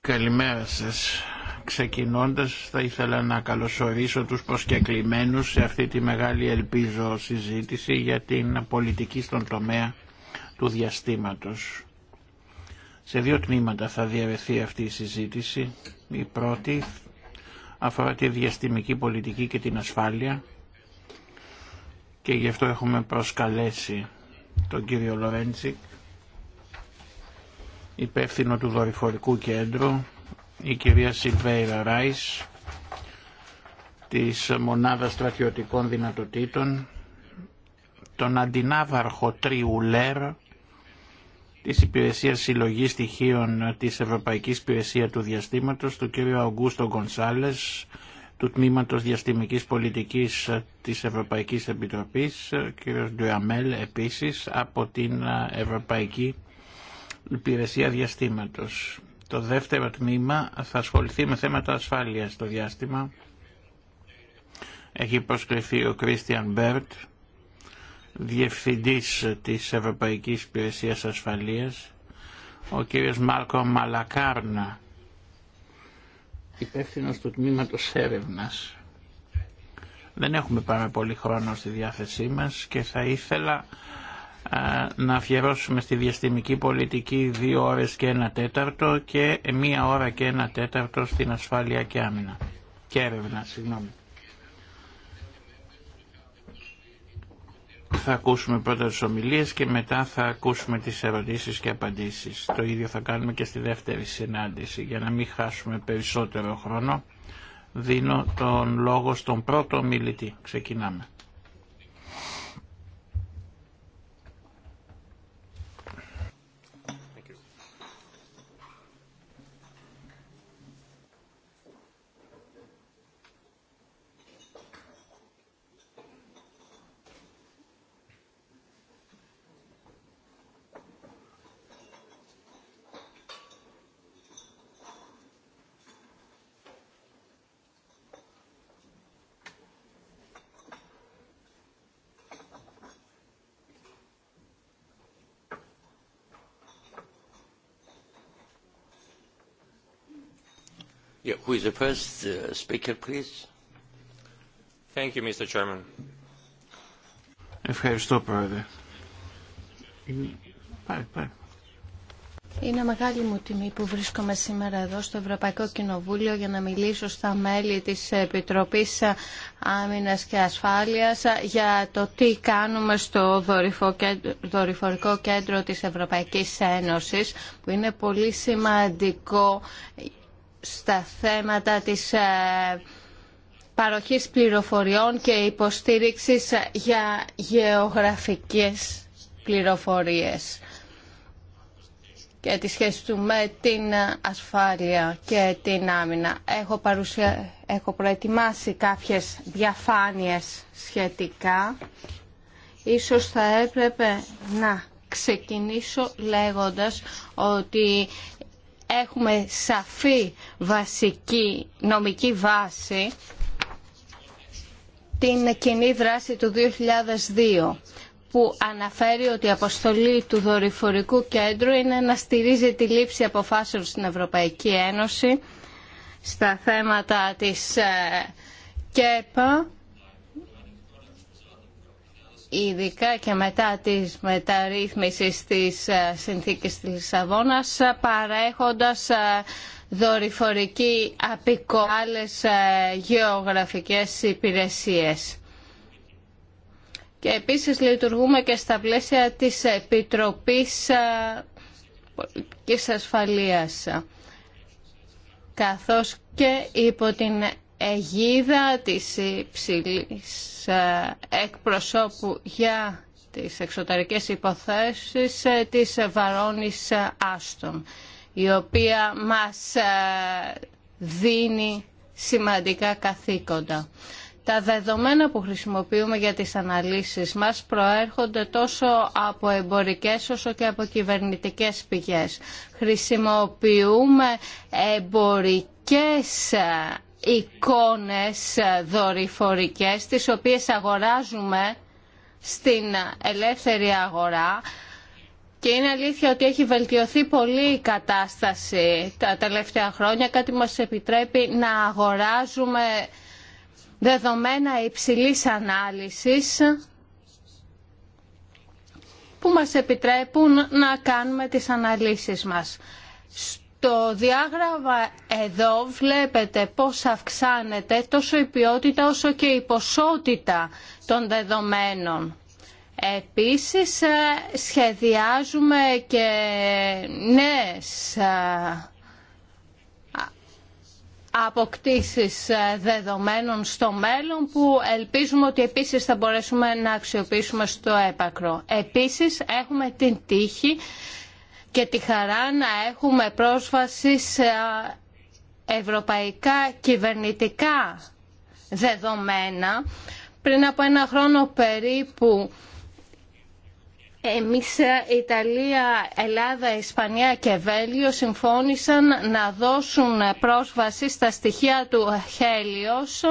Καλημέρα σας. Ξεκινώντας θα ήθελα να καλωσορίσω τους προσκεκλημένους σε αυτή τη μεγάλη ελπίζω συζήτηση για την πολιτική στον τομέα του διαστήματος. Σε δύο τμήματα θα διαρρεθεί αυτή η συζήτηση. Η πρώτη αφορά τη διαστημική πολιτική και την ασφάλεια και γι' αυτό έχουμε προσκαλέσει τον κύριο Λορέντσικ υπεύθυνο του Δορυφορικού Κέντρου, η κυρία Σιλβέιρα Ράις, της Μονάδας Στρατιωτικών Δυνατοτήτων, τον αντινάβαρχο Τριουλέρ, της Υπηρεσίας Συλλογής Στοιχείων της Ευρωπαϊκής Υπηρεσίας του Διαστήματος, του κύριο Αγγούστο Γκονσάλες, του Τμήματος Διαστημικής Πολιτικής της Ευρωπαϊκής Επιτροπής, κύριος Ντουαμέλ επίσης από την Ευρωπαϊκή υπηρεσία διαστήματος. Το δεύτερο τμήμα θα ασχοληθεί με θέματα ασφάλειας στο διάστημα. Έχει προσκληθεί ο Κρίστιαν Μπέρτ, διευθυντής της Ευρωπαϊκής Υπηρεσίας Ασφαλείας, ο κύριος Μάρκο Μαλακάρνα, υπεύθυνο του τμήματος έρευνας. Δεν έχουμε πάρα πολύ χρόνο στη διάθεσή μας και θα ήθελα να αφιερώσουμε στη διαστημική πολιτική δύο ώρες και ένα τέταρτο και μία ώρα και ένα τέταρτο στην ασφάλεια και άμυνα. Και έρευνα, συγγνώμη. Θα ακούσουμε πρώτα τις ομιλίες και μετά θα ακούσουμε τις ερωτήσεις και απαντήσεις. Το ίδιο θα κάνουμε και στη δεύτερη συνάντηση. Για να μην χάσουμε περισσότερο χρόνο, δίνω τον λόγο στον πρώτο ομιλητή. Ξεκινάμε. Uh, Ευχαριστώ, Πρόεδρε. Είναι μεγάλη μου τιμή που βρίσκομαι σήμερα εδώ στο Ευρωπαϊκό Κοινοβούλιο για να μιλήσω στα μέλη της Επιτροπής Άμυνας και Ασφάλειας για το τι κάνουμε στο δορυφορικό κέντρο της Ευρωπαϊκής Ένωσης που είναι πολύ σημαντικό στα θέματα της ε, παροχής πληροφοριών και υποστήριξης για γεωγραφικές πληροφορίες και τη σχέση του με την ασφάλεια και την άμυνα. Έχω, παρουσια... Έχω προετοιμάσει κάποιες διαφάνειες σχετικά. Ίσως θα έπρεπε να ξεκινήσω λέγοντας ότι έχουμε σαφή βασική νομική βάση την κοινή δράση του 2002 που αναφέρει ότι η αποστολή του δορυφορικού κέντρου είναι να στηρίζει τη λήψη αποφάσεων στην Ευρωπαϊκή Ένωση στα θέματα της ε, ΚΕΠΑ ειδικά και μετά της μεταρρύθμισης της ε, συνθήκης της Λισαβόνας ε, παρέχοντας ε, δορυφορική απικό άλλες γεωγραφικές υπηρεσίες. Και επίσης λειτουργούμε και στα πλαίσια της Επιτροπής Πολιτικής Ασφαλείας καθώς και υπό την αιγίδα της υψηλής ε, εκπροσώπου για τις εξωτερικές υποθέσεις ε, της Βαρόνης Άστον, η οποία μας ε, δίνει σημαντικά καθήκοντα. Τα δεδομένα που χρησιμοποιούμε για τις αναλύσεις μας προέρχονται τόσο από εμπορικές όσο και από κυβερνητικές πηγές. Χρησιμοποιούμε εμπορικές εικόνες δορυφορικές τις οποίες αγοράζουμε στην ελεύθερη αγορά και είναι αλήθεια ότι έχει βελτιωθεί πολύ η κατάσταση τα τελευταία χρόνια κάτι μας επιτρέπει να αγοράζουμε δεδομένα υψηλής ανάλυσης που μας επιτρέπουν να κάνουμε τις αναλύσεις μας το διάγραμμα εδώ βλέπετε πώς αυξάνεται τόσο η ποιότητα όσο και η ποσότητα των δεδομένων. Επίσης ε, σχεδιάζουμε και νέες ε, αποκτήσεις ε, δεδομένων στο μέλλον που ελπίζουμε ότι επίσης θα μπορέσουμε να αξιοποιήσουμε στο έπακρο. Επίσης έχουμε την τύχη και τη χαρά να έχουμε πρόσβαση σε ευρωπαϊκά κυβερνητικά δεδομένα. Πριν από ένα χρόνο περίπου εμείς Ιταλία, Ελλάδα, Ισπανία και Βέλγιο συμφώνησαν να δώσουν πρόσβαση στα στοιχεία του Χέλιος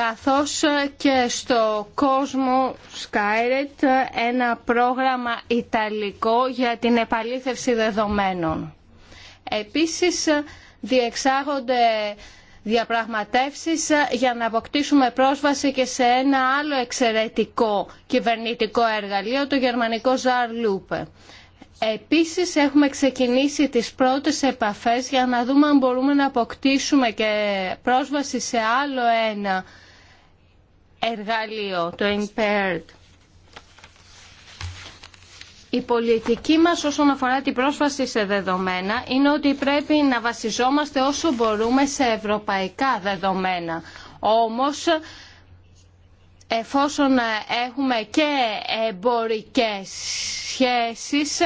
καθώς και στο κόσμο SkyRed, ένα πρόγραμμα ιταλικό για την επαλήθευση δεδομένων. Επίσης διεξάγονται διαπραγματεύσεις για να αποκτήσουμε πρόσβαση και σε ένα άλλο εξαιρετικό κυβερνητικό εργαλείο, το γερμανικό Ζαρ Λούπε. Επίσης έχουμε ξεκινήσει τις πρώτες επαφές για να δούμε αν μπορούμε να αποκτήσουμε και πρόσβαση σε άλλο ένα εργαλείο, το impaired. Η πολιτική μας όσον αφορά την πρόσβαση σε δεδομένα είναι ότι πρέπει να βασιζόμαστε όσο μπορούμε σε ευρωπαϊκά δεδομένα. Όμως, εφόσον έχουμε και εμπορικές σχέσεις,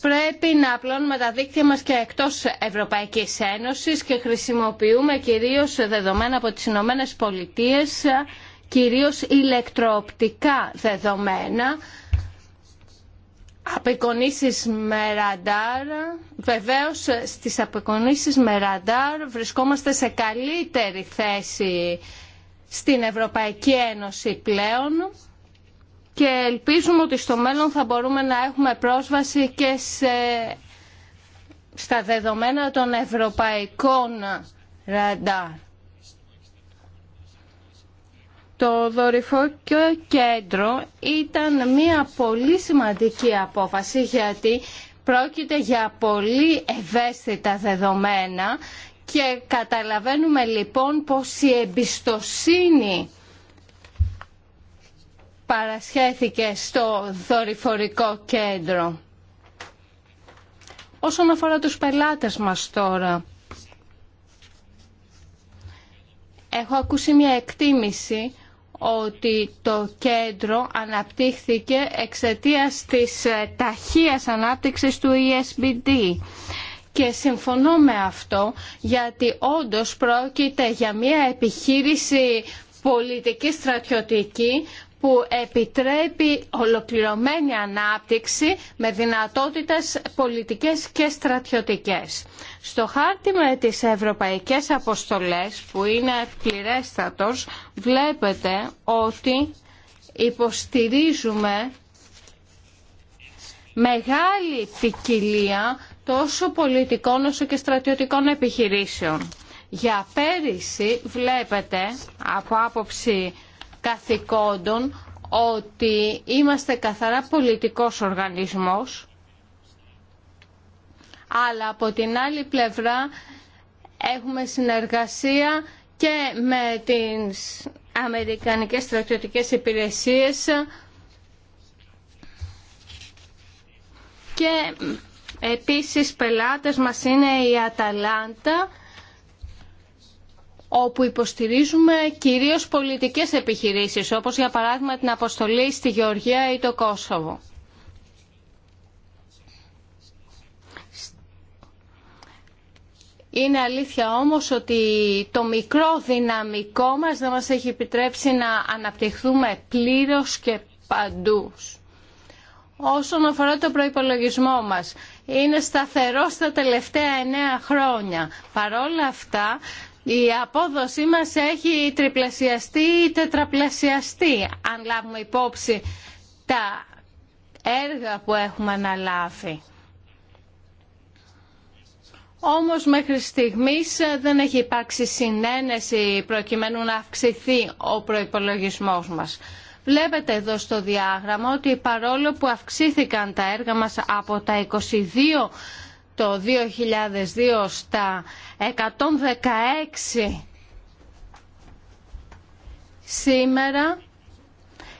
πρέπει να απλώνουμε τα δίκτυα μας και εκτός Ευρωπαϊκής Ένωσης και χρησιμοποιούμε κυρίως δεδομένα από τις Ηνωμένε Πολιτείες κυρίως ηλεκτροοπτικά δεδομένα, απεικονίσεις με ραντάρ. Βεβαίως στις απεικονίσεις με ραντάρ βρισκόμαστε σε καλύτερη θέση στην Ευρωπαϊκή Ένωση πλέον και ελπίζουμε ότι στο μέλλον θα μπορούμε να έχουμε πρόσβαση και σε, στα δεδομένα των ευρωπαϊκών ραντάρ. Το δορυφορικό κέντρο ήταν μια πολύ σημαντική απόφαση γιατί πρόκειται για πολύ ευαίσθητα δεδομένα και καταλαβαίνουμε λοιπόν πως η εμπιστοσύνη παρασχέθηκε στο δορυφορικό κέντρο. Όσον αφορά τους πελάτες μας τώρα, έχω ακούσει μια εκτίμηση ότι το κέντρο αναπτύχθηκε εξαιτίας της ε, ταχείας ανάπτυξης του ESBD. Και συμφωνώ με αυτό γιατί όντως πρόκειται για μια επιχείρηση πολιτική στρατιωτική που επιτρέπει ολοκληρωμένη ανάπτυξη με δυνατότητες πολιτικές και στρατιωτικές. Στο χάρτη με τις ευρωπαϊκές αποστολές που είναι πληρέστατος βλέπετε ότι υποστηρίζουμε μεγάλη ποικιλία τόσο πολιτικών όσο και στρατιωτικών επιχειρήσεων. Για πέρυσι βλέπετε από άποψη καθηκόντων ότι είμαστε καθαρά πολιτικός οργανισμός αλλά από την άλλη πλευρά έχουμε συνεργασία και με τις Αμερικανικές στρατιωτικές υπηρεσίες και επίσης πελάτες μας είναι η Αταλάντα όπου υποστηρίζουμε κυρίως πολιτικές επιχειρήσεις, όπως για παράδειγμα την αποστολή στη Γεωργία ή το Κόσοβο. Είναι αλήθεια όμως ότι το μικρό δυναμικό μας δεν μας έχει επιτρέψει να αναπτυχθούμε πλήρως και παντού. Όσον αφορά το προϋπολογισμό μας, είναι σταθερό στα τελευταία εννέα χρόνια. Παρόλα αυτά, η απόδοσή μας έχει τριπλασιαστεί ή τετραπλασιαστεί αν λάβουμε υπόψη τα έργα που έχουμε αναλάβει. Όμως μέχρι στιγμής ε, δεν έχει υπάρξει συνένεση προκειμένου να αυξηθεί ο προϋπολογισμός μας. Βλέπετε εδώ στο διάγραμμα ότι παρόλο που αυξήθηκαν τα έργα μας από τα 22 το 2002 στα 116 σήμερα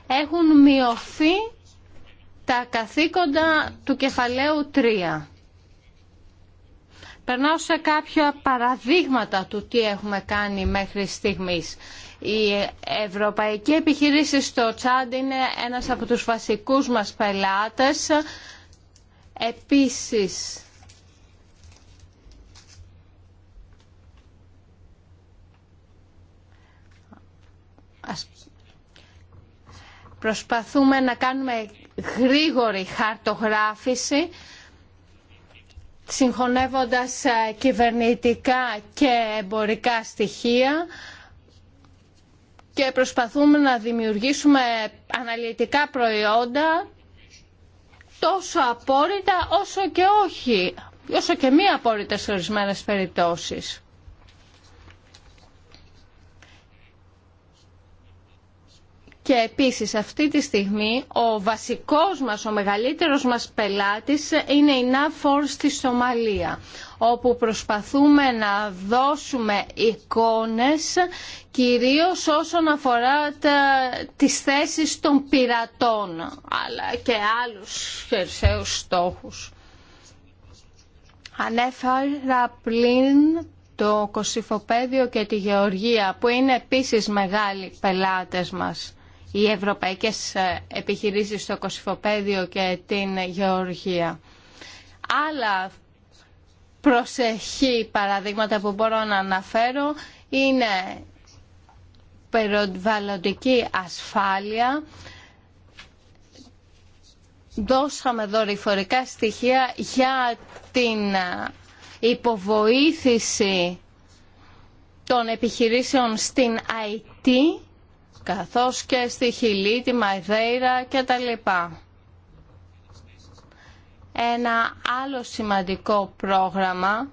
έχουν μειωθεί τα καθήκοντα του κεφαλαίου 3. Περνάω σε κάποια παραδείγματα του τι έχουμε κάνει μέχρι στιγμής. Η ευρωπαϊκή επιχειρήση στο Τσάντ είναι ένας από τους βασικούς μας πελάτες. Επίσης, Προσπαθούμε να κάνουμε γρήγορη χαρτογράφηση συγχωνεύοντας ε, κυβερνητικά και εμπορικά στοιχεία και προσπαθούμε να δημιουργήσουμε αναλυτικά προϊόντα τόσο απόρριτα όσο και όχι, όσο και μη απόρριτα σε ορισμένες περιπτώσεις. Και επίσης αυτή τη στιγμή ο βασικός μας, ο μεγαλύτερος μας πελάτης είναι η ΝΑΦΟΡ στη Σομαλία όπου προσπαθούμε να δώσουμε εικόνες κυρίως όσον αφορά τα, τις θέσεις των πειρατών αλλά και άλλους χερσαίους στόχους. Ανέφερα πλην το Κωσυφοπέδιο και τη Γεωργία που είναι επίσης μεγάλοι πελάτες μας οι ευρωπαϊκές ε, επιχειρήσεις στο Κωσυφοπαίδιο και την Γεωργία. Άλλα προσεχή παραδείγματα που μπορώ να αναφέρω είναι περιβαλλοντική ασφάλεια, δώσαμε δορυφορικά στοιχεία για την ε, υποβοήθηση των επιχειρήσεων στην IT καθώς και στη Χιλή, τη Μαϊδέιρα και τα λοιπά. Ένα άλλο σημαντικό πρόγραμμα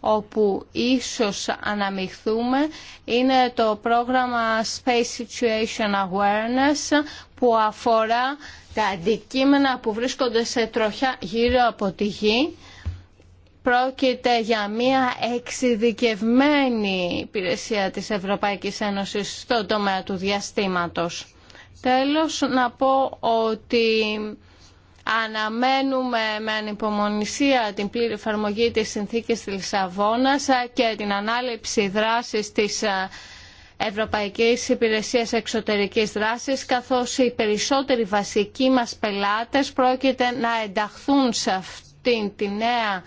όπου ίσως αναμειχθούμε είναι το πρόγραμμα Space Situation Awareness που αφορά τα αντικείμενα που βρίσκονται σε τροχιά γύρω από τη γη Πρόκειται για μια εξειδικευμένη υπηρεσία της Ευρωπαϊκής Ένωσης στο τομέα του διαστήματος. Τέλος, να πω ότι αναμένουμε με ανυπομονησία την πλήρη εφαρμογή της συνθήκης της Λισαβόνας και την ανάληψη δράσης της Ευρωπαϊκής Υπηρεσίας Εξωτερικής Δράσης καθώς οι περισσότεροι βασικοί μας πελάτες πρόκειται να ενταχθούν σε αυτήν τη νέα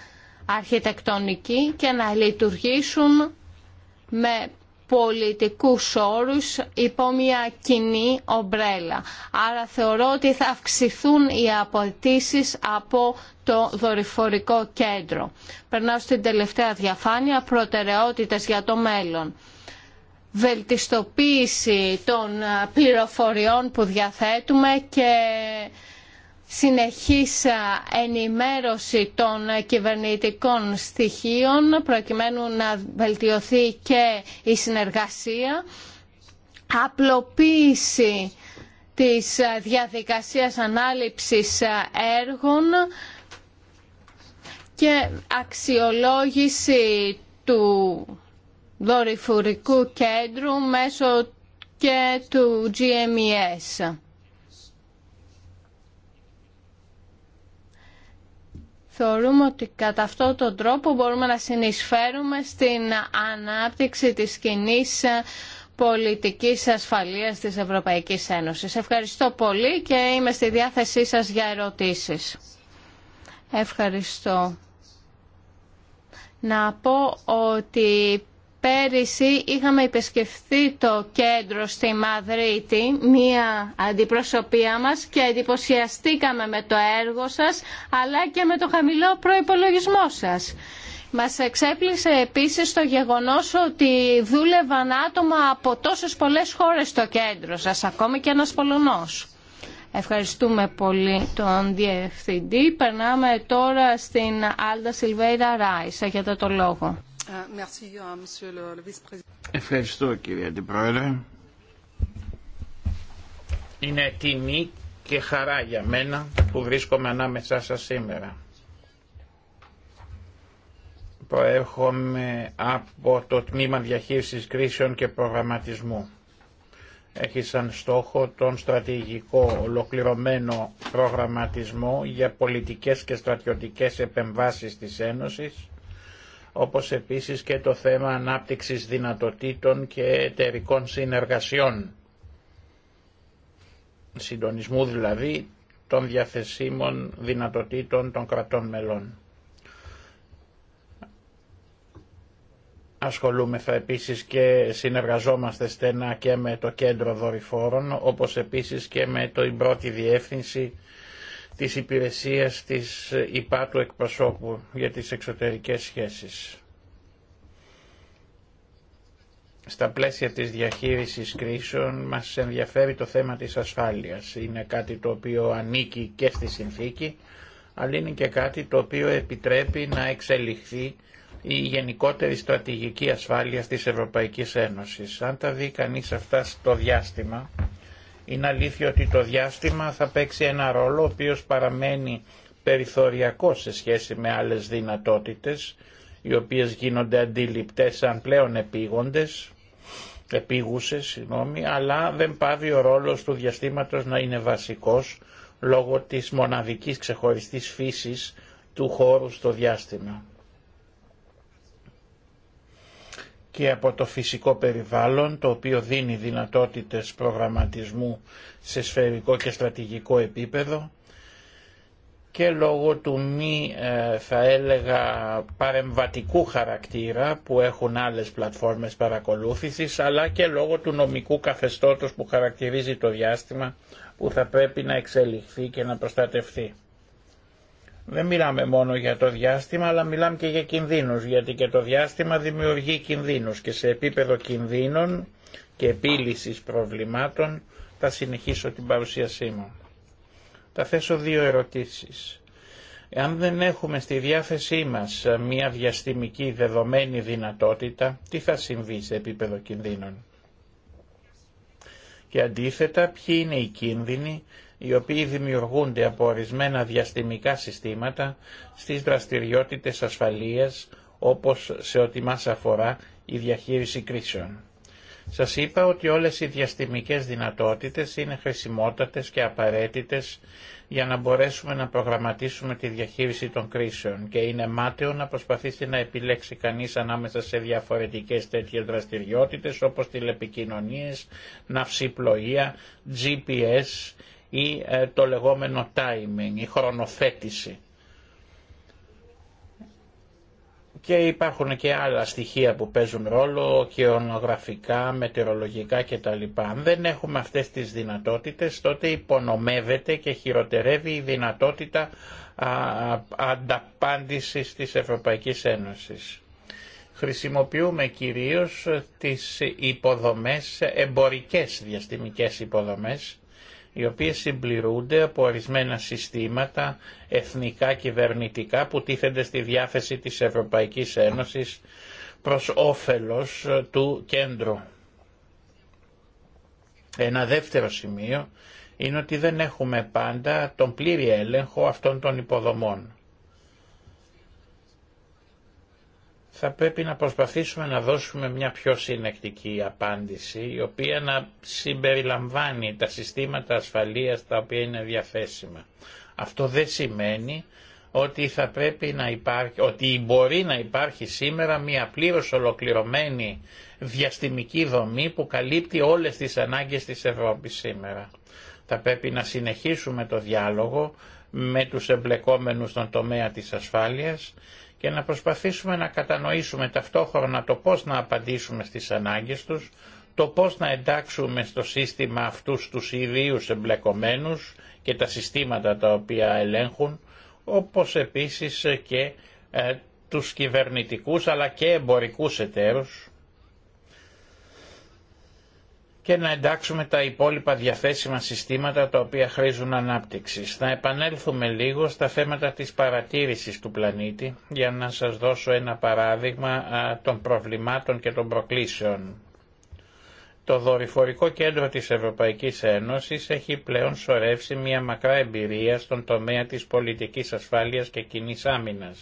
αρχιτεκτονική και να λειτουργήσουν με πολιτικού όρους υπό μια κοινή ομπρέλα. Άρα θεωρώ ότι θα αυξηθούν οι απαιτήσει από το δορυφορικό κέντρο. Περνάω στην τελευταία διαφάνεια, προτεραιότητες για το μέλλον. Βελτιστοποίηση των πληροφοριών που διαθέτουμε και συνεχίσα ενημέρωση των κυβερνητικών στοιχείων προκειμένου να βελτιωθεί και η συνεργασία, απλοποίηση της διαδικασίας ανάληψης έργων και αξιολόγηση του δορυφορικού κέντρου μέσω και του GMES. Θεωρούμε ότι κατά αυτόν τον τρόπο μπορούμε να συνεισφέρουμε στην ανάπτυξη της κοινή πολιτικής ασφαλείας της Ευρωπαϊκής Ένωσης. Ευχαριστώ πολύ και είμαι στη διάθεσή σας για ερωτήσεις. Ευχαριστώ. Να πω ότι Πέρυσι είχαμε επισκεφθεί το κέντρο στη Μαδρίτη, μία αντιπροσωπεία μας και εντυπωσιαστήκαμε με το έργο σας αλλά και με το χαμηλό προϋπολογισμό σας. Μας εξέπλησε επίσης το γεγονός ότι δούλευαν άτομα από τόσες πολλές χώρες στο κέντρο σας, ακόμη και ένας Πολωνός. Ευχαριστούμε πολύ τον Διευθυντή. Περνάμε τώρα στην Άλτα Σιλβέιρα Ράισα για το λόγο. Euh, euh, Ευχαριστώ κύριε Αντιπρόεδρε. Είναι τιμή και χαρά για μένα που βρίσκομαι ανάμεσά σας σήμερα. Προέρχομαι από το Τμήμα Διαχείρισης Κρίσεων και Προγραμματισμού. Έχει σαν στόχο τον στρατηγικό ολοκληρωμένο προγραμματισμό για πολιτικές και στρατιωτικές επεμβάσεις της Ένωσης όπως επίσης και το θέμα ανάπτυξης δυνατοτήτων και εταιρικών συνεργασιών. Συντονισμού δηλαδή των διαθεσίμων δυνατοτήτων των κρατών μελών. Ασχολούμεθα επίσης και συνεργαζόμαστε στενά και με το κέντρο δορυφόρων, όπως επίσης και με την πρώτη διεύθυνση της υπηρεσίας της υπάτου εκπροσώπου για τις εξωτερικές σχέσεις. Στα πλαίσια της διαχείρισης κρίσεων μας ενδιαφέρει το θέμα της ασφάλειας. Είναι κάτι το οποίο ανήκει και στη συνθήκη, αλλά είναι και κάτι το οποίο επιτρέπει να εξελιχθεί η γενικότερη στρατηγική ασφάλειας της Ευρωπαϊκής Ένωσης. Αν τα δει κανείς αυτά στο διάστημα, είναι αλήθεια ότι το διάστημα θα παίξει ένα ρόλο ο οποίος παραμένει περιθωριακό σε σχέση με άλλες δυνατότητες οι οποίες γίνονται αντιληπτές σαν πλέον επίγοντες, επίγουσες, συγγνώμη, αλλά δεν πάβει ο ρόλος του διαστήματος να είναι βασικός λόγω της μοναδικής ξεχωριστής φύσης του χώρου στο διάστημα. και από το φυσικό περιβάλλον, το οποίο δίνει δυνατότητες προγραμματισμού σε σφαιρικό και στρατηγικό επίπεδο και λόγω του μη, ε, θα έλεγα, παρεμβατικού χαρακτήρα που έχουν άλλες πλατφόρμες παρακολούθησης, αλλά και λόγω του νομικού καθεστώτος που χαρακτηρίζει το διάστημα που θα πρέπει να εξελιχθεί και να προστατευθεί. Δεν μιλάμε μόνο για το διάστημα, αλλά μιλάμε και για κινδύνους, γιατί και το διάστημα δημιουργεί κινδύνους και σε επίπεδο κινδύνων και επίλυσης προβλημάτων θα συνεχίσω την παρουσίασή μου. Θα θέσω δύο ερωτήσεις. Εάν δεν έχουμε στη διάθεσή μας μια διαστημική δεδομένη δυνατότητα, τι θα συμβεί σε επίπεδο κινδύνων. Και αντίθετα, ποιοι είναι οι κίνδυνοι οι οποίοι δημιουργούνται από ορισμένα διαστημικά συστήματα στις δραστηριότητες ασφαλείας όπως σε ό,τι μας αφορά η διαχείριση κρίσεων. Σας είπα ότι όλες οι διαστημικές δυνατότητες είναι χρησιμότατες και απαραίτητες για να μπορέσουμε να προγραμματίσουμε τη διαχείριση των κρίσεων και είναι μάταιο να προσπαθήσει να επιλέξει κανείς ανάμεσα σε διαφορετικές τέτοιες δραστηριότητες όπως τηλεπικοινωνίες, ναυσιπλοεία, GPS ή ε, το λεγόμενο timing, η χρονοθέτηση. Και υπάρχουν και άλλα στοιχεία που παίζουν ρόλο, ονογραφικά, μετεωρολογικά κτλ. Αν δεν έχουμε αυτές τις δυνατότητες, τότε υπονομεύεται και χειροτερεύει η δυνατότητα ανταπάντησης της Ευρωπαϊκής Ένωσης. Χρησιμοποιούμε κυρίως τις υποδομές, εμπορικές διαστημικές υποδομές, οι οποίες συμπληρούνται από ορισμένα συστήματα εθνικά κυβερνητικά που τίθενται στη διάθεση της Ευρωπαϊκής Ένωσης προς όφελος του κέντρου. Ένα δεύτερο σημείο είναι ότι δεν έχουμε πάντα τον πλήρη έλεγχο αυτών των υποδομών. θα πρέπει να προσπαθήσουμε να δώσουμε μια πιο συνεκτική απάντηση, η οποία να συμπεριλαμβάνει τα συστήματα ασφαλείας τα οποία είναι διαθέσιμα. Αυτό δεν σημαίνει ότι, θα πρέπει να υπάρχει, ότι μπορεί να υπάρχει σήμερα μια πλήρως ολοκληρωμένη διαστημική δομή που καλύπτει όλες τις ανάγκες της Ευρώπης σήμερα. Θα πρέπει να συνεχίσουμε το διάλογο με τους εμπλεκόμενους στον τομέα της ασφάλειας και να προσπαθήσουμε να κατανοήσουμε ταυτόχρονα το πώς να απαντήσουμε στις ανάγκες τους, το πώς να εντάξουμε στο σύστημα αυτούς τους ιδίους εμπλεκομένους και τα συστήματα τα οποία ελέγχουν, όπως επίσης και ε, τους κυβερνητικούς αλλά και εμπορικούς εταίρους, και να εντάξουμε τα υπόλοιπα διαθέσιμα συστήματα τα οποία χρήζουν ανάπτυξη Να επανέλθουμε λίγο στα θέματα της παρατήρησης του πλανήτη για να σας δώσω ένα παράδειγμα των προβλημάτων και των προκλήσεων. Το δορυφορικό κέντρο της Ευρωπαϊκής Ένωσης έχει πλέον σωρεύσει μια μακρά εμπειρία στον τομέα της πολιτικής ασφάλειας και κοινή άμυνας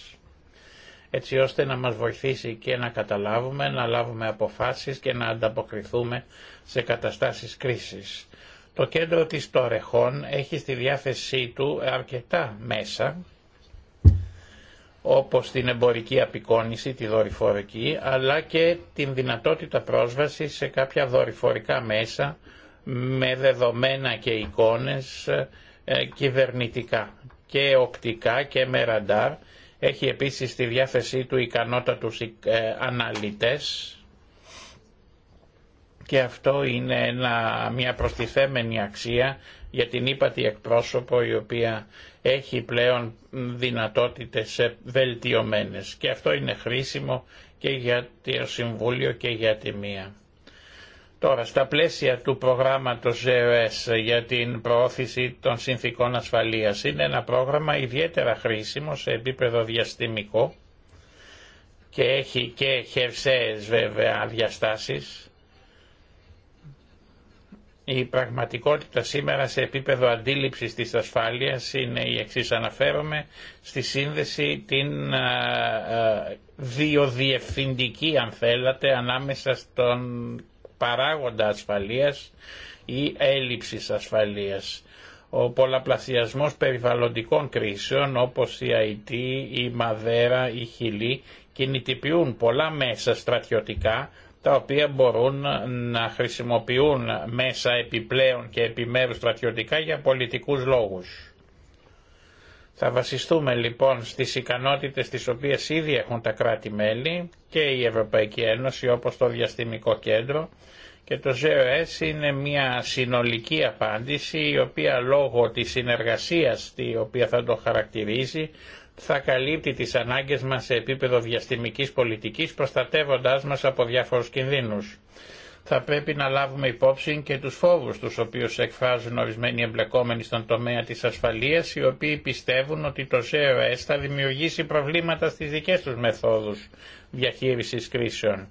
έτσι ώστε να μας βοηθήσει και να καταλάβουμε, να λάβουμε αποφάσεις και να ανταποκριθούμε σε καταστάσεις κρίσης. Το κέντρο της Τορεχών έχει στη διάθεσή του αρκετά μέσα, όπως την εμπορική απεικόνηση, τη δορυφορική, αλλά και την δυνατότητα πρόσβαση σε κάποια δορυφορικά μέσα με δεδομένα και εικόνες ε, κυβερνητικά και οπτικά και με ραντάρ έχει επίσης στη διάθεσή του ικανότατους ε, αναλυτές και αυτό είναι μια προστιθέμενη αξία για την ύπατη εκπρόσωπο η οποία έχει πλέον δυνατότητες βελτιωμένες και αυτό είναι χρήσιμο και για το Συμβούλιο και για τη μία. Τώρα, στα πλαίσια του προγράμματος ΖΕΟΕΣ για την προώθηση των συνθήκων ασφαλείας είναι ένα πρόγραμμα ιδιαίτερα χρήσιμο σε επίπεδο διαστημικό και έχει και χερσαίες βέβαια διαστάσεις. Η πραγματικότητα σήμερα σε επίπεδο αντίληψης της ασφάλειας είναι η εξής αναφέρομαι στη σύνδεση την διοδιευθυντική αν θέλατε ανάμεσα στον παράγοντα ασφαλείας ή έλλειψης ασφαλείας. Ο πολλαπλασιασμός περιβαλλοντικών κρίσεων όπως η Αιτή, η Μαδέρα, η Χιλή κινητοποιούν πολλά μέσα στρατιωτικά τα οποία μπορούν να χρησιμοποιούν μέσα επιπλέον και επιμέρους στρατιωτικά για πολιτικούς λόγους. Θα βασιστούμε λοιπόν στις ικανότητες τις οποίες ήδη έχουν τα κράτη-μέλη και η Ευρωπαϊκή Ένωση όπως το Διαστημικό Κέντρο και το ΖΕΟΕΣ είναι μια συνολική απάντηση η οποία λόγω της συνεργασίας η οποία θα το χαρακτηρίζει θα καλύπτει τις ανάγκες μας σε επίπεδο διαστημικής πολιτικής προστατεύοντάς μας από διάφορους κινδύνους θα πρέπει να λάβουμε υπόψη και τους φόβους τους οποίους εκφράζουν ορισμένοι εμπλεκόμενοι στον τομέα της ασφαλείας οι οποίοι πιστεύουν ότι το ΣΕΡΟΕΣ θα δημιουργήσει προβλήματα στις δικές τους μεθόδους διαχείρισης κρίσεων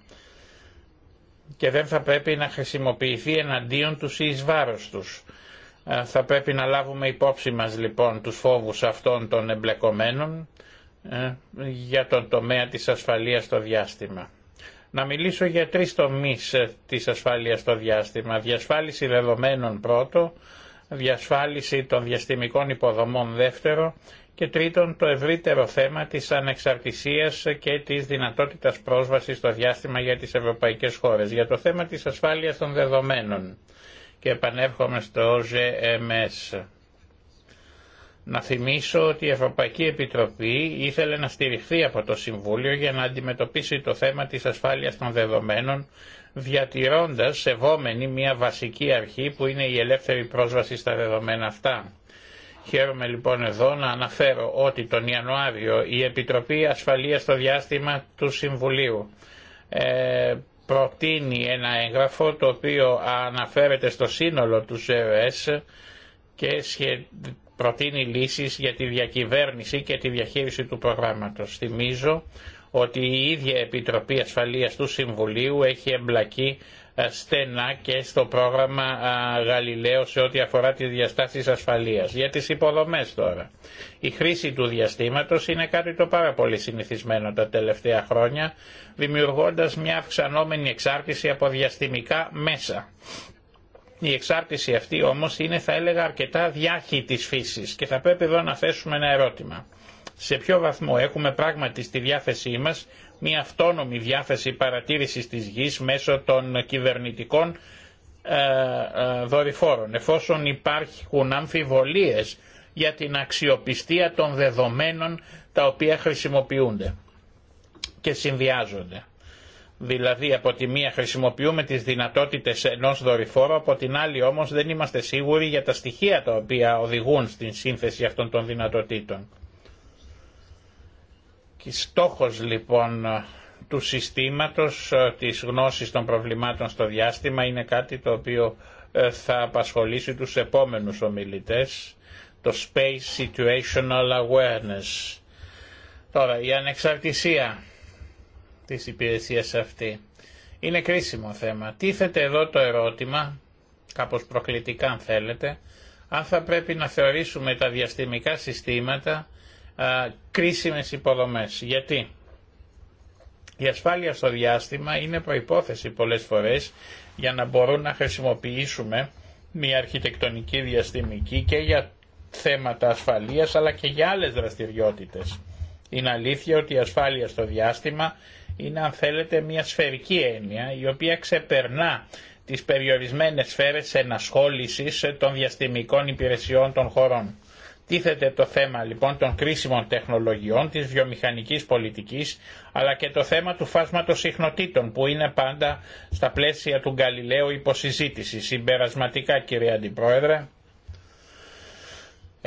και δεν θα πρέπει να χρησιμοποιηθεί εναντίον τους ή εις βάρος τους. Ε, θα πρέπει να λάβουμε υπόψη μας λοιπόν τους φόβους αυτών των εμπλεκομένων ε, για τον τομέα της ασφαλείας στο διάστημα. Να μιλήσω για τρεις τομείς ε, της ασφάλειας στο διάστημα. Διασφάλιση δεδομένων πρώτο, διασφάλιση των διαστημικών υποδομών δεύτερο και τρίτον το ευρύτερο θέμα της ανεξαρτησίας και της δυνατότητας πρόσβασης στο διάστημα για τις ευρωπαϊκές χώρες. Για το θέμα της ασφάλειας των δεδομένων και επανέρχομαι στο GMS. Να θυμίσω ότι η Ευρωπαϊκή Επιτροπή ήθελε να στηριχθεί από το Συμβούλιο για να αντιμετωπίσει το θέμα της ασφάλειας των δεδομένων διατηρώντας σεβόμενη μια βασική αρχή που είναι η ελεύθερη πρόσβαση στα δεδομένα αυτά. Χαίρομαι λοιπόν εδώ να αναφέρω ότι τον Ιανουάριο η Επιτροπή Ασφαλείας στο διάστημα του Συμβουλίου ε, προτείνει ένα έγγραφο το οποίο αναφέρεται στο σύνολο του ΣΕΡΕΣ και προτείνει λύσεις για τη διακυβέρνηση και τη διαχείριση του προγράμματος. Θυμίζω ότι η ίδια Επιτροπή Ασφαλείας του Συμβουλίου έχει εμπλακεί ε, στενά και στο πρόγραμμα ε, Γαλιλαίο σε ό,τι αφορά τις διαστάσεις ασφαλείας. Για τις υποδομές τώρα. Η χρήση του διαστήματος είναι κάτι το πάρα πολύ συνηθισμένο τα τελευταία χρόνια, δημιουργώντας μια αυξανόμενη εξάρτηση από διαστημικά μέσα. Η εξάρτηση αυτή όμως είναι θα έλεγα αρκετά διάχυτη της φύσης και θα πρέπει εδώ να θέσουμε ένα ερώτημα. Σε ποιο βαθμό έχουμε πράγματι στη διάθεσή μας μια αυτόνομη διάθεση παρατήρησης της γης μέσω των κυβερνητικών ε, ε, δορυφόρων. Εφόσον υπάρχουν αμφιβολίες για την αξιοπιστία των δεδομένων τα οποία χρησιμοποιούνται και συνδυάζονται. Δηλαδή από τη μία χρησιμοποιούμε τις δυνατότητες ενός δορυφόρου, από την άλλη όμως δεν είμαστε σίγουροι για τα στοιχεία τα οποία οδηγούν στην σύνθεση αυτών των δυνατοτήτων. Και στόχος λοιπόν του συστήματος ε, της γνώσης των προβλημάτων στο διάστημα είναι κάτι το οποίο ε, θα απασχολήσει τους επόμενους ομιλητές, το Space Situational Awareness. Τώρα, η ανεξαρτησία της υπηρεσίας αυτή. Είναι κρίσιμο θέμα. Τίθεται εδώ το ερώτημα, κάπως προκλητικά αν θέλετε, αν θα πρέπει να θεωρήσουμε τα διαστημικά συστήματα α, κρίσιμες υποδομές. Γιατί η ασφάλεια στο διάστημα είναι προϋπόθεση πολλές φορές για να μπορούν να χρησιμοποιήσουμε μια αρχιτεκτονική διαστημική και για θέματα ασφαλείας αλλά και για άλλες δραστηριότητες. Είναι αλήθεια ότι η ασφάλεια στο διάστημα είναι αν θέλετε μια σφαιρική έννοια η οποία ξεπερνά τις περιορισμένες σφαίρες ενασχόλησης των διαστημικών υπηρεσιών των χωρών. Τίθεται το θέμα λοιπόν των κρίσιμων τεχνολογιών, της βιομηχανικής πολιτικής, αλλά και το θέμα του φάσματος συχνοτήτων που είναι πάντα στα πλαίσια του Γκαλιλαίου υποσυζήτηση. Συμπερασματικά κύριε Αντιπρόεδρε,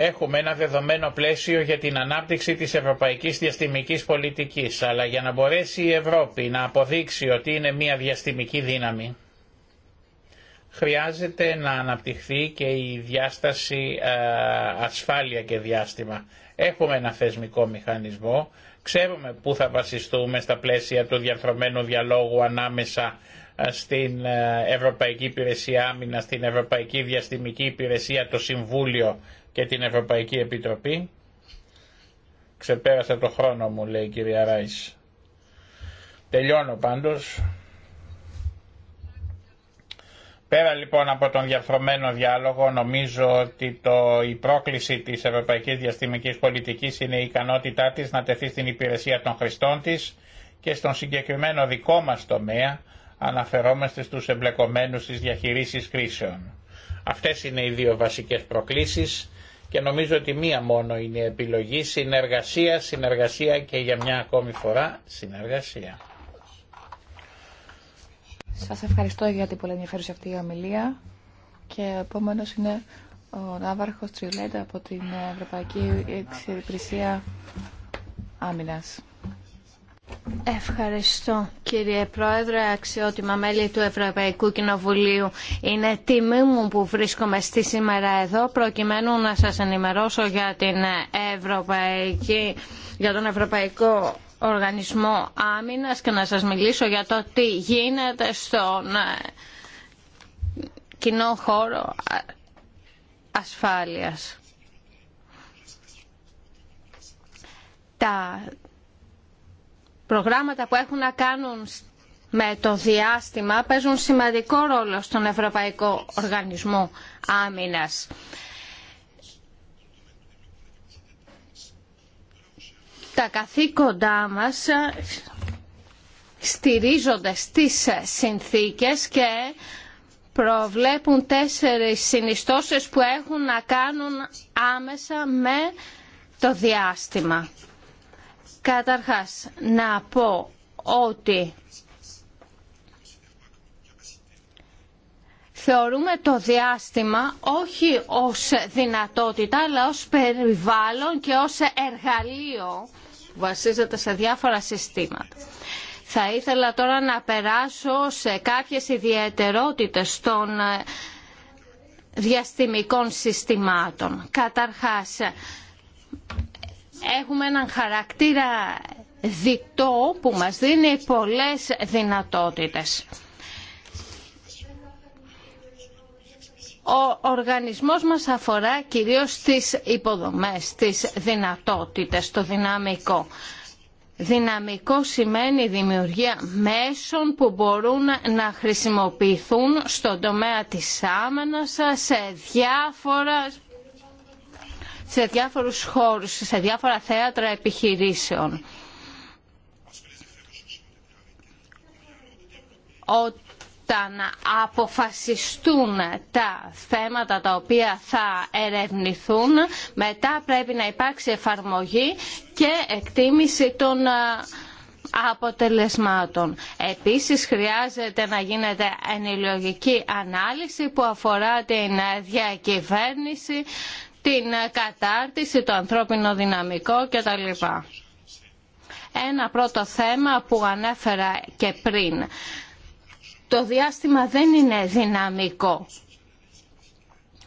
Έχουμε ένα δεδομένο πλαίσιο για την ανάπτυξη της ευρωπαϊκής διαστημικής πολιτικής, αλλά για να μπορέσει η Ευρώπη να αποδείξει ότι είναι μια διαστημική δύναμη, χρειάζεται να αναπτυχθεί και η διάσταση ασφάλεια και διάστημα. Έχουμε ένα θεσμικό μηχανισμό, ξέρουμε πού θα βασιστούμε στα πλαίσια του διαρθρωμένου διαλόγου ανάμεσα στην Ευρωπαϊκή Υπηρεσία Άμυνα, στην Ευρωπαϊκή Διαστημική Υπηρεσία, το Συμβούλιο και την Ευρωπαϊκή Επιτροπή. Ξεπέρασα το χρόνο μου, λέει η κυρία Ράις. Τελειώνω πάντως. Πέρα λοιπόν από τον διαφρομένο διάλογο, νομίζω ότι το, η πρόκληση της Ευρωπαϊκής Διαστημικής Πολιτικής είναι η ικανότητά της να τεθεί στην υπηρεσία των χρηστών της και στον συγκεκριμένο δικό μας τομέα αναφερόμαστε στους εμπλεκομένους στις διαχειρήσεις κρίσεων. Αυτές είναι οι δύο βασικές προκλήσεις και νομίζω ότι μία μόνο είναι η επιλογή, συνεργασία, συνεργασία και για μια ακόμη φορά συνεργασία. Σας ευχαριστώ για την πολύ ενδιαφέρουσα αυτή η ομιλία και επόμενο είναι ο Ναύαρχος Τριουλέντα από την Ευρωπαϊκή Υπηρεσία Άμυνας. Ευχαριστώ κύριε Πρόεδρε, αξιότιμα μέλη του Ευρωπαϊκού Κοινοβουλίου. Είναι τιμή μου που βρίσκομαι στη σήμερα εδώ προκειμένου να σας ενημερώσω για, την Ευρωπαϊκή, για τον Ευρωπαϊκό Οργανισμό Άμυνας και να σας μιλήσω για το τι γίνεται στον ε, κοινό χώρο ε, ασφάλειας. Τα προγράμματα που έχουν να κάνουν με το διάστημα παίζουν σημαντικό ρόλο στον Ευρωπαϊκό Οργανισμό Άμυνας. Τα καθήκοντά μας στηρίζονται στις συνθήκες και προβλέπουν τέσσερις συνιστώσεις που έχουν να κάνουν άμεσα με το διάστημα. Καταρχάς, να πω ότι θεωρούμε το διάστημα όχι ως δυνατότητα αλλά ως περιβάλλον και ως εργαλείο που βασίζεται σε διάφορα συστήματα. Θα ήθελα τώρα να περάσω σε κάποιες ιδιαιτερότητες των ε, διαστημικών συστημάτων. Καταρχάς, έχουμε έναν χαρακτήρα διτό που μας δίνει πολλές δυνατότητες. Ο οργανισμός μας αφορά κυρίως τις υποδομές, τις δυνατότητες, το δυναμικό. Δυναμικό σημαίνει δημιουργία μέσων που μπορούν να χρησιμοποιηθούν στον τομέα της άμενας σε διάφορα σε διάφορους χώρους, σε διάφορα θέατρα επιχειρήσεων. Όταν αποφασιστούν τα θέματα τα οποία θα ερευνηθούν, μετά πρέπει να υπάρξει εφαρμογή και εκτίμηση των αποτελεσμάτων. Επίσης χρειάζεται να γίνεται ενηλογική ανάλυση που αφορά την διακυβέρνηση, την ε, κατάρτιση, το ανθρώπινο δυναμικό κτλ. Ένα πρώτο θέμα που ανέφερα και πριν. Το διάστημα δεν είναι δυναμικό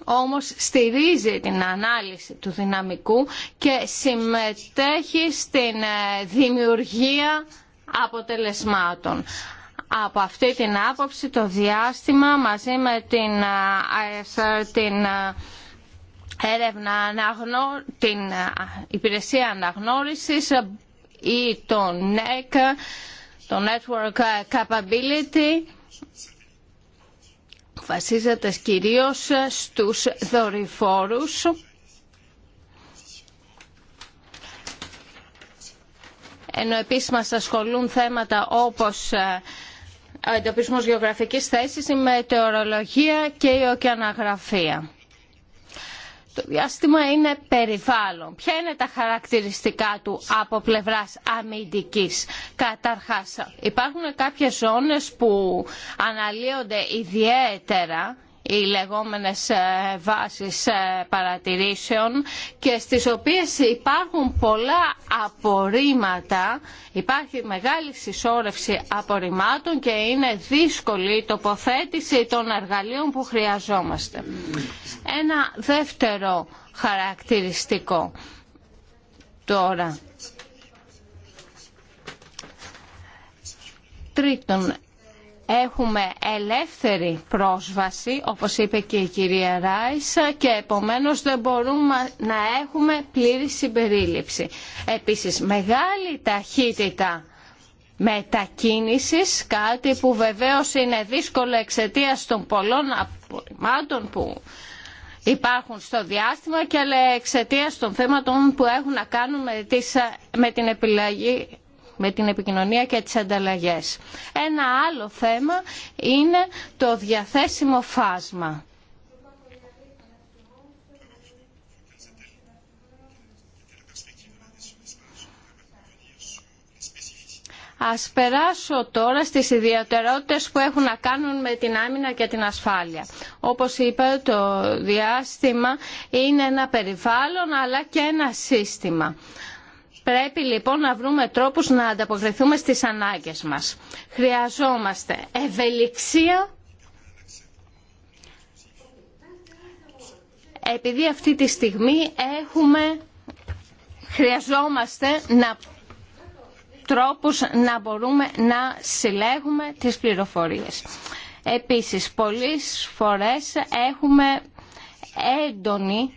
όμως στηρίζει την ανάλυση του δυναμικού και συμμετέχει στην ε, δημιουργία αποτελεσμάτων. Από αυτή την άποψη το διάστημα μαζί με την ε, την έρευνα αναγνώ, την ε, υπηρεσία αναγνώρισης ή το NEC, το Network Capability, βασίζεται κυρίως στους δορυφόρους. Ενώ επίσημα ασχολούν θέματα όπως ε, ο εντοπισμός γεωγραφικής θέσης, η μετεωρολογία και η ωκεαναγραφία. Το διάστημα είναι περιβάλλον. Ποια είναι τα χαρακτηριστικά του από πλευράς αμυντικής. Καταρχάς υπάρχουν κάποιες ζώνες που αναλύονται ιδιαίτερα οι λεγόμενες ε, βάσεις ε, παρατηρήσεων και στις οποίες υπάρχουν πολλά απορρίμματα, υπάρχει μεγάλη συσσόρευση απορριμμάτων και είναι δύσκολη η τοποθέτηση των εργαλείων που χρειαζόμαστε. Ένα δεύτερο χαρακτηριστικό τώρα. Τρίτον, έχουμε ελεύθερη πρόσβαση, όπως είπε και η κυρία Ράις, και επομένως δεν μπορούμε να έχουμε πλήρη συμπερίληψη. Επίσης, μεγάλη ταχύτητα μετακίνησης, κάτι που βεβαίως είναι δύσκολο εξαιτία των πολλών απορριμμάτων που υπάρχουν στο διάστημα και εξαιτία των θέματων που έχουν να κάνουν με την επιλογή με την επικοινωνία και τις ανταλλαγές. Ένα άλλο θέμα είναι το διαθέσιμο φάσμα. Ας περάσω τώρα στις ιδιαιτερότητες που έχουν να κάνουν με την άμυνα και την ασφάλεια. Όπως είπα, το διάστημα είναι ένα περιβάλλον αλλά και ένα σύστημα. Πρέπει λοιπόν να βρούμε τρόπους να ανταποκριθούμε στις ανάγκες μας. Χρειαζόμαστε ευελιξία επειδή αυτή τη στιγμή έχουμε, χρειαζόμαστε να, τρόπους να μπορούμε να συλλέγουμε τις πληροφορίες. Επίσης, πολλές φορές έχουμε έντονη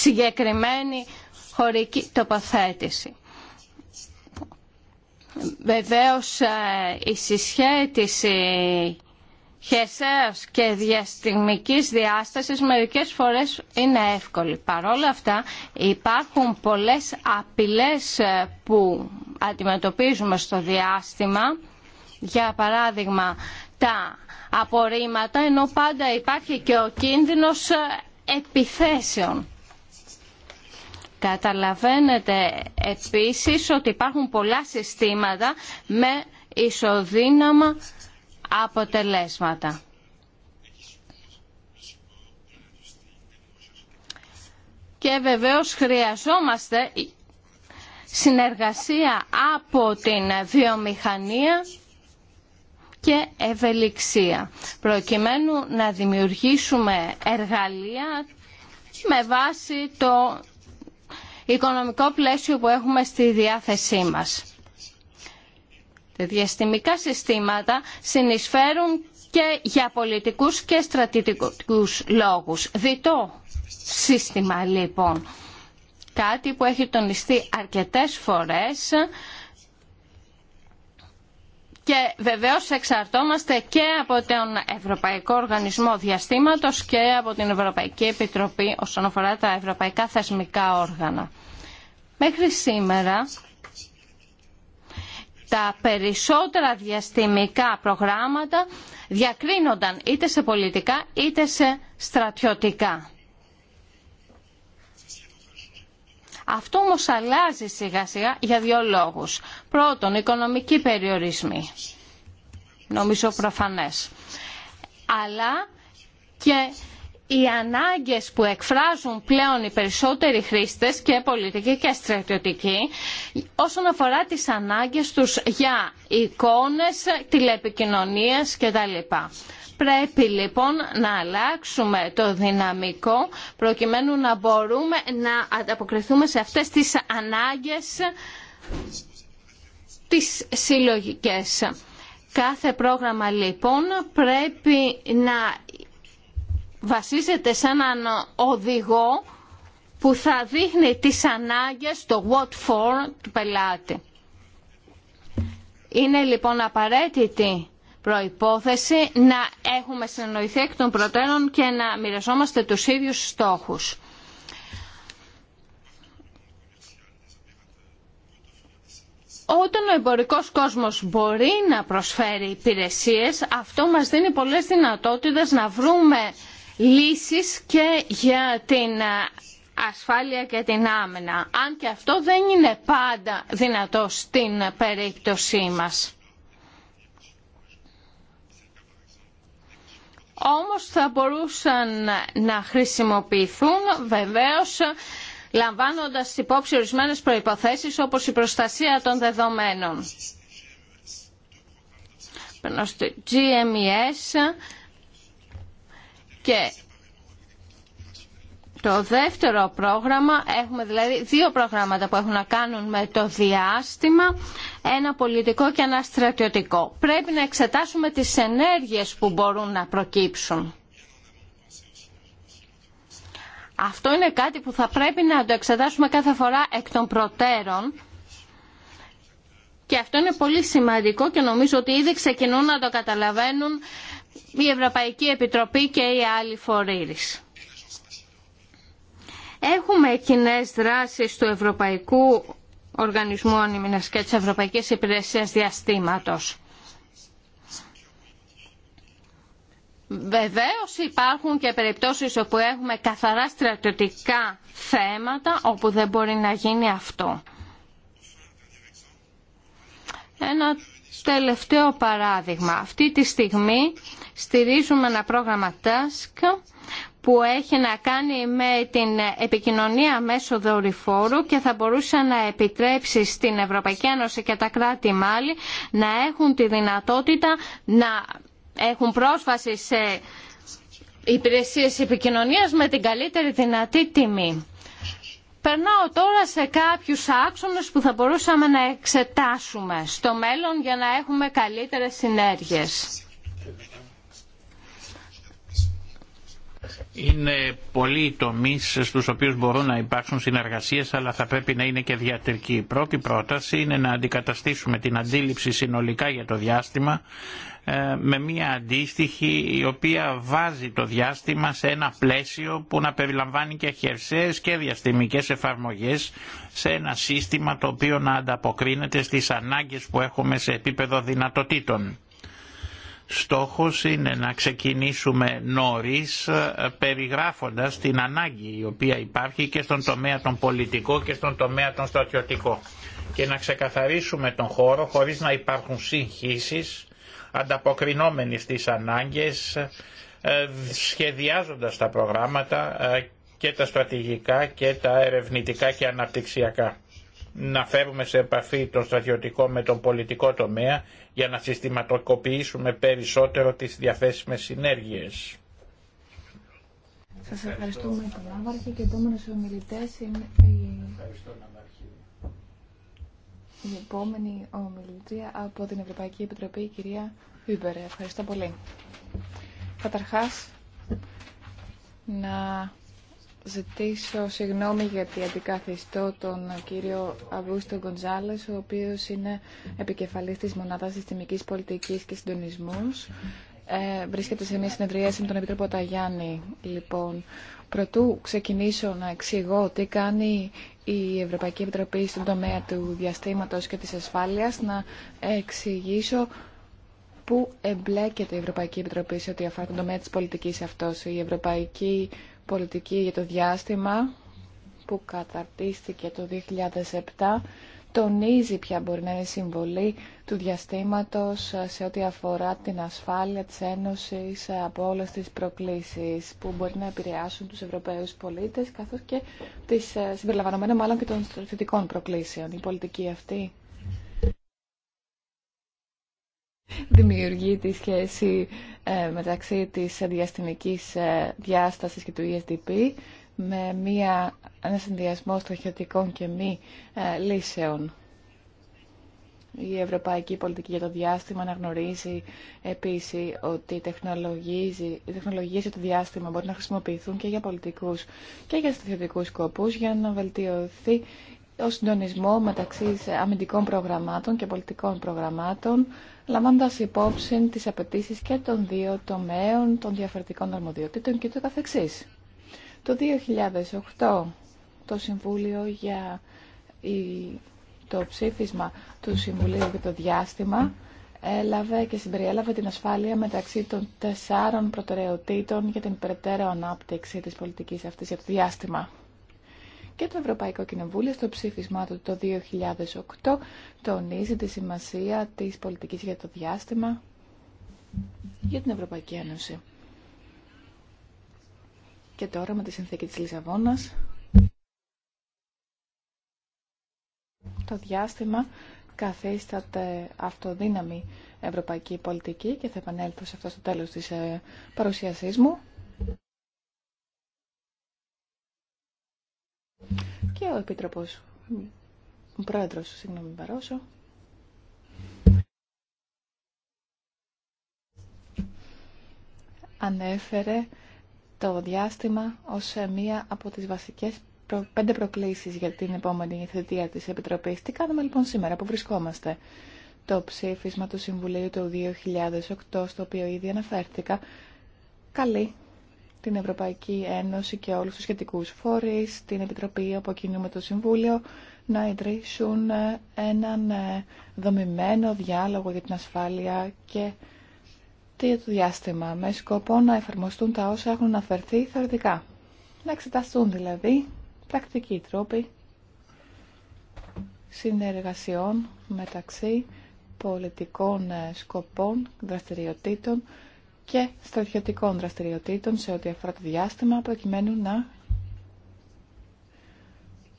συγκεκριμένη χωρική τοποθέτηση. Βεβαίως ε, η συσχέτιση χερσαίας και διαστημικής διάστασης μερικές φορές είναι εύκολη. Παρόλα αυτά υπάρχουν πολλές απειλές ε, που αντιμετωπίζουμε στο διάστημα. Για παράδειγμα τα απορρίμματα ενώ πάντα υπάρχει και ο κίνδυνος ε, επιθέσεων. Καταλαβαίνετε επίσης ότι υπάρχουν πολλά συστήματα με ισοδύναμα αποτελέσματα. Και βεβαίως χρειαζόμαστε συνεργασία από την βιομηχανία και ευελιξία, προκειμένου να δημιουργήσουμε εργαλεία με βάση το οικονομικό πλαίσιο που έχουμε στη διάθεσή μας. Τα διαστημικά συστήματα συνεισφέρουν και για πολιτικούς και στρατηγικούς λόγους. Διτό σύστημα λοιπόν. Κάτι που έχει τονιστεί αρκετές φορές και βεβαίως εξαρτώμαστε και από τον Ευρωπαϊκό Οργανισμό Διαστήματος και από την Ευρωπαϊκή Επιτροπή όσον αφορά τα ευρωπαϊκά θεσμικά όργανα. Μέχρι σήμερα τα περισσότερα διαστημικά προγράμματα διακρίνονταν είτε σε πολιτικά είτε σε στρατιωτικά. Αυτό όμω αλλάζει σιγά σιγά για δύο λόγου. Πρώτον, οικονομικοί περιορισμοί. Νομίζω προφανές. Αλλά και οι ανάγκες που εκφράζουν πλέον οι περισσότεροι χρήστες και πολιτικοί και στρατιωτικοί όσον αφορά τις ανάγκες τους για εικόνες, τηλεπικοινωνίες κτλ. Πρέπει λοιπόν να αλλάξουμε το δυναμικό προκειμένου να μπορούμε να ανταποκριθούμε σε αυτές τις ανάγκες τις συλλογικές. Κάθε πρόγραμμα λοιπόν πρέπει να βασίζεται σε έναν οδηγό που θα δείχνει τις ανάγκες, το what for του πελάτη. Είναι λοιπόν απαραίτητη προϋπόθεση να έχουμε συνοηθεί εκ των προτέρων και να μοιραζόμαστε τους ίδιους στόχους. Όταν ο εμπορικός κόσμος μπορεί να προσφέρει υπηρεσίες, αυτό μας δίνει πολλές δυνατότητες να βρούμε λύσεις και για την ε, ασφάλεια και την άμυνα. Αν και αυτό δεν είναι πάντα δυνατό στην περίπτωσή μας. Όμως θα μπορούσαν να χρησιμοποιηθούν βεβαίως λαμβάνοντας υπόψη ορισμένες προϋποθέσεις όπως η προστασία των δεδομένων. GMES και το δεύτερο πρόγραμμα, έχουμε δηλαδή δύο προγράμματα που έχουν να κάνουν με το διάστημα, ένα πολιτικό και ένα στρατιωτικό. Πρέπει να εξετάσουμε τις ενέργειες που μπορούν να προκύψουν. Αυτό είναι κάτι που θα πρέπει να το εξετάσουμε κάθε φορά εκ των προτέρων και αυτό είναι πολύ σημαντικό και νομίζω ότι ήδη ξεκινούν να το καταλαβαίνουν η Ευρωπαϊκή Επιτροπή και οι άλλοι φορείς. Έχουμε κοινέ δράσεις του Ευρωπαϊκού Οργανισμού Ανήμινας και της Ευρωπαϊκής Υπηρεσίας Διαστήματος. Βεβαίως υπάρχουν και περιπτώσεις όπου έχουμε καθαρά στρατιωτικά θέματα όπου δεν μπορεί να γίνει αυτό. Ένα Τελευταίο παράδειγμα. Αυτή τη στιγμή στηρίζουμε ένα πρόγραμμα TASK που έχει να κάνει με την επικοινωνία μέσω δορυφόρου και θα μπορούσε να επιτρέψει στην Ευρωπαϊκή Ένωση και τα κράτη μάλι να έχουν τη δυνατότητα να έχουν πρόσβαση σε υπηρεσίες επικοινωνίας με την καλύτερη δυνατή τιμή. Περνάω τώρα σε κάποιους άξονες που θα μπορούσαμε να εξετάσουμε στο μέλλον για να έχουμε καλύτερες συνέργειες. Είναι πολλοί οι τομεί στου οποίου μπορούν να υπάρξουν συνεργασίε, αλλά θα πρέπει να είναι και διατρική. Η πρώτη πρόταση είναι να αντικαταστήσουμε την αντίληψη συνολικά για το διάστημα ε, με μία αντίστοιχη η οποία βάζει το διάστημα σε ένα πλαίσιο που να περιλαμβάνει και χερσαίες και διαστημικές εφαρμογές σε ένα σύστημα το οποίο να ανταποκρίνεται στις ανάγκες που έχουμε σε επίπεδο δυνατοτήτων. Στόχος είναι να ξεκινήσουμε νωρίς ε, περιγράφοντας την ανάγκη η οποία υπάρχει και στον τομέα τον πολιτικό και στον τομέα τον στρατιωτικό και να ξεκαθαρίσουμε τον χώρο χωρίς να υπάρχουν συγχύσεις ανταποκρινόμενοι στις ανάγκες, ε, σχεδιάζοντας τα προγράμματα ε, και τα στρατηγικά και τα ερευνητικά και αναπτυξιακά. Να φέρουμε σε επαφή το στρατιωτικό με τον πολιτικό τομέα για να συστηματοποιήσουμε περισσότερο τις διαθέσιμες συνέργειες. Σας ευχαριστούμε και η επόμενη ομιλητρία από την Ευρωπαϊκή Επιτροπή, η κυρία Βίμπερ. Ευχαριστώ πολύ. Καταρχάς, να ζητήσω συγγνώμη γιατί αντικαθιστώ τον κύριο Αυγούστο Γκοντζάλες, ο οποίος είναι επικεφαλής της Μονάδας Συστημικής Πολιτικής και Συντονισμούς. Ε, βρίσκεται σε μια συνεδρίαση με τον Επίτροπο Ταγιάννη, λοιπόν. Πρωτού ξεκινήσω να εξηγώ τι κάνει η Ευρωπαϊκή Επιτροπή στον τομέα του διαστήματος και της ασφάλειας να εξηγήσω πού εμπλέκεται η Ευρωπαϊκή Επιτροπή σε ό,τι αφορά τον τομέα της πολιτικής αυτός. Η Ευρωπαϊκή Πολιτική για το Διάστημα που καταρτίστηκε το 2007 τονίζει ποια μπορεί να είναι η συμβολή του διαστήματος ε, σε ό,τι αφορά την ασφάλεια της Ένωσης ε, από όλες τις προκλήσεις που μπορεί να επηρεάσουν τους Ευρωπαίους πολίτες καθώς και τις ε, συμπεριλαμβανομένων μάλλον και των στρατιωτικών προκλήσεων. Η πολιτική αυτή δημιουργεί τη σχέση μεταξύ της διαστημικής διάστασης και του ESDP με μια, ένα συνδυασμό στοχιωτικών και μη ε, λύσεων. Η ευρωπαϊκή πολιτική για το διάστημα αναγνωρίζει επίση ότι οι τεχνολογίε για το διάστημα μπορεί να χρησιμοποιηθούν και για πολιτικούς και για στρατιωτικούς σκοπού για να βελτιωθεί ο συντονισμό μεταξύ αμυντικών προγραμμάτων και πολιτικών προγραμμάτων, λαμβάνοντα υπόψη τι απαιτήσει και των δύο τομέων, των διαφορετικών αρμοδιοτήτων και το 2008 το Συμβούλιο για το ψήφισμα του Συμβουλίου για το διάστημα έλαβε και συμπεριέλαβε την ασφάλεια μεταξύ των τεσσάρων προτεραιοτήτων για την περαιτέρω ανάπτυξη της πολιτικής αυτής για το διάστημα. Και το Ευρωπαϊκό Κοινοβούλιο στο ψήφισμά του το 2008 τονίζει τη σημασία της πολιτικής για το διάστημα για την Ευρωπαϊκή Ένωση. Και τώρα με τη συνθήκη της Λισαβόνας το διάστημα καθίσταται αυτοδύναμη ευρωπαϊκή πολιτική και θα επανέλθω σε αυτό στο τέλος της ε, παρουσίασής μου. Και ο Επίτροπος, ο Πρόεδρος, συγγνώμη παρόσω. ανέφερε το διάστημα ως ε, μία από τις βασικές πέντε προκλήσεις για την επόμενη θετία της Επιτροπής. Τι κάνουμε λοιπόν σήμερα, που βρισκόμαστε. Το ψήφισμα του Συμβουλίου του 2008, στο οποίο ήδη αναφέρθηκα, καλεί την Ευρωπαϊκή Ένωση και όλους τους σχετικούς φορείς, την Επιτροπή από κοινού το Συμβούλιο, να ιδρύσουν ε, έναν ε, δομημένο διάλογο για την ασφάλεια και τι το διάστημα με σκοπό να εφαρμοστούν τα όσα έχουν αναφερθεί θεωρητικά. Να εξεταστούν δηλαδή πρακτικοί τρόποι συνεργασιών μεταξύ πολιτικών ε, σκοπών, δραστηριοτήτων και στρατιωτικών δραστηριοτήτων σε ό,τι αφορά το διάστημα προκειμένου να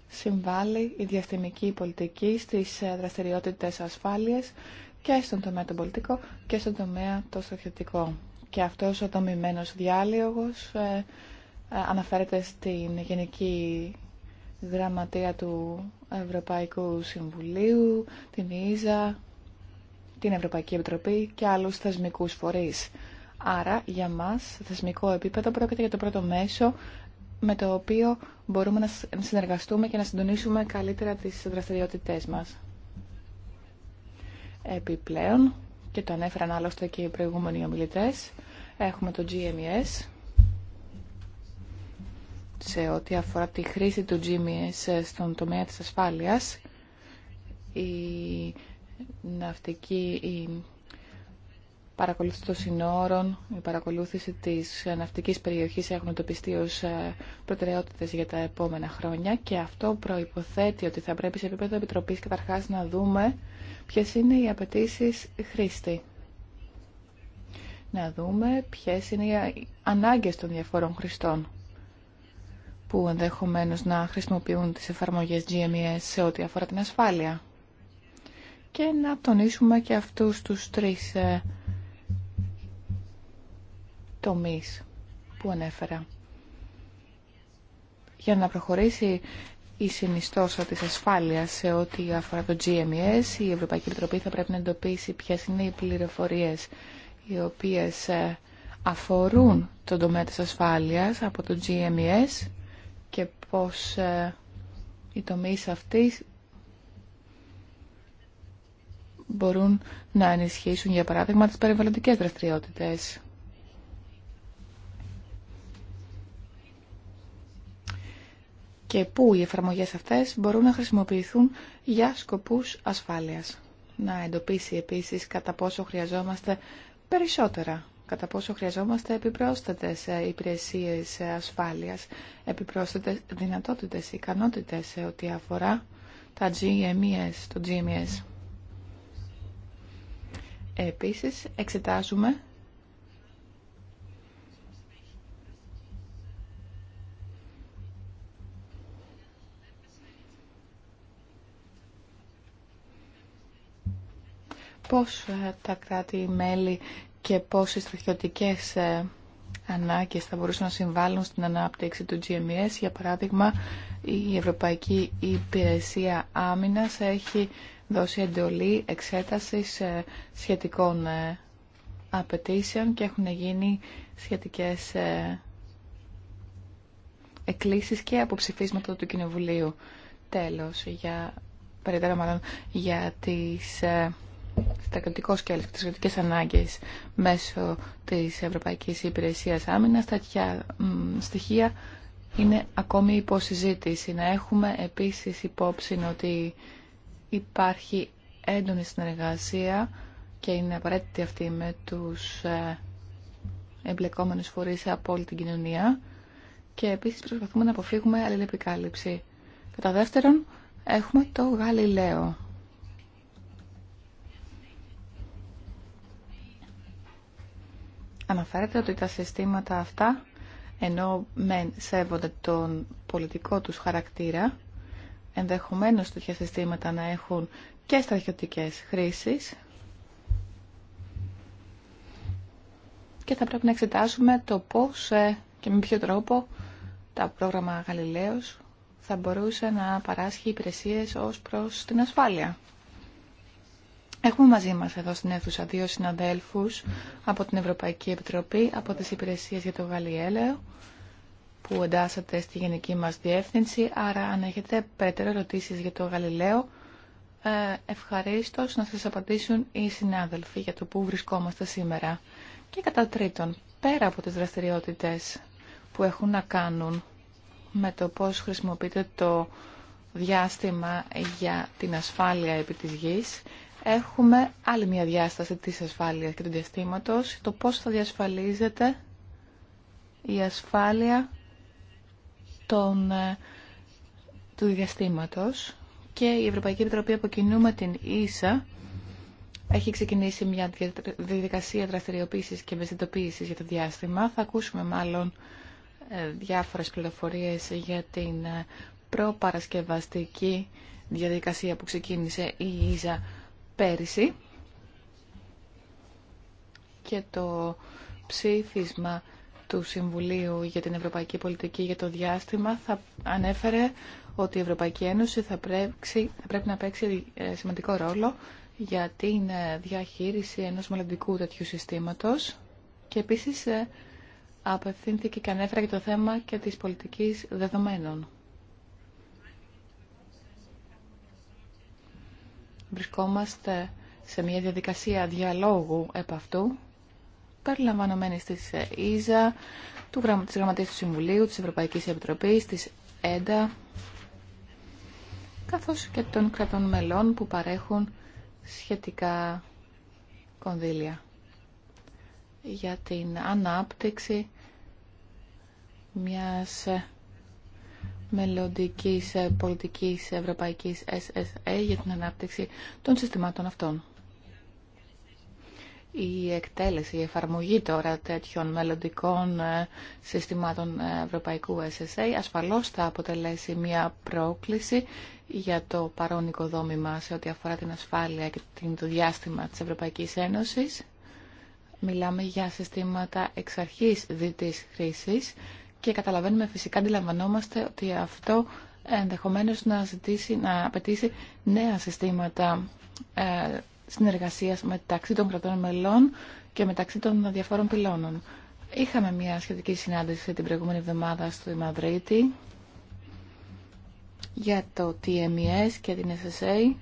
συμβάλλει η διαστημική πολιτική στις ε, δραστηριότητες ασφάλειας και στον τομέα τον πολιτικό και στον τομέα το στρατιωτικό. Και αυτός ο δομημένος διάλογος ε, ε, αναφέρεται στην Γενική Γραμματεία του Ευρωπαϊκού Συμβουλίου, την ΙΖΑ, την Ευρωπαϊκή Επιτροπή και άλλους θεσμικούς φορείς. Άρα, για μας, θεσμικό επίπεδο, πρόκειται για το πρώτο μέσο με το οποίο μπορούμε να συνεργαστούμε και να συντονίσουμε καλύτερα τις δραστηριότητές μας. Επιπλέον, και το ανέφεραν άλλωστε και οι προηγούμενοι ομιλητές, έχουμε το GMS. E σε ό,τι αφορά τη χρήση του GMS e στον τομέα της ασφάλειας. Η ναυτική, η παρακολούθηση των συνόρων, η παρακολούθηση της ναυτικής περιοχής έχουν εντοπιστεί ως ε, προτεραιότητες για τα επόμενα χρόνια και αυτό προϋποθέτει ότι θα πρέπει σε επίπεδο επιτροπής καταρχάς να δούμε ποιες είναι οι απαιτήσει χρήστη. Να δούμε ποιες είναι οι ανάγκες των διαφόρων χρηστών που ενδεχομένως να χρησιμοποιούν τις εφαρμογές GMES σε ό,τι αφορά την ασφάλεια. Και να τονίσουμε και αυτούς τους τρεις ε, τομείς που ανέφερα. Για να προχωρήσει η συνιστόσα της ασφάλειας σε ό,τι αφορά το GMES, η Ευρωπαϊκή Επιτροπή θα πρέπει να εντοπίσει ποιες είναι οι πληροφορίες οι οποίες ε, αφορούν τον τομέα της ασφάλειας από το GMES και πώς ε, οι τομείς αυτής μπορούν να ενισχύσουν, για παράδειγμα, τις περιβαλλοντικές δραστηριότητες. και πού οι εφαρμογές αυτές μπορούν να χρησιμοποιηθούν για σκοπούς ασφάλειας. Να εντοπίσει επίσης κατά πόσο χρειαζόμαστε περισσότερα, κατά πόσο χρειαζόμαστε επιπρόσθετες ε, υπηρεσίες ε, ασφάλειας, επιπρόσθετες δυνατότητες, ικανότητες σε ό,τι αφορά τα GMES, το GMS. E επίσης, εξετάζουμε πώς ε, τα κράτη-μέλη και πώς οι στρατιωτικές ε, ανάγκες θα μπορούσαν να συμβάλλουν στην ανάπτυξη του GMS, Για παράδειγμα, η Ευρωπαϊκή Υπηρεσία Άμυνας έχει δώσει εντολή εξέτασης ε, σχετικών απαιτήσεων και έχουν γίνει σχετικές εκκλήσεις και αποψηφίσματα του Κοινοβουλίου. Τέλος, για, για τις στα κριτικό σκέλος και τις κριτικές ανάγκες μέσω της Ευρωπαϊκής Υπηρεσίας Άμυνας, τα στοιχεία είναι ακόμη συζήτηση. Να έχουμε επίσης υπόψη ότι υπάρχει έντονη συνεργασία και είναι απαραίτητη αυτή με τους ε, εμπλεκόμενους φορείς από όλη την κοινωνία και επίσης προσπαθούμε να αποφύγουμε αλληλεπικάλυψη. Κατά δεύτερον, έχουμε το Γαλιλαίο Αναφέρεται ότι τα συστήματα αυτά, ενώ μεν σέβονται τον πολιτικό τους χαρακτήρα, ενδεχομένως τέτοια συστήματα να έχουν και στρατιωτικές χρήσεις, και θα πρέπει να εξετάσουμε το πώς ε, και με ποιο τρόπο τα πρόγραμμα Γαλιλαίος θα μπορούσε να παράσχει υπηρεσίες ως προς την ασφάλεια. Έχουμε μαζί μας εδώ στην αίθουσα δύο συναδέλφους από την Ευρωπαϊκή Επιτροπή, από τις υπηρεσίες για το Γαλλιέλεο, που εντάσσεται στη γενική μας διεύθυνση. Άρα, αν έχετε περαιτέρω ερωτήσεις για το Γαλιλαίο, ε, ευχαρίστως να σας απαντήσουν οι συνάδελφοι για το που βρισκόμαστε σήμερα. Και κατά τρίτον, πέρα από τις δραστηριότητες που έχουν να κάνουν με το πώς χρησιμοποιείται το διάστημα για την ασφάλεια επί της γης, έχουμε άλλη μια διάσταση της ασφάλειας και του διαστήματος, το πώς θα διασφαλίζεται η ασφάλεια των, ε, του διαστήματος και η Ευρωπαϊκή Επιτροπή από κοινού την ΙΣΑ έχει ξεκινήσει μια διαδικασία δραστηριοποίησης και ευαισθητοποίησης για το διάστημα. Θα ακούσουμε μάλλον ε, διάφορες πληροφορίες για την ε, προπαρασκευαστική διαδικασία που ξεκίνησε η ΙΖΑ πέρυσι και το ψήφισμα του Συμβουλίου για την Ευρωπαϊκή Πολιτική για το διάστημα θα ανέφερε ότι η Ευρωπαϊκή Ένωση θα πρέπει, πρέπει να παίξει ε, σημαντικό ρόλο για την ε, διαχείριση ενός μελλοντικού τέτοιου συστήματος και επίσης ε, απευθύνθηκε και ανέφερε για το θέμα και της πολιτικής δεδομένων. βρισκόμαστε σε μια διαδικασία διαλόγου επ' αυτού, περιλαμβανομένη τη ε, ΙΖΑ, του, Γραμματέία του Συμβουλίου, της Ευρωπαϊκής Επιτροπής, της ΕΝΤΑ, καθώς και των κρατών μελών που παρέχουν σχετικά κονδύλια για την ανάπτυξη μιας ε, μελλοντικής ε, πολιτικής ευρωπαϊκής SSA για την ανάπτυξη των συστημάτων αυτών. Η εκτέλεση, η εφαρμογή τώρα τέτοιων μελλοντικών ε, συστημάτων ε, ευρωπαϊκού SSA ασφαλώς θα αποτελέσει μια πρόκληση για το παρόν οικοδόμημα σε ό,τι αφορά την ασφάλεια και το διάστημα της Ευρωπαϊκής Ένωσης. Μιλάμε για συστήματα εξ αρχής διτής χρήσης και καταλαβαίνουμε φυσικά, αντιλαμβανόμαστε ότι αυτό ενδεχομένως να, ζητήσει, να απαιτήσει νέα συστήματα ε, συνεργασίας μεταξύ των κρατών μελών και μεταξύ των διαφόρων πυλώνων. Είχαμε μια σχετική συνάντηση την προηγούμενη εβδομάδα στο Μαδρίτη για το TMS e και την SSA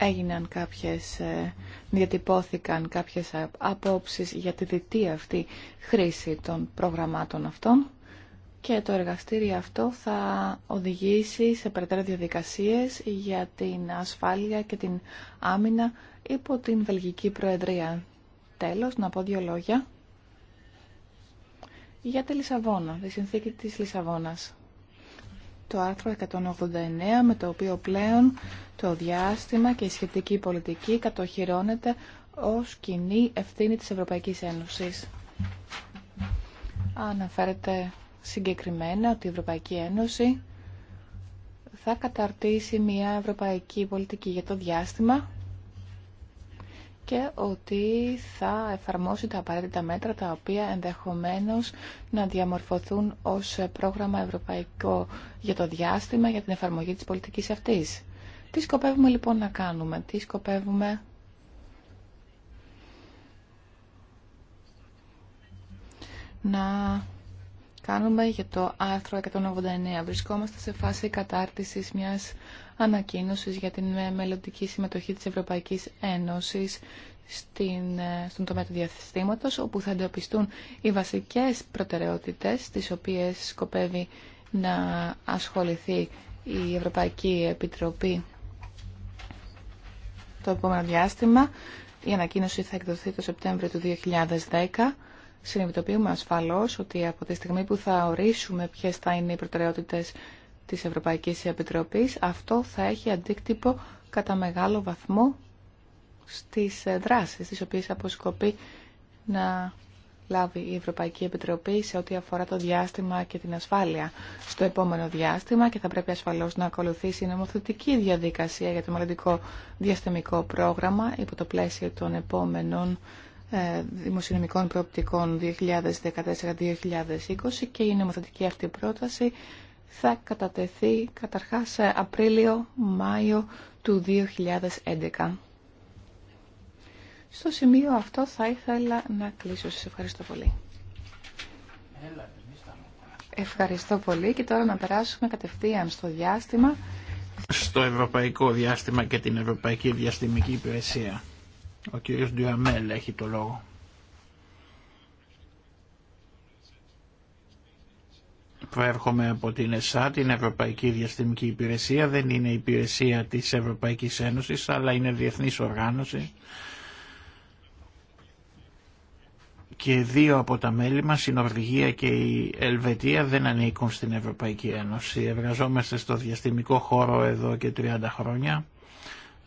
έγιναν κάποιες, ε, διατυπώθηκαν κάποιες απόψεις για τη δυτή αυτή χρήση των προγραμμάτων αυτών και το εργαστήριο αυτό θα οδηγήσει σε περαιτέρω διαδικασίες για την ασφάλεια και την άμυνα υπό την Βελγική Προεδρία. Τέλος, να πω δύο λόγια για τη Λισαβόνα, τη συνθήκη της Λισαβόνας το άρθρο 189 με το οποίο πλέον το διάστημα και η σχετική πολιτική κατοχυρώνεται ως κοινή ευθύνη της Ευρωπαϊκής Ένωσης. Αναφέρεται συγκεκριμένα ότι η Ευρωπαϊκή Ένωση θα καταρτήσει μια ευρωπαϊκή πολιτική για το διάστημα και ότι θα εφαρμόσει τα απαραίτητα μέτρα τα οποία ενδεχομένως να διαμορφωθούν ως πρόγραμμα ευρωπαϊκό για το διάστημα για την εφαρμογή της πολιτικής αυτής. Τι σκοπεύουμε λοιπόν να κάνουμε, τι σκοπεύουμε να κάνουμε για το άρθρο 189. Βρισκόμαστε σε φάση κατάρτισης μιας ανακοίνωσης για την μελλοντική συμμετοχή της Ευρωπαϊκής Ένωσης στην, στον τομέα του διαστήματος, όπου θα εντοπιστούν οι βασικές προτεραιότητες τις οποίες σκοπεύει να ασχοληθεί η Ευρωπαϊκή Επιτροπή το επόμενο διάστημα. Η ανακοίνωση θα εκδοθεί το Σεπτέμβριο του 2010 συνειδητοποιούμε ασφαλώς ότι από τη στιγμή που θα ορίσουμε ποιες θα είναι οι προτεραιότητες της Ευρωπαϊκής Επιτροπής, αυτό θα έχει αντίκτυπο κατά μεγάλο βαθμό στις ε, δράσεις τις οποίες αποσκοπεί να λάβει η Ευρωπαϊκή Επιτροπή σε ό,τι αφορά το διάστημα και την ασφάλεια στο επόμενο διάστημα και θα πρέπει ασφαλώς να ακολουθήσει η νομοθετική διαδικασία για το μελλοντικό διαστημικό πρόγραμμα υπό το πλαίσιο των επόμενων ε, δημοσιονομικών προοπτικών 2014-2020 και η νομοθετική αυτή πρόταση θα κατατεθεί καταρχάς Απρίλιο-Μάιο του 2011. Στο σημείο αυτό θα ήθελα να κλείσω. Σας ευχαριστώ πολύ. Ευχαριστώ πολύ και τώρα να περάσουμε κατευθείαν στο διάστημα. Στο Ευρωπαϊκό Διάστημα και την Ευρωπαϊκή Διαστημική Υπηρεσία. Ο κύριος Ντουαμέλ έχει το λόγο. Προέρχομαι από την ΕΣΑ, την Ευρωπαϊκή Διαστημική Υπηρεσία. Δεν είναι υπηρεσία της Ευρωπαϊκής Ένωσης, αλλά είναι διεθνής οργάνωση. Και δύο από τα μέλη μας, η Νορβηγία και η Ελβετία, δεν ανήκουν στην Ευρωπαϊκή Ένωση. Εργαζόμαστε στο διαστημικό χώρο εδώ και 30 χρόνια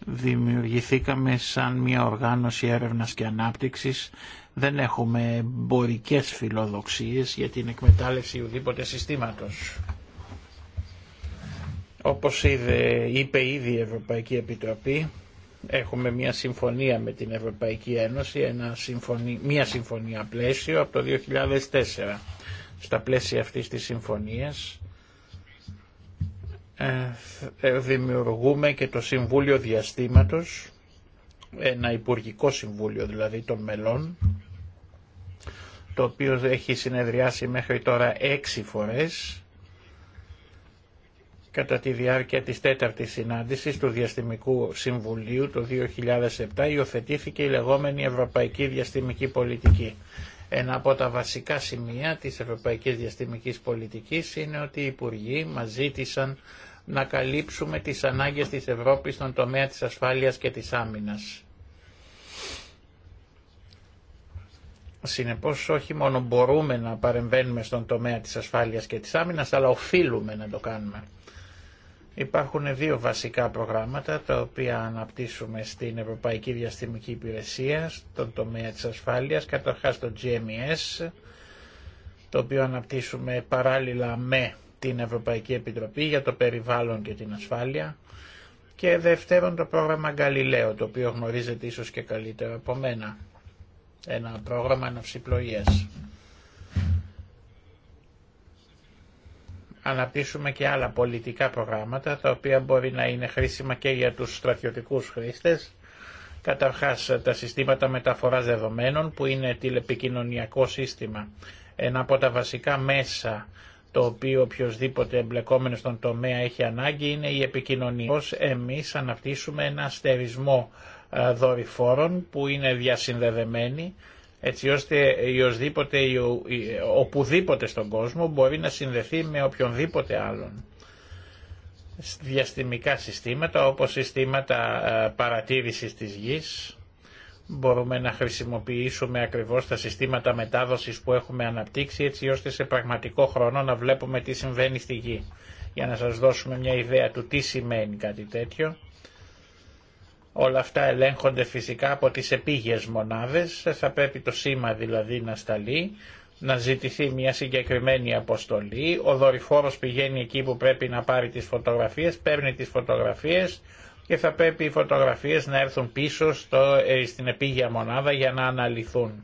δημιουργηθήκαμε σαν μια οργάνωση έρευνας και ανάπτυξης. Δεν έχουμε εμπορικέ φιλοδοξίες για την εκμετάλλευση ουδήποτε συστήματος. Όπως είδε, είπε ήδη η Ευρωπαϊκή Επιτροπή, έχουμε μια συμφωνία με την Ευρωπαϊκή Ένωση, ένα μια συμφωνία πλαίσιο από το 2004. Στα πλαίσια αυτής της συμφωνίας ε, ε, δημιουργούμε και το Συμβούλιο Διαστήματος, ένα Υπουργικό Συμβούλιο δηλαδή των μελών, το οποίο έχει συνεδριάσει μέχρι τώρα έξι φορές κατά τη διάρκεια της τέταρτης συνάντησης του Διαστημικού Συμβουλίου το 2007 υιοθετήθηκε η λεγόμενη Ευρωπαϊκή Διαστημική Πολιτική. Ένα από τα βασικά σημεία της Ευρωπαϊκής Διαστημικής Πολιτικής είναι ότι οι Υπουργοί μας ζήτησαν να καλύψουμε τις ανάγκες της Ευρώπης στον τομέα της ασφάλειας και της άμυνας. Συνεπώς όχι μόνο μπορούμε να παρεμβαίνουμε στον τομέα της ασφάλειας και της άμυνας, αλλά οφείλουμε να το κάνουμε. Υπάρχουν δύο βασικά προγράμματα τα οποία αναπτύσσουμε στην Ευρωπαϊκή Διαστημική Υπηρεσία στον τομέα της ασφάλειας, καταρχάς το GMES, το οποίο αναπτύσσουμε παράλληλα με την Ευρωπαϊκή Επιτροπή για το περιβάλλον και την ασφάλεια και δεύτερον το πρόγραμμα Γκαλιλαίο, το οποίο γνωρίζετε ίσως και καλύτερα από μένα. Ένα πρόγραμμα αναυσιπλοείας. Αναπτύσσουμε και άλλα πολιτικά προγράμματα, τα οποία μπορεί να είναι χρήσιμα και για τους στρατιωτικούς χρήστες. Καταρχάς τα συστήματα μεταφοράς δεδομένων που είναι τηλεπικοινωνιακό σύστημα. Ένα από τα βασικά μέσα το οποίο οποιοδήποτε εμπλεκόμενο στον τομέα έχει ανάγκη είναι η επικοινωνία. Πώς εμείς αναπτύσσουμε ένα στερισμό ε, δορυφόρων που είναι διασυνδεδεμένοι έτσι ώστε οσδήποτε, οπουδήποτε στον κόσμο μπορεί να συνδεθεί με οποιονδήποτε άλλον. Διαστημικά συστήματα όπως συστήματα ε, παρατήρησης της γης, μπορούμε να χρησιμοποιήσουμε ακριβώς τα συστήματα μετάδοσης που έχουμε αναπτύξει έτσι ώστε σε πραγματικό χρόνο να βλέπουμε τι συμβαίνει στη γη. Για να σας δώσουμε μια ιδέα του τι σημαίνει κάτι τέτοιο. Όλα αυτά ελέγχονται φυσικά από τις επίγειες μονάδες, θα πρέπει το σήμα δηλαδή να σταλεί, να ζητηθεί μια συγκεκριμένη αποστολή, ο δορυφόρος πηγαίνει εκεί που πρέπει να πάρει τις φωτογραφίες, παίρνει τις φωτογραφίες, και θα πρέπει οι φωτογραφίες να έρθουν πίσω στο, ε, στην επίγεια μονάδα για να αναλυθούν.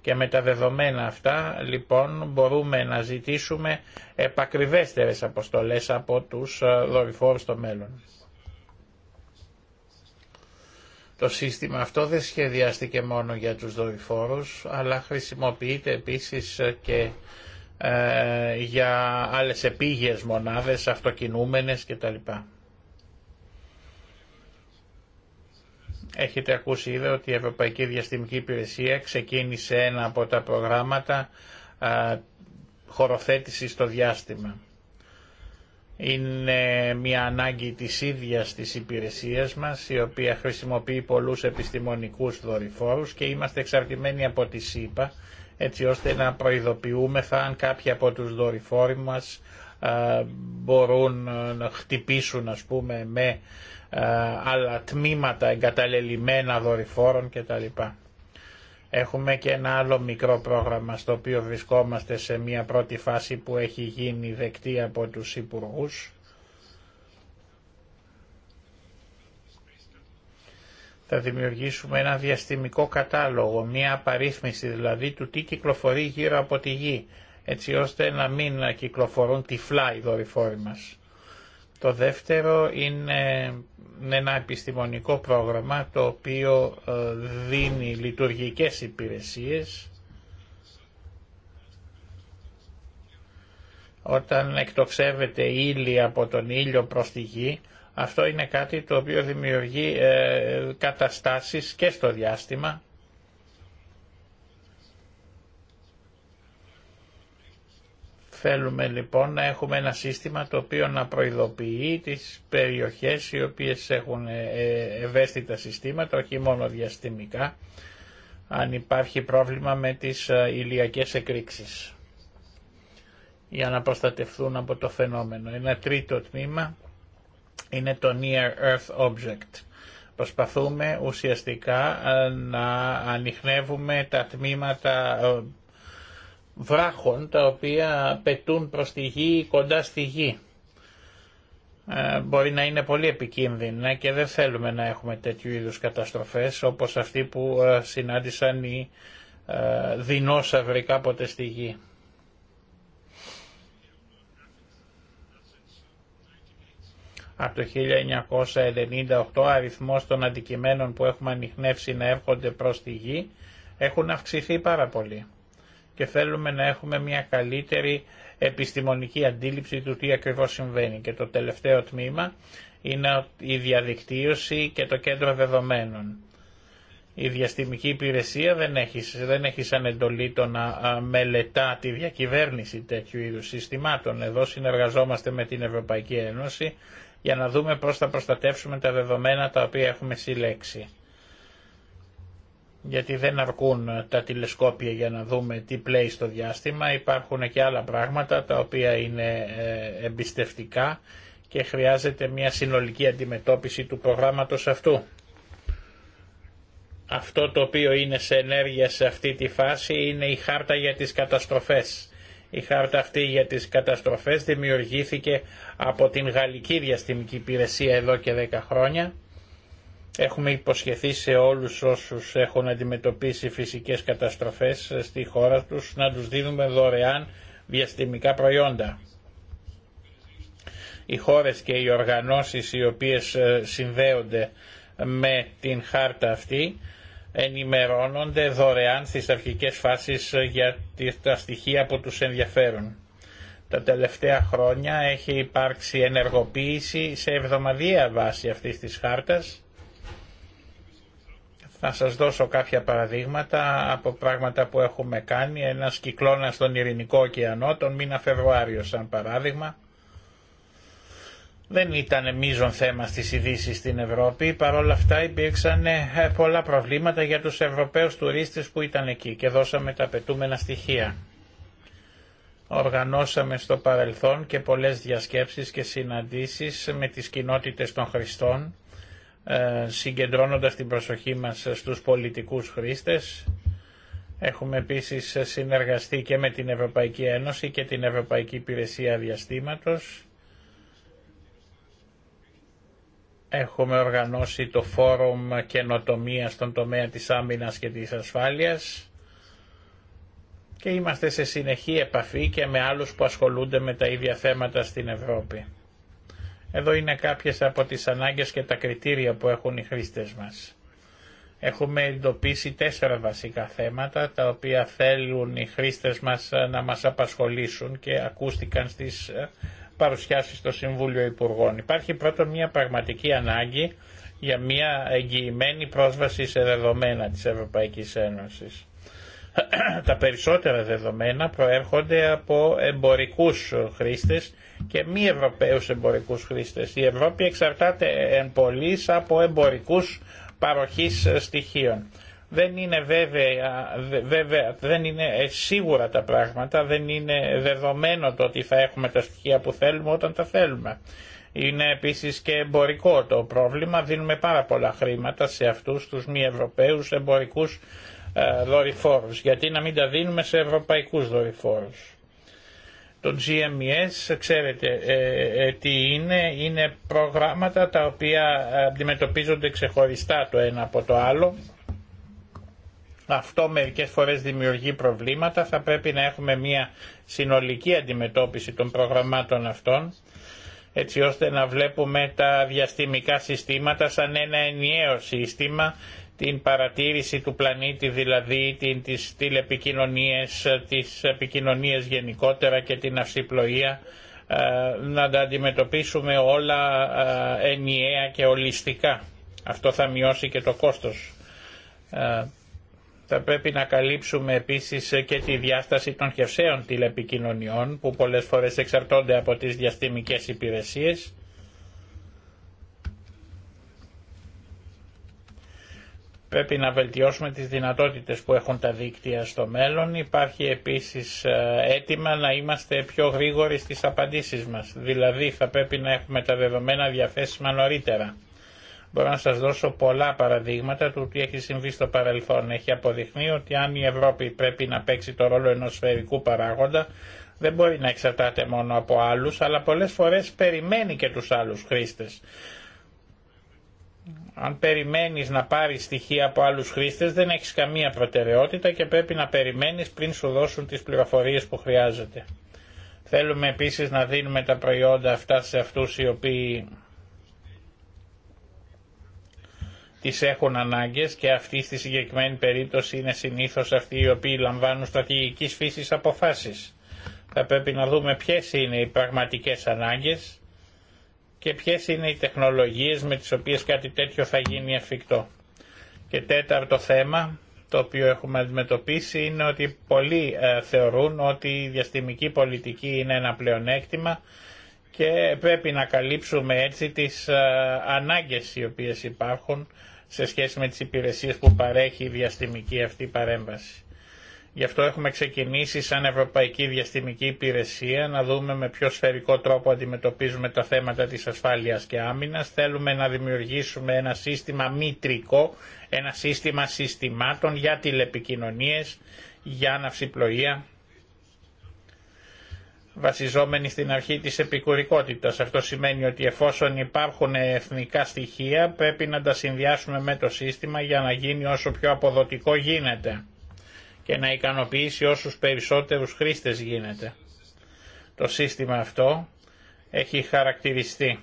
Και με τα δεδομένα αυτά λοιπόν μπορούμε να ζητήσουμε επακριβέστερες αποστολές από τους ε, δορυφόρους στο μέλλον. Το σύστημα αυτό δεν σχεδιάστηκε μόνο για τους δορυφόρους, αλλά χρησιμοποιείται επίσης και ε, για άλλες επίγειες μονάδες, αυτοκινούμενες κτλ. Έχετε ακούσει ήδη ότι η Ευρωπαϊκή Διαστημική Υπηρεσία ξεκίνησε ένα από τα προγράμματα α, χωροθέτησης στο διάστημα. Είναι μια ανάγκη της ίδιας της υπηρεσίας μας, η οποία χρησιμοποιεί πολλούς επιστημονικούς δορυφόρους και είμαστε εξαρτημένοι από τη ΣΥΠΑ, έτσι ώστε να προειδοποιούμεθα αν κάποιοι από τους δορυφόροι μας μπορούν να χτυπήσουν ας πούμε με ε, άλλα τμήματα εγκαταλελειμμένα δορυφόρων κτλ. Έχουμε και ένα άλλο μικρό πρόγραμμα στο οποίο βρισκόμαστε σε μια πρώτη φάση που έχει γίνει δεκτή από τους υπουργούς. Θα δημιουργήσουμε ένα διαστημικό κατάλογο, μια απαρίθμηση δηλαδή του τι κυκλοφορεί γύρω από τη γη, έτσι ώστε να μην κυκλοφορούν τυφλά οι δορυφόροι μας. Το δεύτερο είναι ένα επιστημονικό πρόγραμμα το οποίο ε, δίνει λειτουργικές υπηρεσίες όταν εκτοξεύεται ύλη από τον ήλιο προς τη γη αυτό είναι κάτι το οποίο δημιουργεί ε, καταστάσεις και στο διάστημα Θέλουμε λοιπόν να έχουμε ένα σύστημα το οποίο να προειδοποιεί τις περιοχές οι οποίες έχουν ε, ε, ευαίσθητα συστήματα, όχι μόνο διαστημικά, αν υπάρχει πρόβλημα με τις ε, ηλιακές εκρήξεις για να προστατευθούν από το φαινόμενο. Ένα τρίτο τμήμα είναι το Near Earth Object. Προσπαθούμε ουσιαστικά να ανοιχνεύουμε τα τμήματα βράχων τα οποία πετούν προς τη γη ή κοντά στη γη. Ε, μπορεί να είναι πολύ επικίνδυνα και δεν θέλουμε να έχουμε τέτοιου είδους καταστροφές όπως αυτή που ε, συνάντησαν οι ε, δεινόσαυροι κάποτε στη γη. από το 1998 αριθμός των αντικειμένων που έχουμε ανοιχνεύσει να έρχονται προς τη γη έχουν αυξηθεί πάρα πολύ και θέλουμε να έχουμε μια καλύτερη επιστημονική αντίληψη του τι ακριβώς συμβαίνει. Και το τελευταίο τμήμα είναι η διαδικτύωση και το κέντρο δεδομένων. Η διαστημική υπηρεσία δεν έχει, δεν έχει σαν εντολή το να μελετά τη διακυβέρνηση τέτοιου είδους συστημάτων. Εδώ συνεργαζόμαστε με την Ευρωπαϊκή Ένωση για να δούμε πώς θα προστατεύσουμε τα δεδομένα τα οποία έχουμε συλλέξει γιατί δεν αρκούν ε, τα τηλεσκόπια για να δούμε τι πλέει στο διάστημα. Υπάρχουν και άλλα πράγματα τα οποία είναι ε, εμπιστευτικά και χρειάζεται μια συνολική αντιμετώπιση του προγράμματος αυτού. Αυτό το οποίο είναι σε ενέργεια σε αυτή τη φάση είναι η χάρτα για τις καταστροφές. Η χάρτα αυτή για τις καταστροφές δημιουργήθηκε από την Γαλλική Διαστημική Υπηρεσία εδώ και 10 χρόνια Έχουμε υποσχεθεί σε όλους όσους έχουν αντιμετωπίσει φυσικές καταστροφές στη χώρα τους να τους δίνουμε δωρεάν διαστημικά προϊόντα. Οι χώρες και οι οργανώσεις οι οποίες ε, συνδέονται με την χάρτα αυτή ενημερώνονται δωρεάν στις αρχικές φάσεις ε, για τα στοιχεία που τους ενδιαφέρουν. Τα τελευταία χρόνια έχει υπάρξει ενεργοποίηση σε εβδομαδιαία βάση αυτής της χάρτας να σας δώσω κάποια παραδείγματα από πράγματα που έχουμε κάνει. Ένας κυκλώνα στον Ειρηνικό ωκεανό τον μήνα Φεβρουάριο σαν παράδειγμα. Δεν ήταν μείζον θέμα στις ειδήσει στην Ευρώπη, όλα αυτά υπήρξαν ε, πολλά προβλήματα για τους Ευρωπαίους τουρίστες που ήταν εκεί και δώσαμε τα απαιτούμενα στοιχεία. Οργανώσαμε στο παρελθόν και πολλές διασκέψεις και συναντήσεις με τις κοινότητες των Χριστών ε, συγκεντρώνοντας την προσοχή μας στους πολιτικούς χρήστες. Έχουμε επίσης συνεργαστεί και με την Ευρωπαϊκή Ένωση και την Ευρωπαϊκή Υπηρεσία Διαστήματος. Έχουμε οργανώσει το Φόρουμ Καινοτομία στον τομέα της άμυνας και της ασφάλειας και είμαστε σε συνεχή επαφή και με άλλους που ασχολούνται με τα ίδια θέματα στην Ευρώπη. Εδώ είναι κάποιες από τις ανάγκες και τα κριτήρια που έχουν οι χρήστες μας. Έχουμε εντοπίσει τέσσερα βασικά θέματα τα οποία θέλουν οι χρήστες μας ε, να μας απασχολήσουν και ακούστηκαν στις ε, παρουσιάσεις στο Συμβούλιο Υπουργών. Υπάρχει πρώτον μια πραγματική ανάγκη για μια εγγυημένη πρόσβαση σε δεδομένα της Ευρωπαϊκής Ένωσης τα περισσότερα δεδομένα προέρχονται από εμπορικούς χρήστες και μη ευρωπαίους εμπορικούς χρήστες. Η Ευρώπη εξαρτάται εν πολλής από εμπορικούς παροχής στοιχείων. Δεν είναι βέβαια, δεν είναι ε, σίγουρα τα πράγματα, δεν είναι δεδομένο το ότι θα έχουμε τα στοιχεία που θέλουμε όταν τα θέλουμε. Είναι επίσης και εμπορικό το πρόβλημα, δίνουμε πάρα πολλά χρήματα σε αυτούς τους μη ευρωπαίους εμπορικούς ε, δορυφόρους, γιατί να μην τα δίνουμε σε ευρωπαϊκούς δορυφόρους. Το GMES, ξέρετε ε, ε, τι είναι, είναι προγράμματα τα οποία αντιμετωπίζονται ξεχωριστά το ένα από το άλλο. Αυτό μερικές φορές δημιουργεί προβλήματα, θα πρέπει να έχουμε μια συνολική αντιμετώπιση των προγραμμάτων αυτών έτσι ώστε να βλέπουμε τα διαστημικά συστήματα σαν ένα ενιαίο σύστημα την παρατήρηση του πλανήτη, δηλαδή την, τις τηλεπικοινωνίες, τις επικοινωνίες γενικότερα και την αυσιπλοεία, ε, να τα αντιμετωπίσουμε όλα ε, ενιαία και ολιστικά. Αυτό θα μειώσει και το κόστος. Ε, θα πρέπει να καλύψουμε επίσης και τη διάσταση των χερσαίων τηλεπικοινωνιών που πολλές φορές εξαρτώνται από τις διαστημικές υπηρεσίες Πρέπει να βελτιώσουμε τις δυνατότητες που έχουν τα δίκτυα στο μέλλον. Υπάρχει επίσης ε, αίτημα να είμαστε πιο γρήγοροι στις απαντήσεις μας. Δηλαδή θα πρέπει να έχουμε τα δεδομένα διαθέσιμα νωρίτερα. Μπορώ να σας δώσω πολλά παραδείγματα του τι έχει συμβεί στο παρελθόν. Έχει αποδειχνεί ότι αν η Ευρώπη πρέπει να παίξει το ρόλο ενός σφαιρικού παράγοντα, δεν μπορεί να εξαρτάται μόνο από άλλους, αλλά πολλές φορές περιμένει και τους άλλους χρήστες. Αν περιμένεις να πάρεις στοιχεία από άλλους χρήστες δεν έχεις καμία προτεραιότητα και πρέπει να περιμένεις πριν σου δώσουν τις πληροφορίες που χρειάζεται. Θέλουμε επίσης να δίνουμε τα προϊόντα αυτά σε αυτούς οι οποίοι τις έχουν ανάγκες και αυτή στη συγκεκριμένη περίπτωση είναι συνήθως αυτοί οι οποίοι λαμβάνουν στρατηγικής φύσης αποφάσεις. Θα πρέπει να δούμε ποιες είναι οι πραγματικές ανάγκες και ποιες είναι οι τεχνολογίες με τις οποίες κάτι τέτοιο θα γίνει εφικτό. Και τέταρτο θέμα το οποίο έχουμε αντιμετωπίσει είναι ότι πολλοί ε, θεωρούν ότι η διαστημική πολιτική είναι ένα πλεονέκτημα και πρέπει να καλύψουμε έτσι τις ε, ανάγκες οι οποίες υπάρχουν σε σχέση με τις υπηρεσίες που παρέχει η διαστημική αυτή παρέμβαση. Γι' αυτό έχουμε ξεκινήσει σαν Ευρωπαϊκή Διαστημική Υπηρεσία να δούμε με ποιο σφαιρικό τρόπο αντιμετωπίζουμε τα θέματα της ασφάλειας και άμυνας. Θέλουμε να δημιουργήσουμε ένα σύστημα μητρικό, ένα σύστημα συστημάτων για τηλεπικοινωνίες, για αναυσιπλοεία, βασιζόμενοι στην αρχή της επικουρικότητας. Αυτό σημαίνει ότι εφόσον υπάρχουν εθνικά στοιχεία πρέπει να τα συνδυάσουμε με το σύστημα για να γίνει όσο πιο αποδοτικό γίνεται και να ικανοποιήσει όσους περισσότερους χρήστες γίνεται. Το σύστημα αυτό έχει χαρακτηριστεί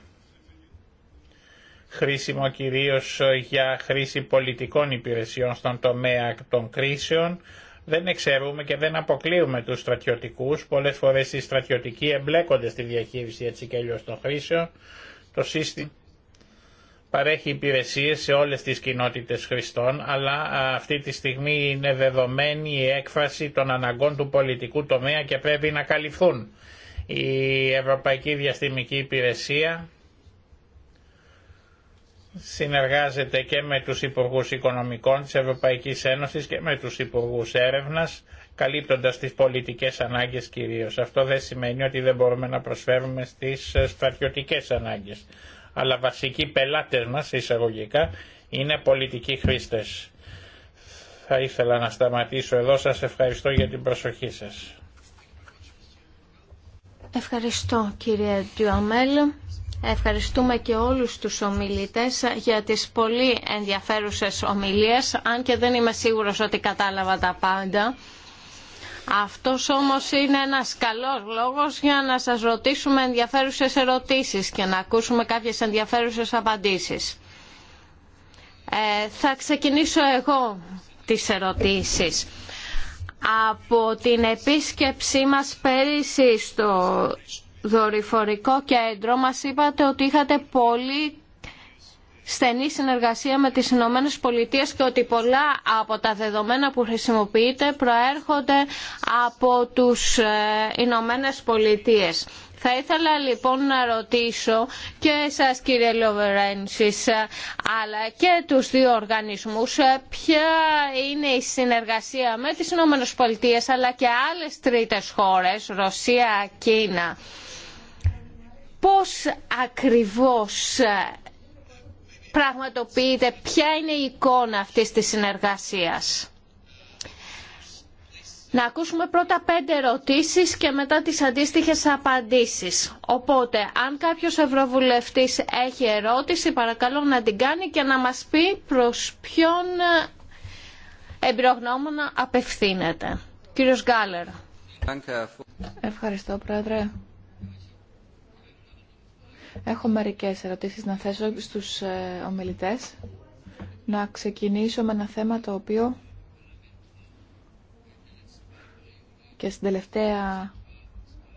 χρήσιμο κυρίως για χρήση πολιτικών υπηρεσιών στον τομέα των κρίσεων. Δεν εξαιρούμε και δεν αποκλείουμε τους στρατιωτικούς. Πολλές φορές οι στρατιωτικοί εμπλέκονται στη διαχείριση έτσι και αλλιώς των χρήσεων. Το σύστημα παρέχει υπηρεσίες σε όλες τις κοινότητες χρηστών, αλλά αυτή τη στιγμή είναι δεδομένη η έκφραση των αναγκών του πολιτικού τομέα και πρέπει να καλυφθούν. Η Ευρωπαϊκή Διαστημική Υπηρεσία συνεργάζεται και με τους Υπουργούς Οικονομικών της Ευρωπαϊκής Ένωσης και με τους Υπουργούς Έρευνας, καλύπτοντας τις πολιτικές ανάγκες κυρίως. Αυτό δεν σημαίνει ότι δεν μπορούμε να προσφέρουμε στις στρατιωτικές ανάγκες αλλά βασικοί πελάτες μας εισαγωγικά είναι πολιτικοί χρήστες. Θα ήθελα να σταματήσω εδώ. Σας ευχαριστώ για την προσοχή σας. Ευχαριστώ κύριε Τιουαμέλ. Ευχαριστούμε και όλους τους ομιλητές για τις πολύ ενδιαφέρουσες ομιλίες, αν και δεν είμαι σίγουρος ότι κατάλαβα τα πάντα. Αυτός όμως είναι ένας καλός λόγος για να σας ρωτήσουμε ενδιαφέρουσες ερωτήσεις και να ακούσουμε κάποιες ενδιαφέρουσες απαντήσεις. Ε, θα ξεκινήσω εγώ τις ερωτήσεις. Από την επίσκεψή μας πέρυσι στο δορυφορικό κέντρο μας είπατε ότι είχατε πολύ στενή συνεργασία με τις Ηνωμένες Πολιτείες και ότι πολλά από τα δεδομένα που χρησιμοποιείται προέρχονται από τους ε, Ηνωμένες Πολιτείες. Θα ήθελα λοιπόν να ρωτήσω και εσάς κύριε Λοβερένσης ε, αλλά και τους δύο οργανισμούς ε, ποια είναι η συνεργασία με τις Ηνωμένες Πολιτείες αλλά και άλλες τρίτες χώρες, Ρωσία, Κίνα. Πώς ακριβώς πραγματοποιείται, ποια είναι η εικόνα αυτής της συνεργασίας. Να ακούσουμε πρώτα πέντε ερωτήσεις και μετά τις αντίστοιχες απαντήσεις. Οπότε, αν κάποιος ευρωβουλευτής έχει ερώτηση, παρακαλώ να την κάνει και να μας πει προς ποιον εμπειρογνώμονα απευθύνεται. Κύριος Γκάλερ. Ευχαριστώ, Πρόεδρε. Έχω μερικές ερωτήσεις να θέσω στους ε, ομιλητές. Να ξεκινήσω με ένα θέμα το οποίο και στην τελευταία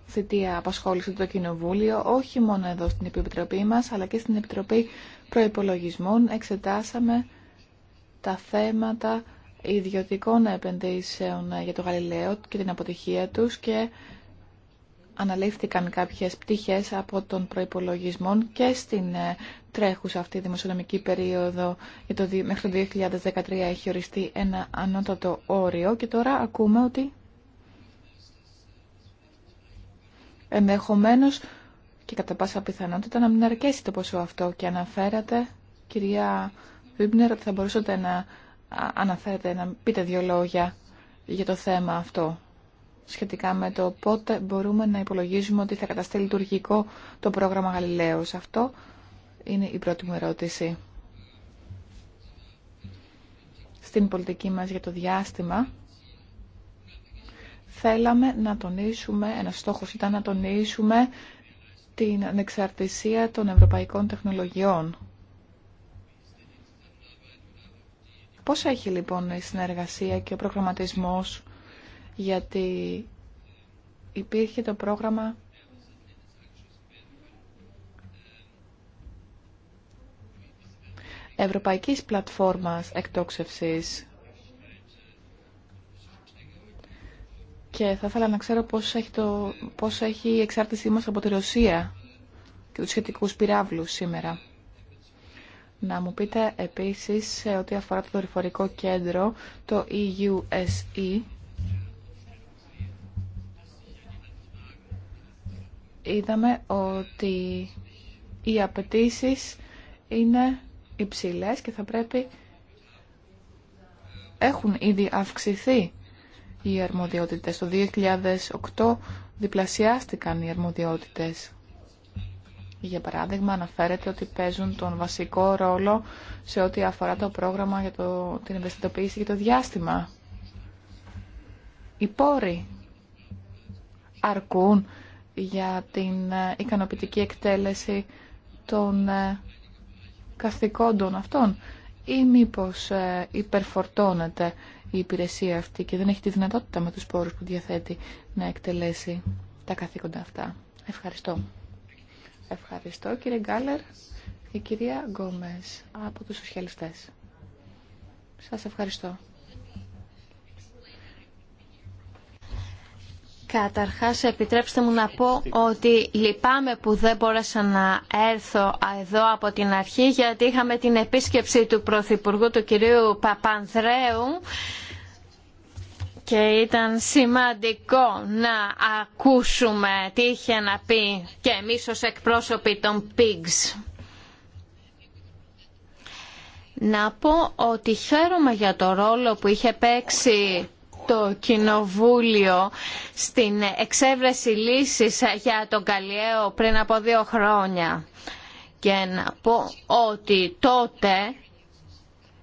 θητεία απασχόλησε το Κοινοβούλιο, όχι μόνο εδώ στην Επιτροπή μας, αλλά και στην Επιτροπή Προϋπολογισμών εξετάσαμε τα θέματα ιδιωτικών επενδύσεων για το Γαλιλαίο και την αποτυχία τους και αναλήφθηκαν κάποιες πτυχές από τον προπολογισμό και στην ε, τρέχουσα αυτή δημοσιονομική περίοδο για το, μέχρι το 2013 έχει οριστεί ένα ανώτατο όριο και τώρα ακούμε ότι ενδεχομένως και κατά πάσα πιθανότητα να μην αρκέσει το ποσό αυτό και αναφέρατε κυρία Βίμπνερ ότι θα μπορούσατε να αναφέρετε να πείτε δύο λόγια για το θέμα αυτό σχετικά με το πότε μπορούμε να υπολογίζουμε ότι θα καταστεί λειτουργικό το πρόγραμμα Γαλιλαίος. Αυτό είναι η πρώτη μου ερώτηση. Στην πολιτική μας για το διάστημα, θέλαμε να τονίσουμε, ένα στόχος ήταν να τονίσουμε την ανεξαρτησία των ευρωπαϊκών τεχνολογιών. Πώς έχει λοιπόν η συνεργασία και ο προγραμματισμός γιατί υπήρχε το πρόγραμμα Ευρωπαϊκής Πλατφόρμας Εκτόξευσης και θα ήθελα να ξέρω πώς έχει, το, πώς έχει η εξάρτησή μας από τη Ρωσία και τους σχετικούς πυράβλους σήμερα. Να μου πείτε επίσης σε ό,τι αφορά το δορυφορικό κέντρο, το EUSE, είδαμε ότι οι απαιτήσει είναι υψηλές και θα πρέπει έχουν ήδη αυξηθεί οι αρμοδιότητες. Το 2008 διπλασιάστηκαν οι αρμοδιότητες. Για παράδειγμα, αναφέρεται ότι παίζουν τον βασικό ρόλο σε ό,τι αφορά το πρόγραμμα για το, την ευαισθητοποίηση και το διάστημα. Οι πόροι αρκούν για την ε, ικανοποιητική εκτέλεση των ε, καθηκόντων αυτών ή μήπως ε, υπερφορτώνεται η υπηρεσία αυτή και δεν έχει τη δυνατότητα με τους πόρους που διαθέτει να εκτελέσει τα καθήκοντα αυτά. Ευχαριστώ. Ευχαριστώ κύριε Γκάλερ. Η κυρία Γκόμες από τους Σοσιαλιστές. Σας ευχαριστώ. Καταρχάς επιτρέψτε μου να πω ότι λυπάμαι που δεν μπόρεσα να έρθω εδώ από την αρχή γιατί είχαμε την επίσκεψη του Πρωθυπουργού του κυρίου Παπανδρέου και ήταν σημαντικό να ακούσουμε τι είχε να πει και εμείς ως εκπρόσωποι των PIGS. Να πω ότι χαίρομαι για το ρόλο που είχε παίξει το Κοινοβούλιο στην εξέβρεση λύσης για τον Καλλιέο πριν από δύο χρόνια. Και να πω ότι τότε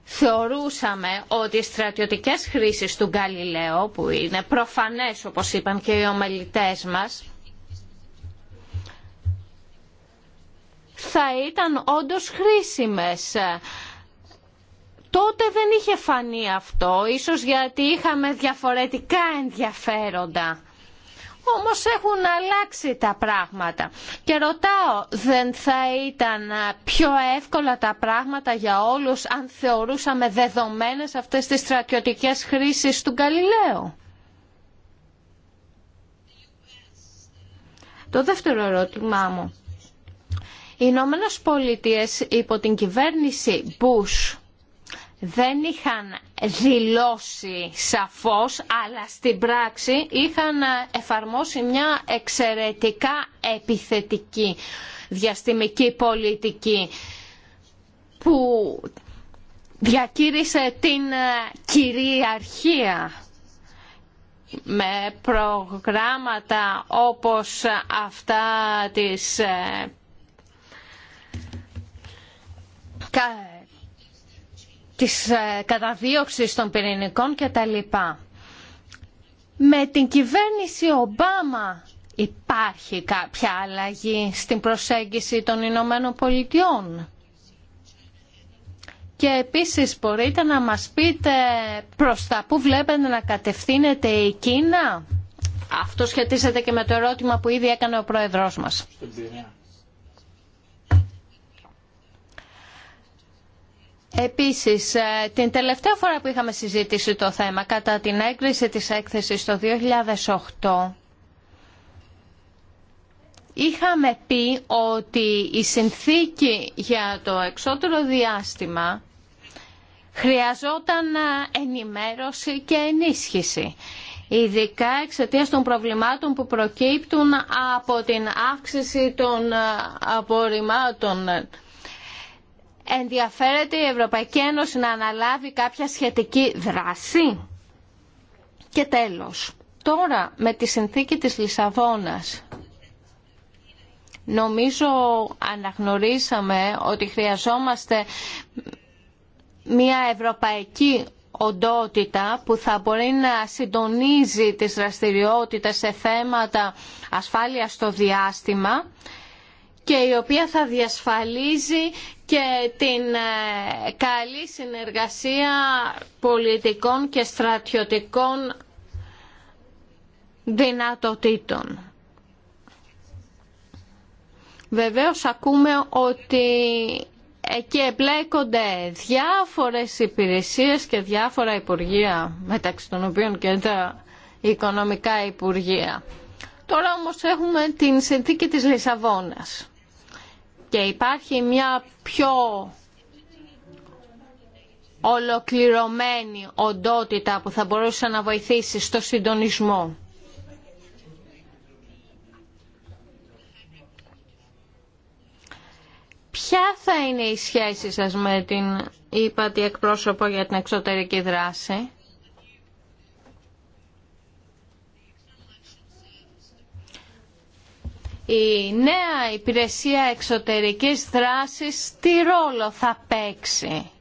θεωρούσαμε ότι οι στρατιωτικές χρήσεις του Γκαλιλαίο, που είναι προφανές όπως είπαν και οι ομελητές μας, θα ήταν όντως χρήσιμες Τότε δεν είχε φανεί αυτό, ίσως γιατί είχαμε διαφορετικά ενδιαφέροντα. Όμως έχουν αλλάξει τα πράγματα. Και ρωτάω, δεν θα ήταν πιο εύκολα τα πράγματα για όλους αν θεωρούσαμε δεδομένες αυτές τις στρατιωτικές χρήσεις του Καλλιλέου. Το δεύτερο ερώτημά μου. Οι Ηνωμένε Πολιτείες υπό την κυβέρνηση Bush δεν είχαν δηλώσει σαφώς, αλλά στην πράξη είχαν εφαρμόσει μια εξαιρετικά επιθετική διαστημική πολιτική που διακήρυσε την ε, κυριαρχία με προγράμματα όπως αυτά της ε, της ε, καταδίωξης των πυρηνικών κτλ. Με την κυβέρνηση Ομπάμα υπάρχει κάποια αλλαγή στην προσέγγιση των Ηνωμένων Πολιτειών. Και επίσης μπορείτε να μας πείτε προς τα που βλέπετε να κατευθύνεται η Κίνα. Αυτό σχετίζεται και με το ερώτημα που ήδη έκανε ο Πρόεδρός μας. Επίσης, ε, την τελευταία φορά που είχαμε συζητήσει το θέμα, κατά την έγκριση της έκθεσης το 2008, είχαμε πει ότι η συνθήκη για το εξώτερο διάστημα χρειαζόταν ε, ενημέρωση και ενίσχυση ειδικά εξαιτίας των προβλημάτων που προκύπτουν από την αύξηση των ε, απορριμμάτων ενδιαφέρεται η Ευρωπαϊκή Ένωση να αναλάβει κάποια σχετική δράση. Και τέλος, τώρα με τη συνθήκη της Λισαβόνας νομίζω αναγνωρίσαμε ότι χρειαζόμαστε μια ευρωπαϊκή οντότητα που θα μπορεί να συντονίζει τις δραστηριότητες σε θέματα ασφάλειας στο διάστημα και η οποία θα διασφαλίζει και την ε, καλή συνεργασία πολιτικών και στρατιωτικών δυνατοτήτων. Βεβαίως ακούμε ότι εκεί εμπλέκονται διάφορες υπηρεσίες και διάφορα υπουργεία, μεταξύ των οποίων και τα οικονομικά υπουργεία. Τώρα όμως έχουμε την συνθήκη της Λισαβόνας και υπάρχει μια πιο ολοκληρωμένη οντότητα που θα μπορούσε να βοηθήσει στο συντονισμό. Ποια θα είναι η σχέση σας με την είπατε εκπρόσωπο για την εξωτερική δράση. η νέα υπηρεσία εξωτερικής δράσης τι ρόλο θα παίξει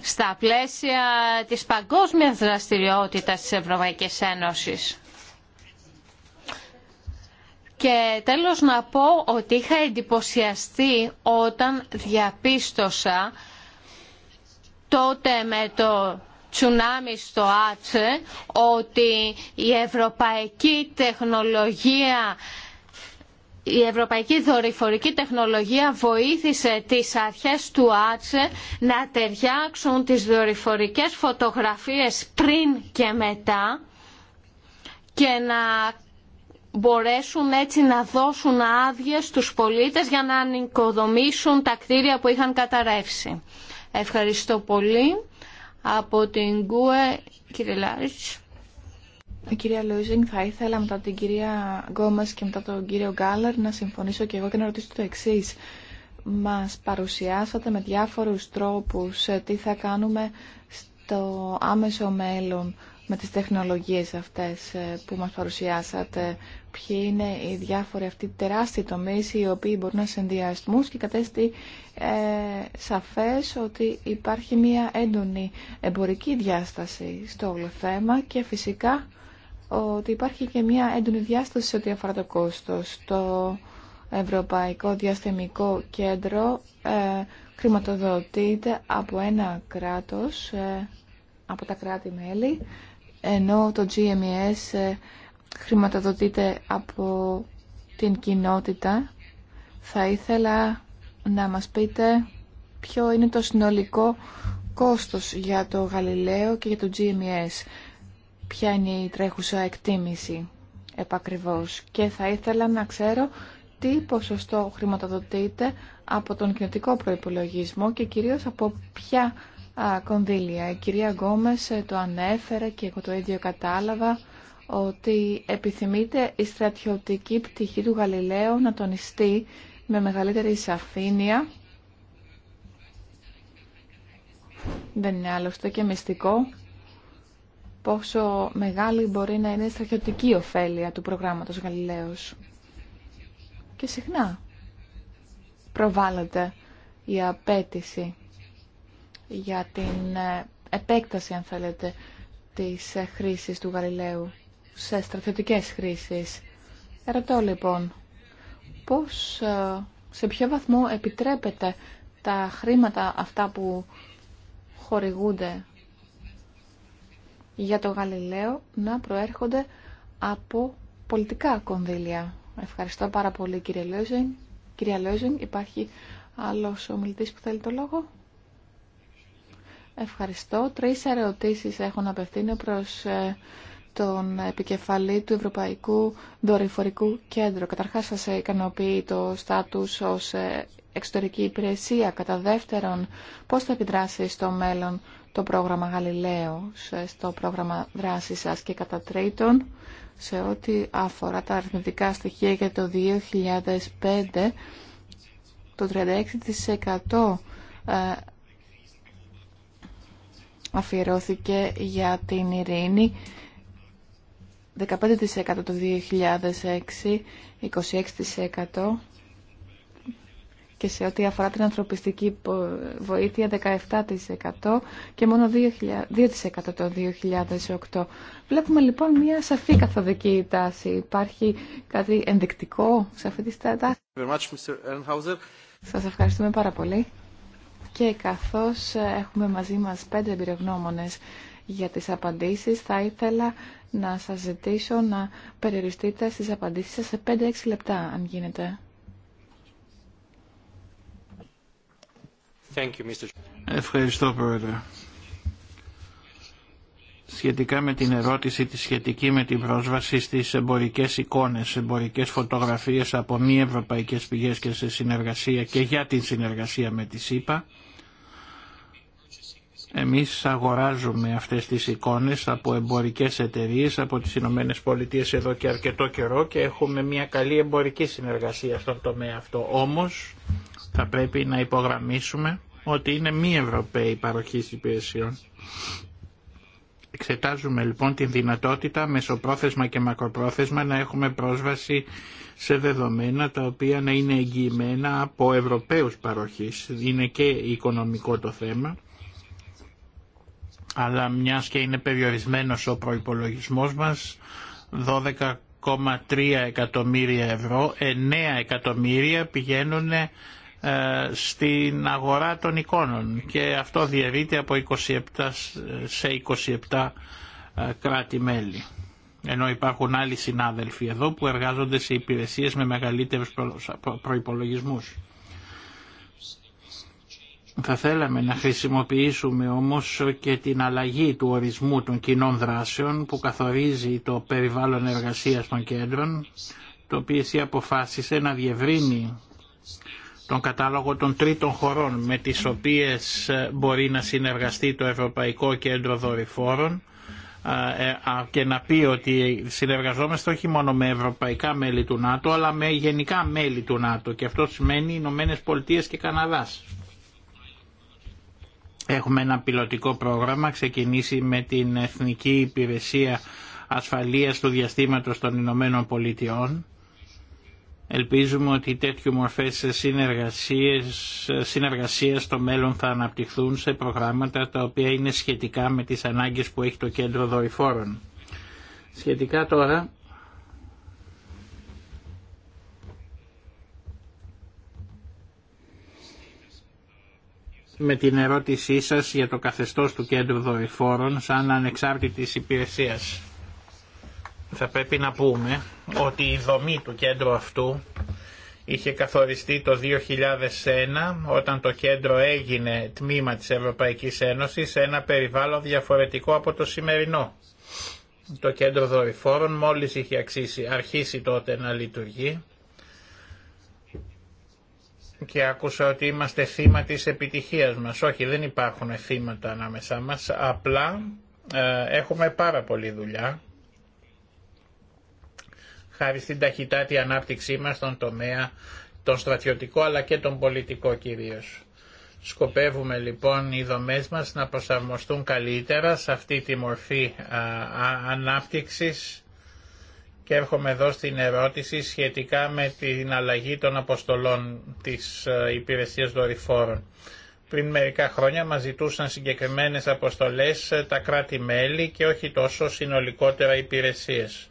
στα πλαίσια της παγκόσμιας δραστηριότητας της Ευρωπαϊκής Ένωσης. Και τέλος να πω ότι είχα εντυπωσιαστεί όταν διαπίστωσα τότε με το τσουνάμι στο Άτσε ότι η ευρωπαϊκή τεχνολογία η ευρωπαϊκή δορυφορική τεχνολογία βοήθησε τις αρχές του Άτσε να ταιριάξουν τις δορυφορικές φωτογραφίες πριν και μετά και να μπορέσουν έτσι να δώσουν άδειε στους πολίτες για να ανοικοδομήσουν τα κτίρια που είχαν καταρρεύσει. Ευχαριστώ πολύ. Από την ΚΟΕ, κύριε ε, κυρία Λούζινγκ, θα ήθελα μετά την κυρία Γκόμα και μετά τον κύριο Γκάλερ να συμφωνήσω και εγώ και να ρωτήσω το εξή. Μα παρουσιάσατε με διάφορου τρόπου ε, τι θα κάνουμε στο άμεσο μέλλον με τις τεχνολογίες αυτές ε, που μας παρουσιάσατε ποιοι είναι οι διάφοροι αυτοί τεράστιοι τομείς οι οποίοι μπορούν να συνδυαστούν και κατέστη ε, σαφές ότι υπάρχει μια έντονη εμπορική διάσταση στο όλο θέμα και φυσικά ότι υπάρχει και μια έντονη διάσταση σε ό,τι αφορά το κόστος. Το Ευρωπαϊκό Διαστημικό Κέντρο ε, χρηματοδοτείται από ένα κράτος, ε, από τα κράτη-μέλη, ενώ το GMES ε, χρηματοδοτείται από την κοινότητα. Θα ήθελα να μας πείτε ποιο είναι το συνολικό κόστος για το Γαλιλαίο και για το GMS. Ποια είναι η τρέχουσα εκτίμηση επακριβώς. Και θα ήθελα να ξέρω τι ποσοστό χρηματοδοτείται από τον κοινωτικό προϋπολογισμό και κυρίως από ποια κονδύλια. Η κυρία Γκόμες ε, το ανέφερε και εγώ το ίδιο κατάλαβα ότι επιθυμείται η στρατιωτική πτυχή του Γαλιλαίου να τονιστεί με μεγαλύτερη σαφήνεια. Δεν είναι άλλωστε και μυστικό πόσο μεγάλη μπορεί να είναι η στρατιωτική ωφέλεια του προγράμματος Γαλιλαίος. Και συχνά προβάλλεται η απέτηση για την επέκταση, αν θέλετε, της χρήσης του Γαλιλαίου σε στρατιωτικές χρήσεις. Ρωτώ λοιπόν, πώς, ε, σε ποιο βαθμό επιτρέπεται τα χρήματα αυτά που χορηγούνται για το Γαλιλαίο να προέρχονται από πολιτικά κονδύλια. Ευχαριστώ πάρα πολύ κύριε Λόζιν. Κυρία Λόζιν, υπάρχει άλλος ομιλητής που θέλει το λόγο. Ευχαριστώ. Τρεις ερωτήσεις έχω να απευθύνω προς ε, τον επικεφαλή του Ευρωπαϊκού Δορυφορικού Κέντρου. Καταρχάς σας ικανοποιεί το στάτους ως ε, εξωτερική υπηρεσία. Κατά δεύτερον, πώς θα επιδράσει στο μέλλον το πρόγραμμα Γαλιλαίο στο πρόγραμμα δράσης σας και κατά τρίτον σε ό,τι αφορά τα αριθμητικά στοιχεία για το 2005 το 36% ε, αφιερώθηκε για την ειρήνη 15% το 2006, 26% και σε ό,τι αφορά την ανθρωπιστική βοήθεια 17% και μόνο 2% το 2008. Βλέπουμε λοιπόν μια σαφή καθοδική τάση. Υπάρχει κάτι ενδεικτικό σε αυτή τη στάση. Σας ευχαριστούμε πάρα πολύ. Και καθώς ε, έχουμε μαζί μας πέντε εμπειρογνώμονες για τις απαντήσεις. Θα ήθελα να σας ζητήσω να περιοριστείτε στις απαντήσεις σας σε 5-6 λεπτά, αν γίνεται. Thank you, Mr. Ευχαριστώ, Πρόεδρε. Σχετικά με την ερώτηση τη σχετική με την πρόσβαση στις εμπορικές εικόνες, εμπορικές φωτογραφίες από μη ευρωπαϊκές πηγές και σε συνεργασία και για την συνεργασία με τη ΣΥΠΑ, εμείς αγοράζουμε αυτές τις εικόνες από εμπορικές εταιρείες από τις Ηνωμένε Πολιτείε εδώ και αρκετό καιρό και έχουμε μια καλή εμπορική συνεργασία στον τομέα αυτό. Όμως θα πρέπει να υπογραμμίσουμε ότι είναι μη Ευρωπαίοι παροχή υπηρεσιών. Εξετάζουμε λοιπόν την δυνατότητα μεσοπρόθεσμα και μακροπρόθεσμα να έχουμε πρόσβαση σε δεδομένα τα οποία να είναι εγγυημένα από Ευρωπαίους παροχής. Είναι και οικονομικό το θέμα αλλά μιας και είναι περιορισμένος ο προϋπολογισμός μας, 12,3 εκατομμύρια ευρώ, 9 εκατομμύρια πηγαίνουν ε, στην αγορά των εικόνων και αυτό διαιρείται από 27 σε 27 ε, κράτη-μέλη. Ενώ υπάρχουν άλλοι συνάδελφοι εδώ που εργάζονται σε υπηρεσίες με μεγαλύτερους προϋπολογισμούς. Θα θέλαμε να χρησιμοποιήσουμε όμως και την αλλαγή του ορισμού των κοινών δράσεων που καθορίζει το περιβάλλον εργασίας των κέντρων, το οποίο αποφάσισε να διευρύνει τον κατάλογο των τρίτων χωρών με τις οποίες ε, μπορεί να συνεργαστεί το Ευρωπαϊκό Κέντρο Δορυφόρων ε, ε, και να πει ότι συνεργαζόμαστε όχι μόνο με ευρωπαϊκά μέλη του ΝΑΤΟ αλλά με γενικά μέλη του ΝΑΤΟ και αυτό σημαίνει Ηνωμένε Πολιτείες και Καναδάς. Έχουμε ένα πιλωτικό πρόγραμμα ξεκινήσει με την Εθνική Υπηρεσία Ασφαλείας του Διαστήματος των Ηνωμένων Πολιτειών. Ελπίζουμε ότι τέτοιου μορφές συνεργασίες, σύνεργασίες στο μέλλον θα αναπτυχθούν σε προγράμματα τα οποία είναι σχετικά με τις ανάγκες που έχει το κέντρο δορυφόρων. Σχετικά τώρα με την ερώτησή σας για το καθεστώς του κέντρου δορυφόρων σαν ανεξάρτητης υπηρεσίας. Θα πρέπει να πούμε ότι η δομή του κέντρου αυτού είχε καθοριστεί το 2001 όταν το κέντρο έγινε τμήμα της Ευρωπαϊκής Ένωσης σε ένα περιβάλλον διαφορετικό από το σημερινό. Το κέντρο δορυφόρων μόλις είχε αξίσει, αρχίσει τότε να λειτουργεί και άκουσα ότι είμαστε θύμα της επιτυχίας μας. Όχι, δεν υπάρχουν θύματα ανάμεσά μας, απλά ε, έχουμε πάρα πολλή δουλειά χάρη στην ταχυτάτη ανάπτυξή μας στον τομέα, τον στρατιωτικό αλλά και τον πολιτικό κυρίως. Σκοπεύουμε λοιπόν οι δομές μας να προσαρμοστούν καλύτερα σε αυτή τη μορφή ε, α, και έρχομαι εδώ στην ερώτηση σχετικά με την αλλαγή των αποστολών της ε, υπηρεσίας δορυφόρων. Πριν μερικά χρόνια μας ζητούσαν συγκεκριμένες αποστολές ε, τα κράτη-μέλη και όχι τόσο συνολικότερα υπηρεσίες.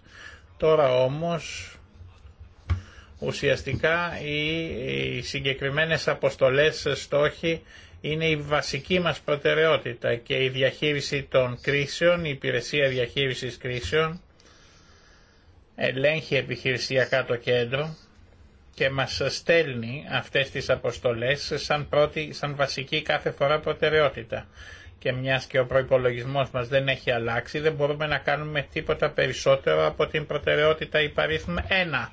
Τώρα όμως ουσιαστικά οι συγκεκριμένες αποστολές ε, στόχοι είναι η βασική μας προτεραιότητα και η διαχείριση των κρίσεων, η υπηρεσία διαχείρισης κρίσεων ελέγχει επιχειρησιακά το κέντρο και μας στέλνει αυτές τις αποστολές σαν, πρώτη, σαν βασική κάθε φορά προτεραιότητα. Και μιας και ο προϋπολογισμός μας δεν έχει αλλάξει, δεν μπορούμε να κάνουμε τίποτα περισσότερο από την προτεραιότητα υπαρίθμου 1.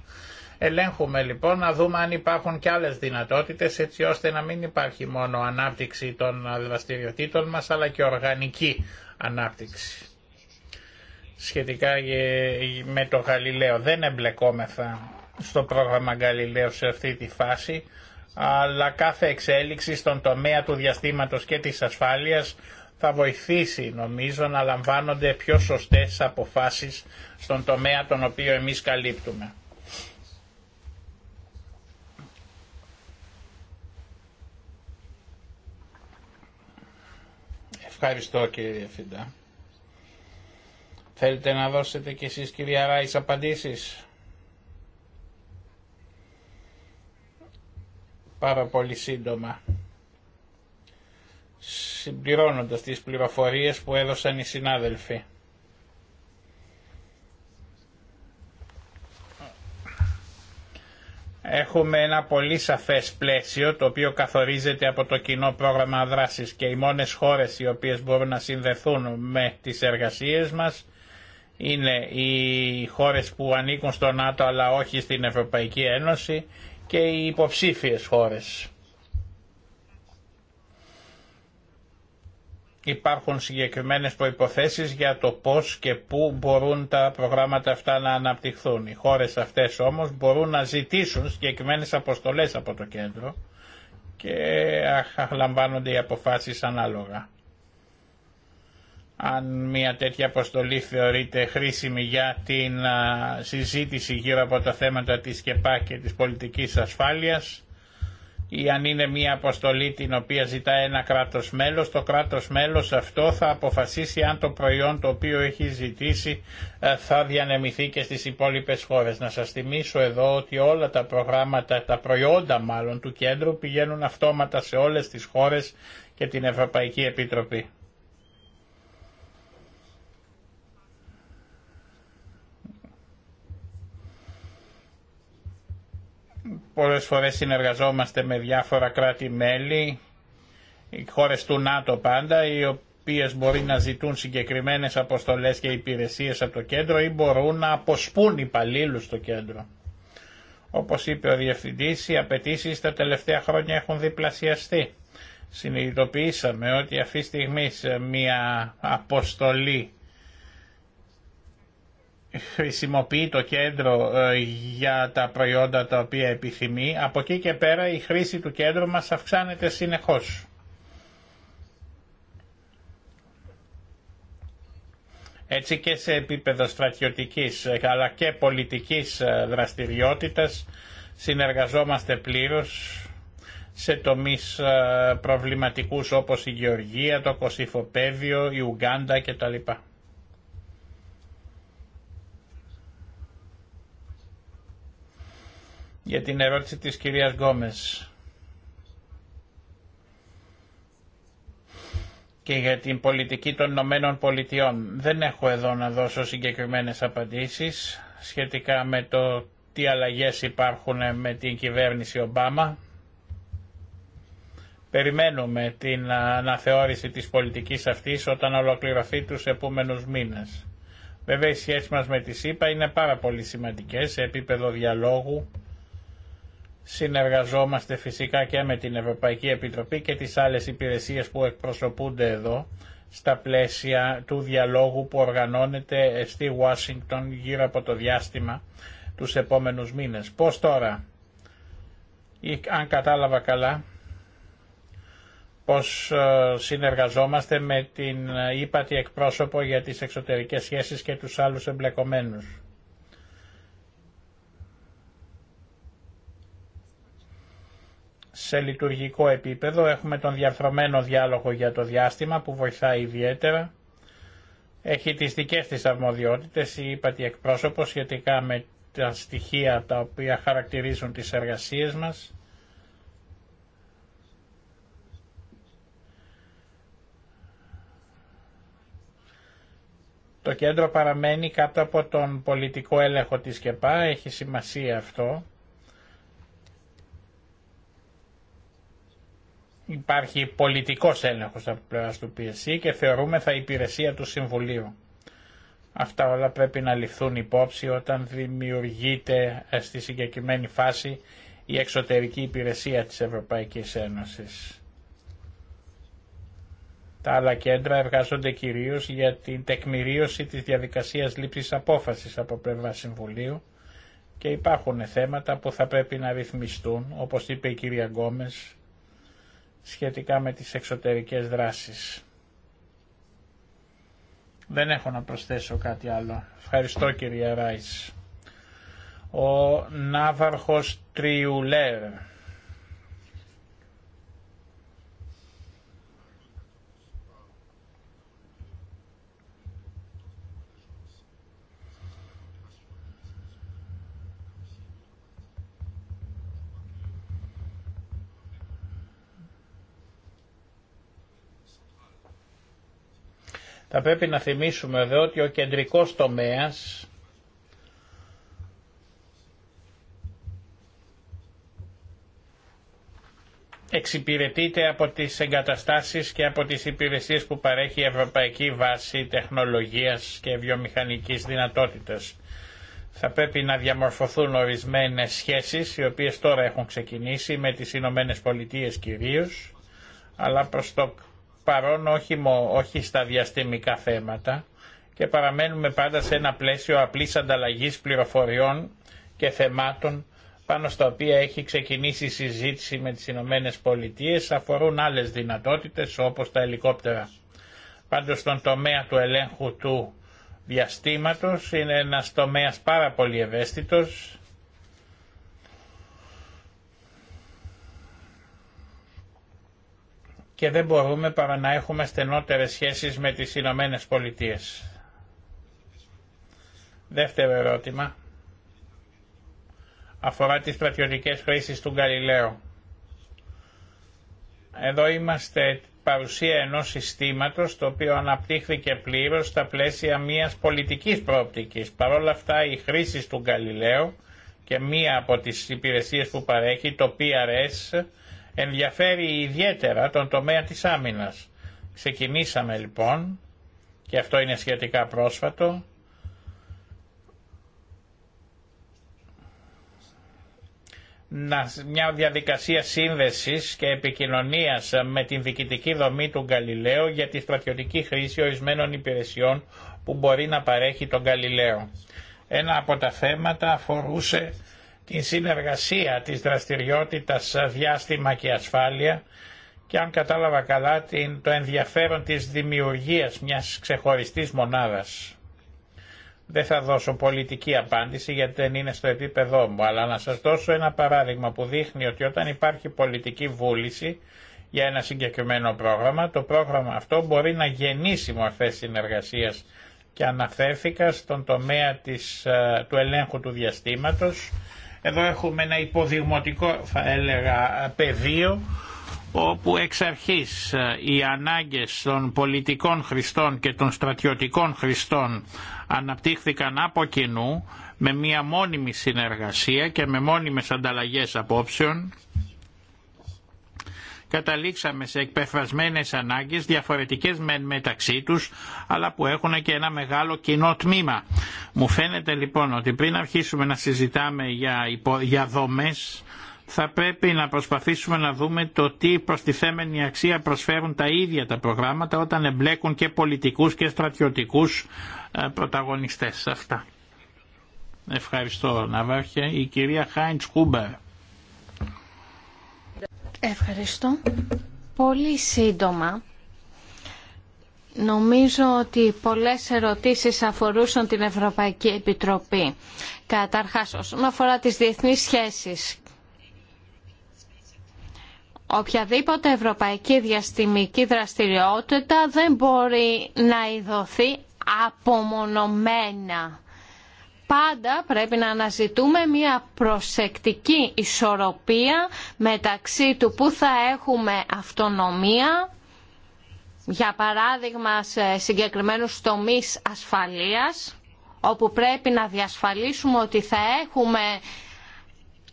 Ελέγχουμε λοιπόν να δούμε αν υπάρχουν και άλλες δυνατότητες έτσι ώστε να μην υπάρχει μόνο ανάπτυξη των δραστηριοτήτων μας αλλά και οργανική ανάπτυξη σχετικά με το Γαλιλαίο. Δεν εμπλεκόμεθα στο πρόγραμμα Γαλιλαίο σε αυτή τη φάση, αλλά κάθε εξέλιξη στον τομέα του διαστήματος και της ασφάλειας θα βοηθήσει νομίζω να λαμβάνονται πιο σωστές αποφάσεις στον τομέα τον οποίο εμείς καλύπτουμε. Ευχαριστώ κύριε Φιντά. Θέλετε να δώσετε κι εσείς κυρία Ράης απαντήσεις. Πάρα πολύ σύντομα. Συμπληρώνοντας τις πληροφορίες που έδωσαν οι συνάδελφοι. Έχουμε ένα πολύ σαφές πλαίσιο το οποίο καθορίζεται από το κοινό πρόγραμμα δράσης και οι μόνες χώρες οι οποίες μπορούν να συνδεθούν με τις εργασίες μας είναι οι χώρες που ανήκουν στο ΝΑΤΟ αλλά όχι στην Ευρωπαϊκή Ένωση και οι υποψήφιες χώρες. Υπάρχουν συγκεκριμένες προϋποθέσεις για το πώς και πού μπορούν τα προγράμματα αυτά να αναπτυχθούν. Οι χώρες αυτές όμως μπορούν να ζητήσουν συγκεκριμένες αποστολές από το κέντρο και λαμβάνονται οι αποφάσεις ανάλογα αν μια τέτοια αποστολή θεωρείται χρήσιμη για την συζήτηση γύρω από τα θέματα της ΚΕΠΑ και της πολιτικής ασφάλειας ή αν είναι μια αποστολή την οποία ζητά ένα κράτος μέλος, το κράτος μέλος αυτό θα αποφασίσει αν το προϊόν το οποίο έχει ζητήσει θα διανεμηθεί και στις υπόλοιπες χώρες. Να σας θυμίσω εδώ ότι όλα τα προγράμματα, τα προϊόντα μάλλον του κέντρου πηγαίνουν αυτόματα σε όλες τις χώρες και την Ευρωπαϊκή Επιτροπή. Πολλές φορές συνεργαζόμαστε με διάφορα κράτη-μέλη, χώρες του ΝΑΤΟ πάντα, οι οποίες μπορεί να ζητούν συγκεκριμένες αποστολές και υπηρεσίες από το κέντρο ή μπορούν να αποσπούν υπαλλήλους στο κέντρο. Όπως είπε ο Διευθυντής, οι απαιτήσει τα τελευταία χρόνια έχουν διπλασιαστεί. Συνειδητοποιήσαμε ότι αυτή τη στιγμή μια αποστολή χρησιμοποιεί το κέντρο ε, για τα προϊόντα τα οποία επιθυμεί. Από εκεί και πέρα η χρήση του κέντρου μας αυξάνεται συνεχώς. Έτσι και σε επίπεδο στρατιωτικής ε, αλλά και πολιτικής ε, δραστηριότητας συνεργαζόμαστε πλήρως σε τομείς προβληματικούς όπως η Γεωργία, το Κωσυφοπέδιο, η Ουγγάντα κτλ. για την ερώτηση της κυρίας Γκόμες και για την πολιτική των Ηνωμένων Πολιτειών. Δεν έχω εδώ να δώσω συγκεκριμένες απαντήσεις σχετικά με το τι αλλαγές υπάρχουν με την κυβέρνηση Ομπάμα. Περιμένουμε την αναθεώρηση της πολιτικής αυτής όταν ολοκληρωθεί τους επόμενους μήνες. Βέβαια οι σχέσεις μας με τη ΣΥΠΑ είναι πάρα πολύ σημαντικές σε επίπεδο διαλόγου Συνεργαζόμαστε φυσικά και με την Ευρωπαϊκή Επιτροπή και τις άλλες υπηρεσίες που εκπροσωπούνται εδώ στα πλαίσια του διαλόγου που οργανώνεται στη Ουάσιγκτον γύρω από το διάστημα τους επόμενους μήνες. Πώς τώρα, ή αν κατάλαβα καλά, πώς ε, συνεργαζόμαστε με την ε, ύπατη εκπρόσωπο για τις εξωτερικές σχέσεις και τους άλλους εμπλεκομένους. σε λειτουργικό επίπεδο. Έχουμε τον διαρθρωμένο διάλογο για το διάστημα που βοηθάει ιδιαίτερα. Έχει τις δικές της αρμοδιότητες, η ύπατη εκπρόσωπο σχετικά με τα στοιχεία τα οποία χαρακτηρίζουν τις εργασίες μας. Το κέντρο παραμένει κάτω από τον πολιτικό έλεγχο της ΚΕΠΑ, έχει σημασία αυτό. υπάρχει πολιτικός έλεγχος από πλευρά του PSC και θεωρούμε θα υπηρεσία του Συμβουλίου. Αυτά όλα πρέπει να ληφθούν υπόψη όταν δημιουργείται ε, στη συγκεκριμένη φάση η εξωτερική υπηρεσία της Ευρωπαϊκής Ένωσης. Τα άλλα κέντρα εργάζονται κυρίως για την τεκμηρίωση της διαδικασίας λήψης απόφασης από πλευρά Συμβουλίου και υπάρχουν θέματα που θα πρέπει να ρυθμιστούν, όπως είπε η κυρία Γκόμες, σχετικά με τις εξωτερικές δράσεις. Δεν έχω να προσθέσω κάτι άλλο. Ευχαριστώ κύριε Ράις. Ο Ναύαρχος Τριουλέρ. Θα πρέπει να θυμίσουμε εδώ ότι ο κεντρικός τομέας εξυπηρετείται από τις εγκαταστάσεις και από τις υπηρεσίες που παρέχει η Ευρωπαϊκή Βάση Τεχνολογίας και Βιομηχανικής Δυνατότητας. Θα πρέπει να διαμορφωθούν ορισμένες σχέσεις, οι οποίες τώρα έχουν ξεκινήσει με τις Ηνωμένε Πολιτείε κυρίως, αλλά προς το παρόν όχι, όχι στα διαστημικά θέματα και παραμένουμε πάντα σε ένα πλαίσιο απλής ανταλλαγής πληροφοριών και θεμάτων πάνω στα οποία έχει ξεκινήσει η συζήτηση με τις Ηνωμένε Πολιτείε αφορούν άλλες δυνατότητες όπως τα ελικόπτερα. Πάντως στον τομέα του ελέγχου του διαστήματος είναι ένας τομέας πάρα πολύ ευαίσθητος και δεν μπορούμε παρά να έχουμε στενότερες σχέσεις με τις Ηνωμένε Πολιτείες. Δεύτερο ερώτημα αφορά τις στρατιωτικές χρήσεις του Γκαλιλαίου. Εδώ είμαστε παρουσία ενός συστήματος το οποίο αναπτύχθηκε πλήρως στα πλαίσια μιας πολιτικής πρόπτικης. Παρ' όλα αυτά οι χρήσεις του Γκαλιλαίου και μία από τις υπηρεσίες που παρέχει το PRS ενδιαφέρει ιδιαίτερα τον τομέα της άμυνας. Ξεκινήσαμε λοιπόν, και αυτό είναι σχετικά πρόσφατο, μια διαδικασία σύνδεσης και επικοινωνίας με την διοικητική δομή του Γκαλιλαίου για τη στρατιωτική χρήση ορισμένων υπηρεσιών που μπορεί να παρέχει τον Γκαλιλαίο. Ένα από τα θέματα αφορούσε την συνεργασία της δραστηριότητας διάστημα και ασφάλεια και αν κατάλαβα καλά το ενδιαφέρον της δημιουργίας μιας ξεχωριστής μονάδας. Δεν θα δώσω πολιτική απάντηση γιατί δεν είναι στο επίπεδό μου, αλλά να σας δώσω ένα παράδειγμα που δείχνει ότι όταν υπάρχει πολιτική βούληση για ένα συγκεκριμένο πρόγραμμα, το πρόγραμμα αυτό μπορεί να γεννήσει μορφές συνεργασίας και αναφέρθηκα στον τομέα της, ε, του ελέγχου του διαστήματος εδώ έχουμε ένα υποδειγματικό θα έλεγα πεδίο όπου εξ αρχής ε, οι ανάγκες των πολιτικών χρηστών και των στρατιωτικών χρηστών αναπτύχθηκαν από κοινού με μία μόνιμη συνεργασία και με μόνιμες ανταλλαγές απόψεων καταλήξαμε σε εκπεφρασμένες ανάγκες, διαφορετικές μεν μεταξύ τους, αλλά που έχουν και ένα μεγάλο κοινό τμήμα. Μου φαίνεται λοιπόν ότι πριν αρχίσουμε να συζητάμε για, υπο... για δομές, θα πρέπει να προσπαθήσουμε να δούμε το τι προστιθέμενη αξία προσφέρουν τα ίδια τα προγράμματα όταν εμπλέκουν και πολιτικούς και στρατιωτικούς ε, πρωταγωνιστές αυτά. Ευχαριστώ βάρχε. Η κυρία Χάιντς Κούμπερ. Ευχαριστώ. Πολύ σύντομα. Νομίζω ότι πολλές ερωτήσεις αφορούσαν την Ευρωπαϊκή Επιτροπή. Καταρχάς, όσον αφορά τις διεθνείς σχέσεις, οποιαδήποτε ευρωπαϊκή διαστημική δραστηριότητα δεν μπορεί να ειδωθεί απομονωμένα πάντα πρέπει να αναζητούμε μια προσεκτική ισορροπία μεταξύ του που θα έχουμε αυτονομία για παράδειγμα σε συγκεκριμένους τομείς ασφαλείας όπου πρέπει να διασφαλίσουμε ότι θα έχουμε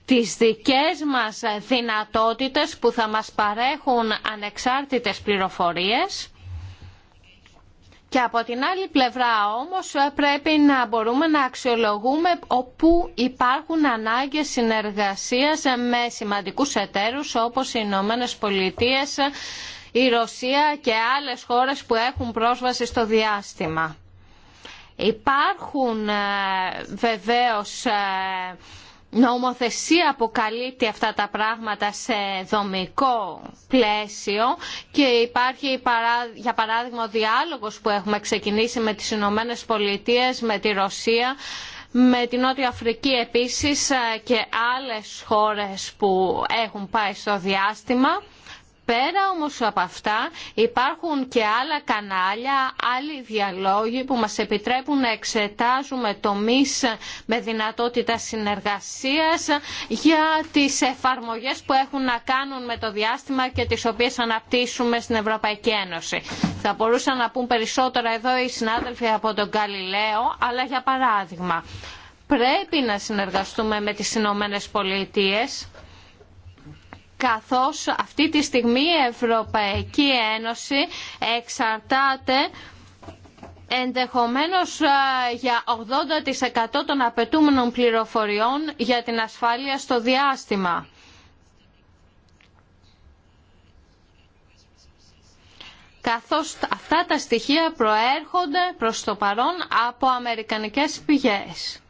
τις δικές μας δυνατότητες που θα μας παρέχουν ανεξάρτητες πληροφορίες και από την άλλη πλευρά όμως ε, πρέπει να μπορούμε να αξιολογούμε όπου υπάρχουν ανάγκες συνεργασίας με σημαντικούς εταίρους όπως οι Ηνωμένε Πολιτείε, η Ρωσία και άλλες χώρες που έχουν πρόσβαση στο διάστημα. Υπάρχουν ε, βεβαίως ε, νομοθεσία που καλύπτει αυτά τα πράγματα σε δομικό πλαίσιο και υπάρχει για παράδειγμα ο διάλογος που έχουμε ξεκινήσει με τις Ηνωμένε Πολιτείες, με τη Ρωσία, με την Νότια Αφρική επίσης ε, και άλλες χώρες που έχουν πάει στο διάστημα Πέρα όμως από αυτά υπάρχουν και άλλα κανάλια, άλλοι διαλόγοι που μας επιτρέπουν να εξετάζουμε τομείς με δυνατότητα συνεργασίας για τις εφαρμογές που έχουν να κάνουν με το διάστημα και τις οποίες αναπτύσσουμε στην Ευρωπαϊκή Ένωση. Θα μπορούσαν να πούν περισσότερα εδώ οι συνάδελφοι από τον Καλλιλέο, αλλά για παράδειγμα πρέπει να συνεργαστούμε με τις Ηνωμένε Πολιτείες καθώς αυτή τη στιγμή η Ευρωπαϊκή Ένωση εξαρτάται ενδεχομένως για 80% των απαιτούμενων πληροφοριών για την ασφάλεια στο διάστημα. καθώς αυτά τα στοιχεία προέρχονται προς το παρόν από αμερικανικές πηγές.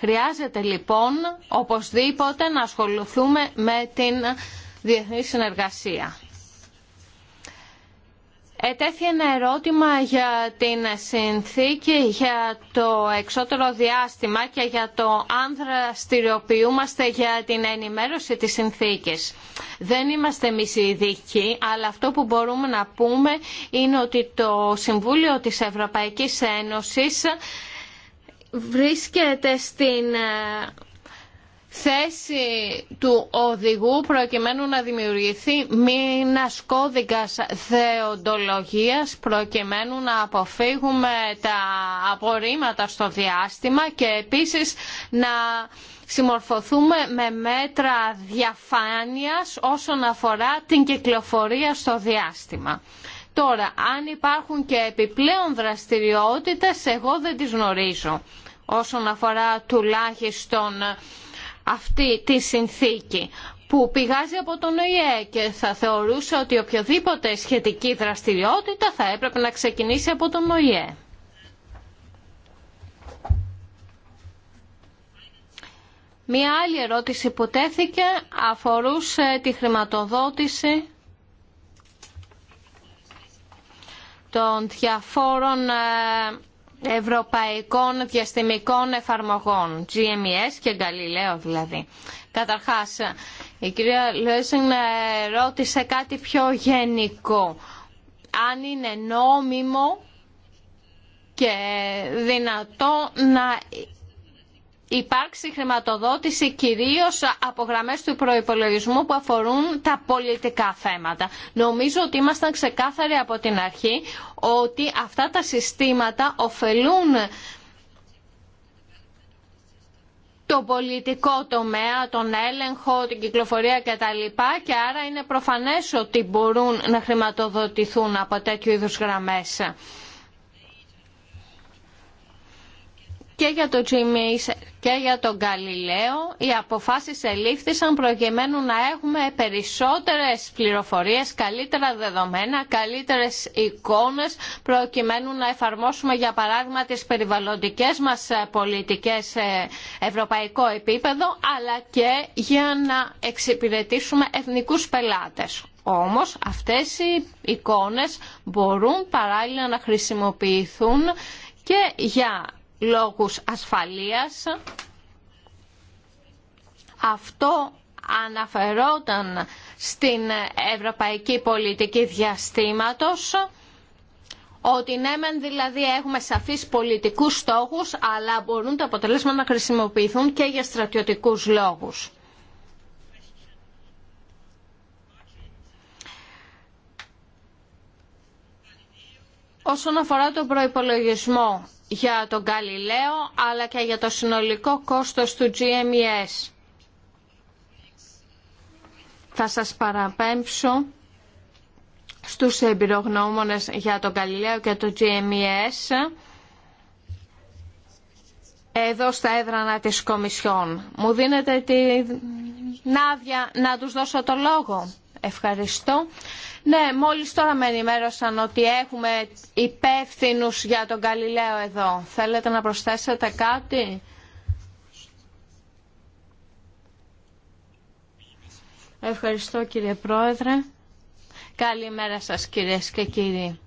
Χρειάζεται λοιπόν οπωσδήποτε να ασχοληθούμε με την διεθνή συνεργασία. Ετέθη ένα ερώτημα για την συνθήκη για το εξώτερο διάστημα και για το αν δραστηριοποιούμαστε για την ενημέρωση της συνθήκης. Δεν είμαστε εμείς ειδικοί, αλλά αυτό που μπορούμε να πούμε είναι ότι το Συμβούλιο της Ευρωπαϊκής Ένωσης βρίσκεται στην ε, θέση του οδηγού προκειμένου να δημιουργηθεί μήνα κώδικα θεοντολογίας προκειμένου να αποφύγουμε τα απορρίμματα στο διάστημα και επίσης να συμμορφωθούμε με μέτρα διαφάνειας όσον αφορά την κυκλοφορία στο διάστημα. Τώρα, αν υπάρχουν και επιπλέον δραστηριότητες, εγώ δεν τις γνωρίζω όσον αφορά τουλάχιστον αυτή τη συνθήκη που πηγάζει από τον ΟΗΕ και θα θεωρούσε ότι οποιοδήποτε σχετική δραστηριότητα θα έπρεπε να ξεκινήσει από τον ΟΗΕ. Μία άλλη ερώτηση που τέθηκε αφορούσε τη χρηματοδότηση των διαφόρων ε, ευρωπαϊκών διαστημικών εφαρμογών, GMES και Galileo δηλαδή. Καταρχάς, η κυρία Λέσσινγκ ε, ρώτησε κάτι πιο γενικό. Αν είναι νόμιμο και δυνατό να υπάρξει χρηματοδότηση κυρίως από γραμμές του προϋπολογισμού που αφορούν τα πολιτικά θέματα. Νομίζω ότι ήμασταν ξεκάθαροι από την αρχή ότι αυτά τα συστήματα ωφελούν το πολιτικό τομέα, τον έλεγχο, την κυκλοφορία κτλ. Και άρα είναι προφανές ότι μπορούν να χρηματοδοτηθούν από τέτοιου είδους γραμμές. και για το Τζιμίς και για τον Γαλιλαίο οι αποφάσεις ελήφθησαν προκειμένου να έχουμε περισσότερες πληροφορίες, καλύτερα δεδομένα, καλύτερες εικόνες προκειμένου να εφαρμόσουμε για παράδειγμα τις περιβαλλοντικές μας ε, πολιτικές σε ευρωπαϊκό επίπεδο αλλά και για να εξυπηρετήσουμε εθνικούς πελάτες. Όμως αυτές οι εικόνες μπορούν παράλληλα να χρησιμοποιηθούν και για λόγους ασφαλείας. Αυτό αναφερόταν στην ευρωπαϊκή πολιτική διαστήματος ότι ναι μεν δηλαδή έχουμε σαφείς πολιτικούς στόχους αλλά μπορούν τα αποτελέσματα να χρησιμοποιηθούν και για στρατιωτικούς λόγους. Όσον αφορά τον προϋπολογισμό για τον Γαλιλαίο αλλά και για το συνολικό κόστος του GMES. Θα σας παραπέμψω στους εμπειρογνώμονες για τον Γαλιλαίο και το GMES εδώ στα έδρανα της Κομισιόν. Μου δίνετε την άδεια να τους δώσω το λόγο. Ευχαριστώ. Ναι, μόλις τώρα με ενημέρωσαν ότι έχουμε υπεύθυνου για τον Καλλιλέο εδώ. Θέλετε να προσθέσετε κάτι? Ευχαριστώ κύριε Πρόεδρε. Καλημέρα σας κυρίες και κύριοι.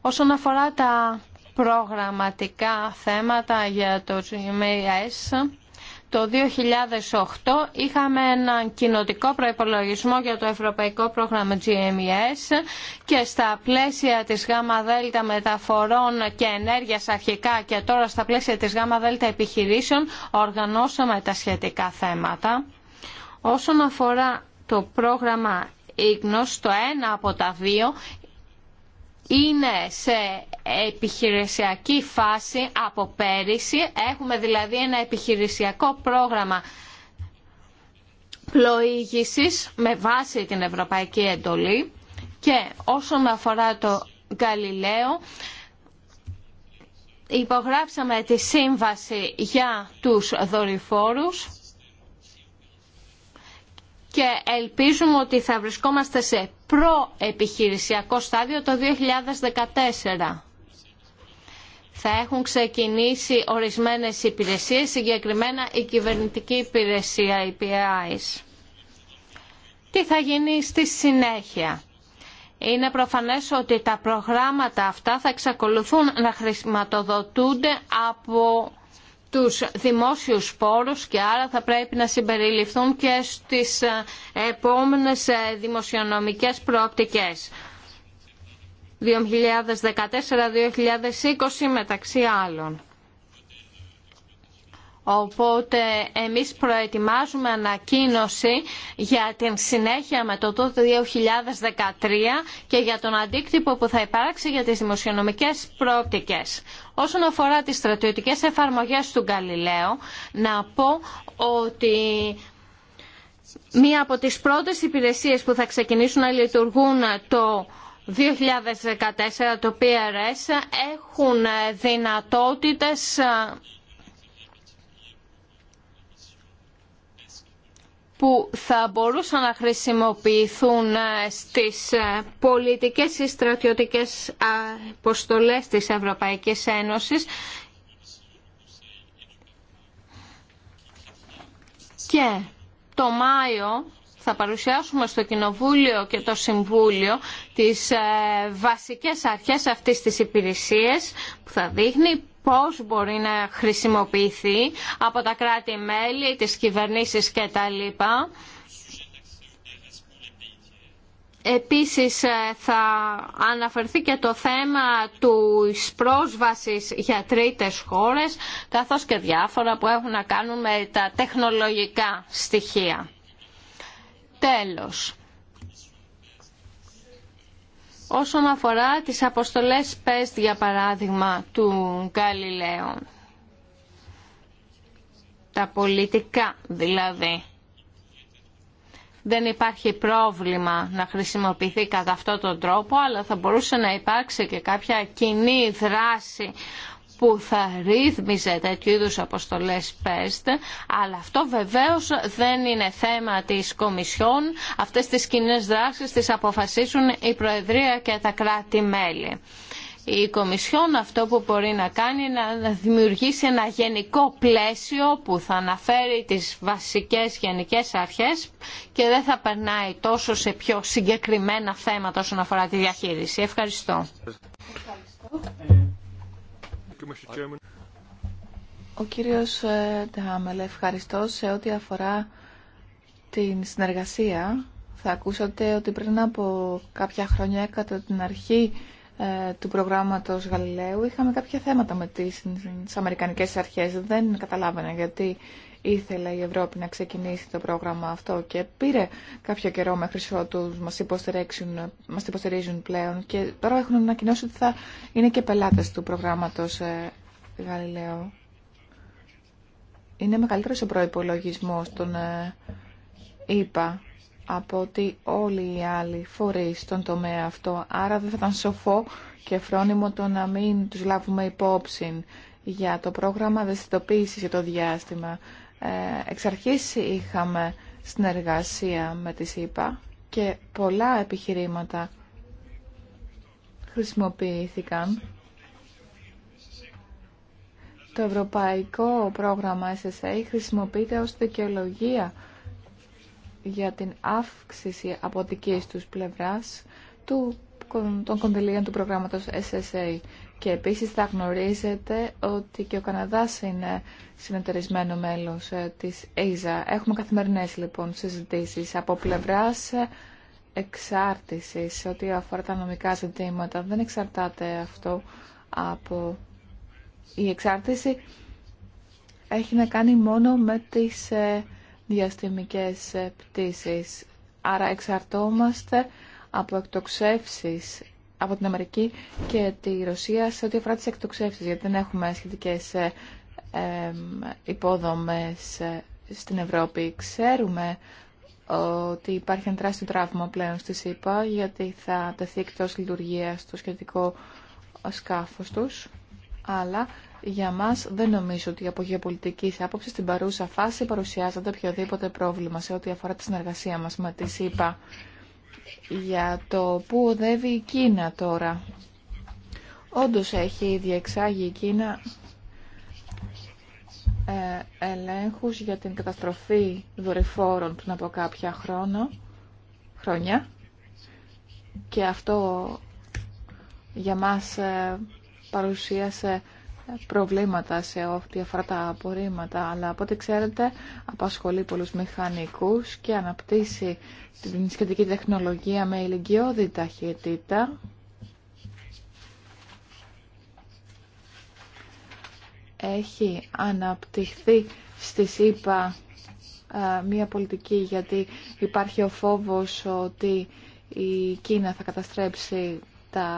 Όσον αφορά τα προγραμματικά θέματα για το GMAS, το 2008 είχαμε έναν κοινοτικό προϋπολογισμό για το Ευρωπαϊκό Πρόγραμμα GMES και στα πλαίσια της ΓΔ Μεταφορών και Ενέργειας αρχικά και τώρα στα πλαίσια της ΓΔ Επιχειρήσεων οργανώσαμε τα σχετικά θέματα. Όσον αφορά το πρόγραμμα Ίγνος, το ένα από τα δύο είναι σε επιχειρησιακή φάση από πέρυσι. Έχουμε δηλαδή ένα επιχειρησιακό πρόγραμμα πλοήγησης με βάση την Ευρωπαϊκή Εντολή και όσον αφορά το Γαλιλαίο υπογράψαμε τη σύμβαση για τους δορυφόρους και ελπίζουμε ότι θα βρισκόμαστε σε προεπιχειρησιακό στάδιο το 2014 θα έχουν ξεκινήσει ορισμένες υπηρεσίες, συγκεκριμένα η κυβερνητική υπηρεσία, η Τι θα γίνει στη συνέχεια. Είναι προφανές ότι τα προγράμματα αυτά θα εξακολουθούν να χρηματοδοτούνται από τους δημόσιους πόρους και άρα θα πρέπει να συμπεριληφθούν και στις ε, επόμενες ε, δημοσιονομικές προοπτικές. 2014-2020 μεταξύ άλλων. Οπότε εμείς προετοιμάζουμε ανακοίνωση για την συνέχεια με το 2013 και για τον αντίκτυπο που θα υπάρξει για τις δημοσιονομικές πρόπτικες. Όσον αφορά τις στρατιωτικές εφαρμογές του Γκαλιλαίου, να πω ότι μία από τις πρώτες υπηρεσίες που θα ξεκινήσουν να λειτουργούν το 2014 το PRS έχουν δυνατότητες ε, που θα μπορούσαν να χρησιμοποιηθούν ε, στις ε, πολιτικές ή στρατιωτικές αποστολές της Ευρωπαϊκής Ένωσης και το Μάιο θα παρουσιάσουμε στο Κοινοβούλιο και το Συμβούλιο τις ε, βασικές αρχές αυτής της υπηρεσίας που θα δείχνει πώς μπορεί να χρησιμοποιηθεί από τα κράτη-μέλη, τις κυβερνήσεις κτλ. Επίσης ε, θα αναφερθεί και το θέμα του πρόσβασης για τρίτες χώρες καθώς και διάφορα που έχουν να κάνουν με τα τεχνολογικά στοιχεία. Τέλος. Όσον αφορά τις αποστολές ΠΕΣΤ, για παράδειγμα, του Γαλιλαίου, τα πολιτικά δηλαδή, δεν υπάρχει πρόβλημα να χρησιμοποιηθεί κατά αυτόν τον τρόπο, αλλά θα μπορούσε να υπάρξει και κάποια κοινή δράση που θα ρύθμιζε τέτοιου είδους αποστολές ΠΕΣΤ, αλλά αυτό βεβαίως δεν είναι θέμα της Κομισιόν. Αυτές τις κοινέ δράσεις τις αποφασίσουν η Προεδρία και τα κράτη-μέλη. Η Κομισιόν αυτό που μπορεί να κάνει είναι να δημιουργήσει ένα γενικό πλαίσιο που θα αναφέρει τις βασικές γενικές αρχές και δεν θα περνάει τόσο σε πιο συγκεκριμένα θέματα όσον αφορά τη διαχείριση. Ευχαριστώ. Ευχαριστώ. Ε, ο κύριος ε, Ντάμελ, ευχαριστώ σε ό,τι αφορά την συνεργασία. Θα ακούσατε ότι πριν από κάποια χρόνια κατά την αρχή ε, του προγράμματος Γαλιλαίου είχαμε κάποια θέματα με τις, τις Αμερικανικές αρχές. Δεν καταλάβαινα γιατί ήθελε η Ευρώπη να ξεκινήσει το πρόγραμμα αυτό και πήρε κάποιο καιρό μέχρι ότου μας, μας υποστηρίζουν πλέον και τώρα έχουν ανακοινώσει ότι θα είναι και πελάτες του προγράμματος ε, Γαλιλαίο. Είναι μεγαλύτερο ο προπολογισμό των είπα, από ότι όλοι οι άλλοι φορεί στον τομέα αυτό. Άρα δεν θα ήταν σοφό και φρόνιμο το να μην τους λάβουμε υπόψη για το πρόγραμμα δεστητοποίησης για το διάστημα. Ε, εξ αρχής είχαμε συνεργασία με τη ΣΥΠΑ και πολλά επιχειρήματα χρησιμοποιήθηκαν. Το ευρωπαϊκό πρόγραμμα SSA χρησιμοποιείται ως δικαιολογία για την αύξηση από δικής τους πλευράς του, των κονδυλίων του προγράμματος SSA και επίσης θα γνωρίζετε ότι και ο Καναδάς είναι συνεταιρισμένο μέλος ε, της ΕΙΖΑ. Έχουμε καθημερινές λοιπόν συζητήσεις από πλευράς εξάρτησης ό,τι αφορά τα νομικά ζητήματα. Δεν εξαρτάται αυτό από... Η εξάρτηση έχει να κάνει μόνο με τις ε, διαστημικές ε, πτήσεις. Άρα εξαρτόμαστε από εκτοξεύσεις από την Αμερική και τη Ρωσία σε ό,τι αφορά τις εκτοξεύσεις, γιατί δεν έχουμε σχετικές ε, υπόδομες ε, στην Ευρώπη. Ξέρουμε ότι υπάρχει ένα τεράστιο τραύμα πλέον στη ΣΥΠΑ, γιατί θα τεθεί εκτό λειτουργία το σχετικό σκάφο του, αλλά για μα δεν νομίζω ότι από γεωπολιτική άποψη στην παρούσα φάση παρουσιάζεται οποιοδήποτε πρόβλημα σε ό,τι αφορά τη συνεργασία μα με τη ΣΥΠΑ για το που οδεύει η Κίνα τώρα. Όντως έχει διεξάγει η Κίνα ε, ελέγχους για την καταστροφή δορυφόρων πριν από κάποια χρόνο, χρόνια και αυτό για μας ε, παρουσίασε προβλήματα σε ό,τι αφορά τα απορρίμματα, αλλά από ό,τι ξέρετε απασχολεί πολλούς μηχανικούς και αναπτύσσει την σχετική τεχνολογία με ηλικιώδη ταχύτητα. Έχει αναπτυχθεί στη ΣΥΠΑ ε, μία πολιτική γιατί υπάρχει ο φόβος ότι η Κίνα θα καταστρέψει τα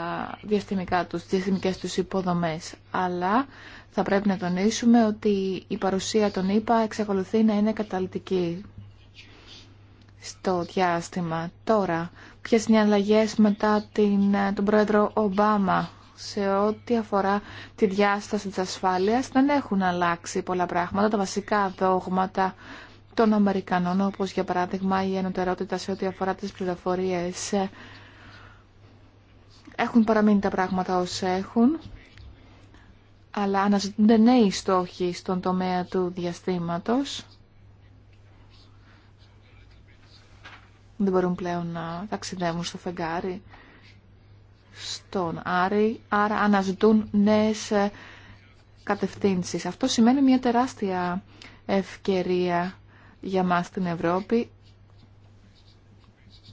διαστημικά τους, διαστημικές τους υποδομές. Αλλά θα πρέπει να τονίσουμε ότι η παρουσία των ήπα εξακολουθεί να είναι καταλητική στο διάστημα. Τώρα, ποιες είναι οι αλλαγέ μετά την, τον πρόεδρο Ομπάμα σε ό,τι αφορά τη διάσταση της ασφάλειας δεν έχουν αλλάξει πολλά πράγματα. Τα βασικά δόγματα των Αμερικανών, όπως για παράδειγμα η ενωτερότητα σε ό,τι αφορά τις πληροφορίες έχουν παραμείνει τα πράγματα όσα έχουν, αλλά αναζητούνται νέοι στόχοι στον τομέα του διαστήματος. Δεν μπορούν πλέον να ταξιδεύουν στο φεγγάρι, στον Άρη, άρα αναζητούν νέες ε, κατευθύνσεις. Αυτό σημαίνει μια τεράστια ευκαιρία για μας στην Ευρώπη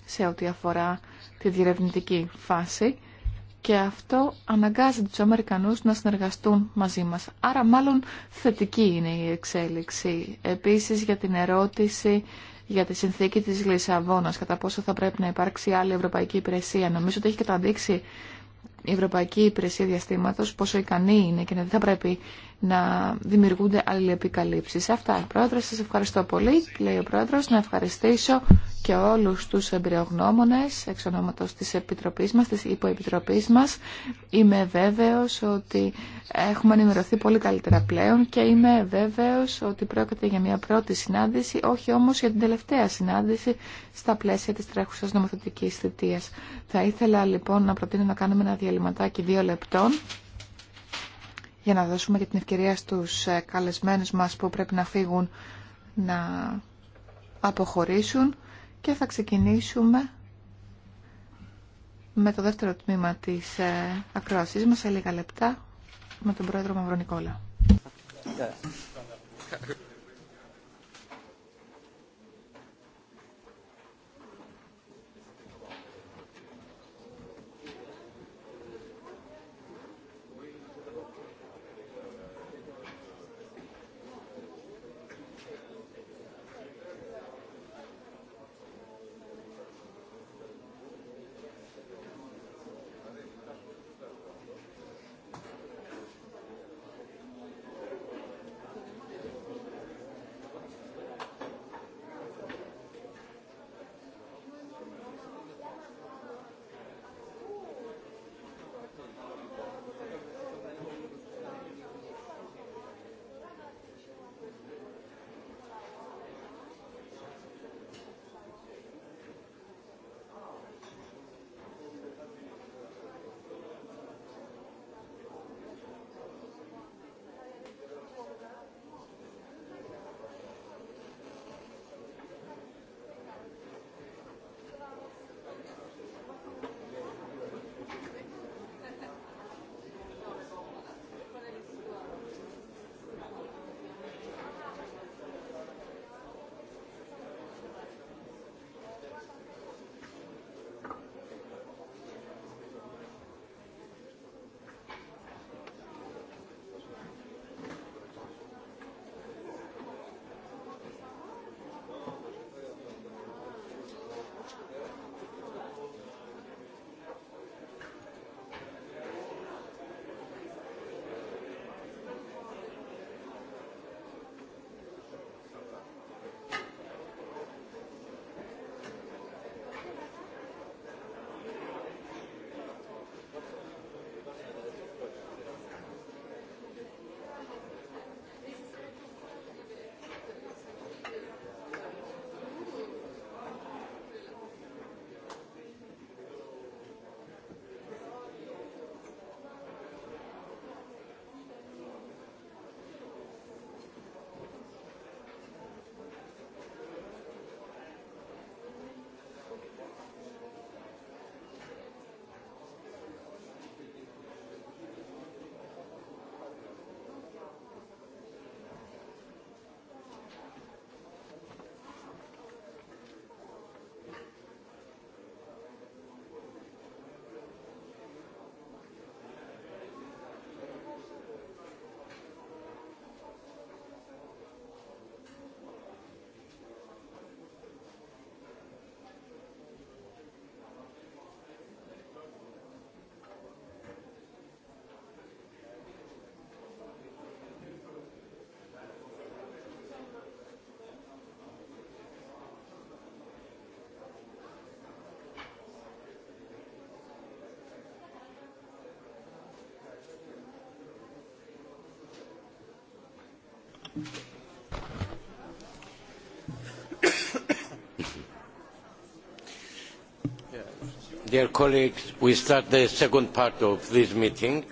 σε ό,τι αφορά τη διερευνητική φάση και αυτό αναγκάζει τους Αμερικανούς να συνεργαστούν μαζί μας. Άρα μάλλον θετική είναι η εξέλιξη. Επίσης για την ερώτηση για τη συνθήκη της Λισαβόνας, κατά πόσο θα πρέπει να υπάρξει άλλη ευρωπαϊκή υπηρεσία. Νομίζω ότι έχει καταδείξει η Ευρωπαϊκή Υπηρεσία Διαστήματο πόσο ικανή είναι και να δεν θα πρέπει να δημιουργούνται αλληλεπικαλύψει. Αυτά, πρόεδρο. Σα ευχαριστώ πολύ. Λέει ο πρόεδρο, να ευχαριστήσω και όλου του εμπειρογνώμονες εξ ονόματο τη Επιτροπής μα, τη Υποεπιτροπής μας. Είμαι βέβαιο ότι έχουμε ενημερωθεί πολύ καλύτερα πλέον και είμαι βέβαιο ότι πρόκειται για μια πρώτη συνάντηση, όχι όμω για την τελευταία συνάντηση στα πλαίσια τη Τρέχουσα Νομοθετική θητεία. Θα ήθελα λοιπόν να προτείνω να κάνουμε ένα και δύο λεπτών για να δώσουμε και την ευκαιρία στους ε, καλεσμένους μας που πρέπει να φύγουν να αποχωρήσουν και θα ξεκινήσουμε με το δεύτερο τμήμα της ε, ακρόασής μας σε λίγα λεπτά με τον πρόεδρο Μαυρονικόλα.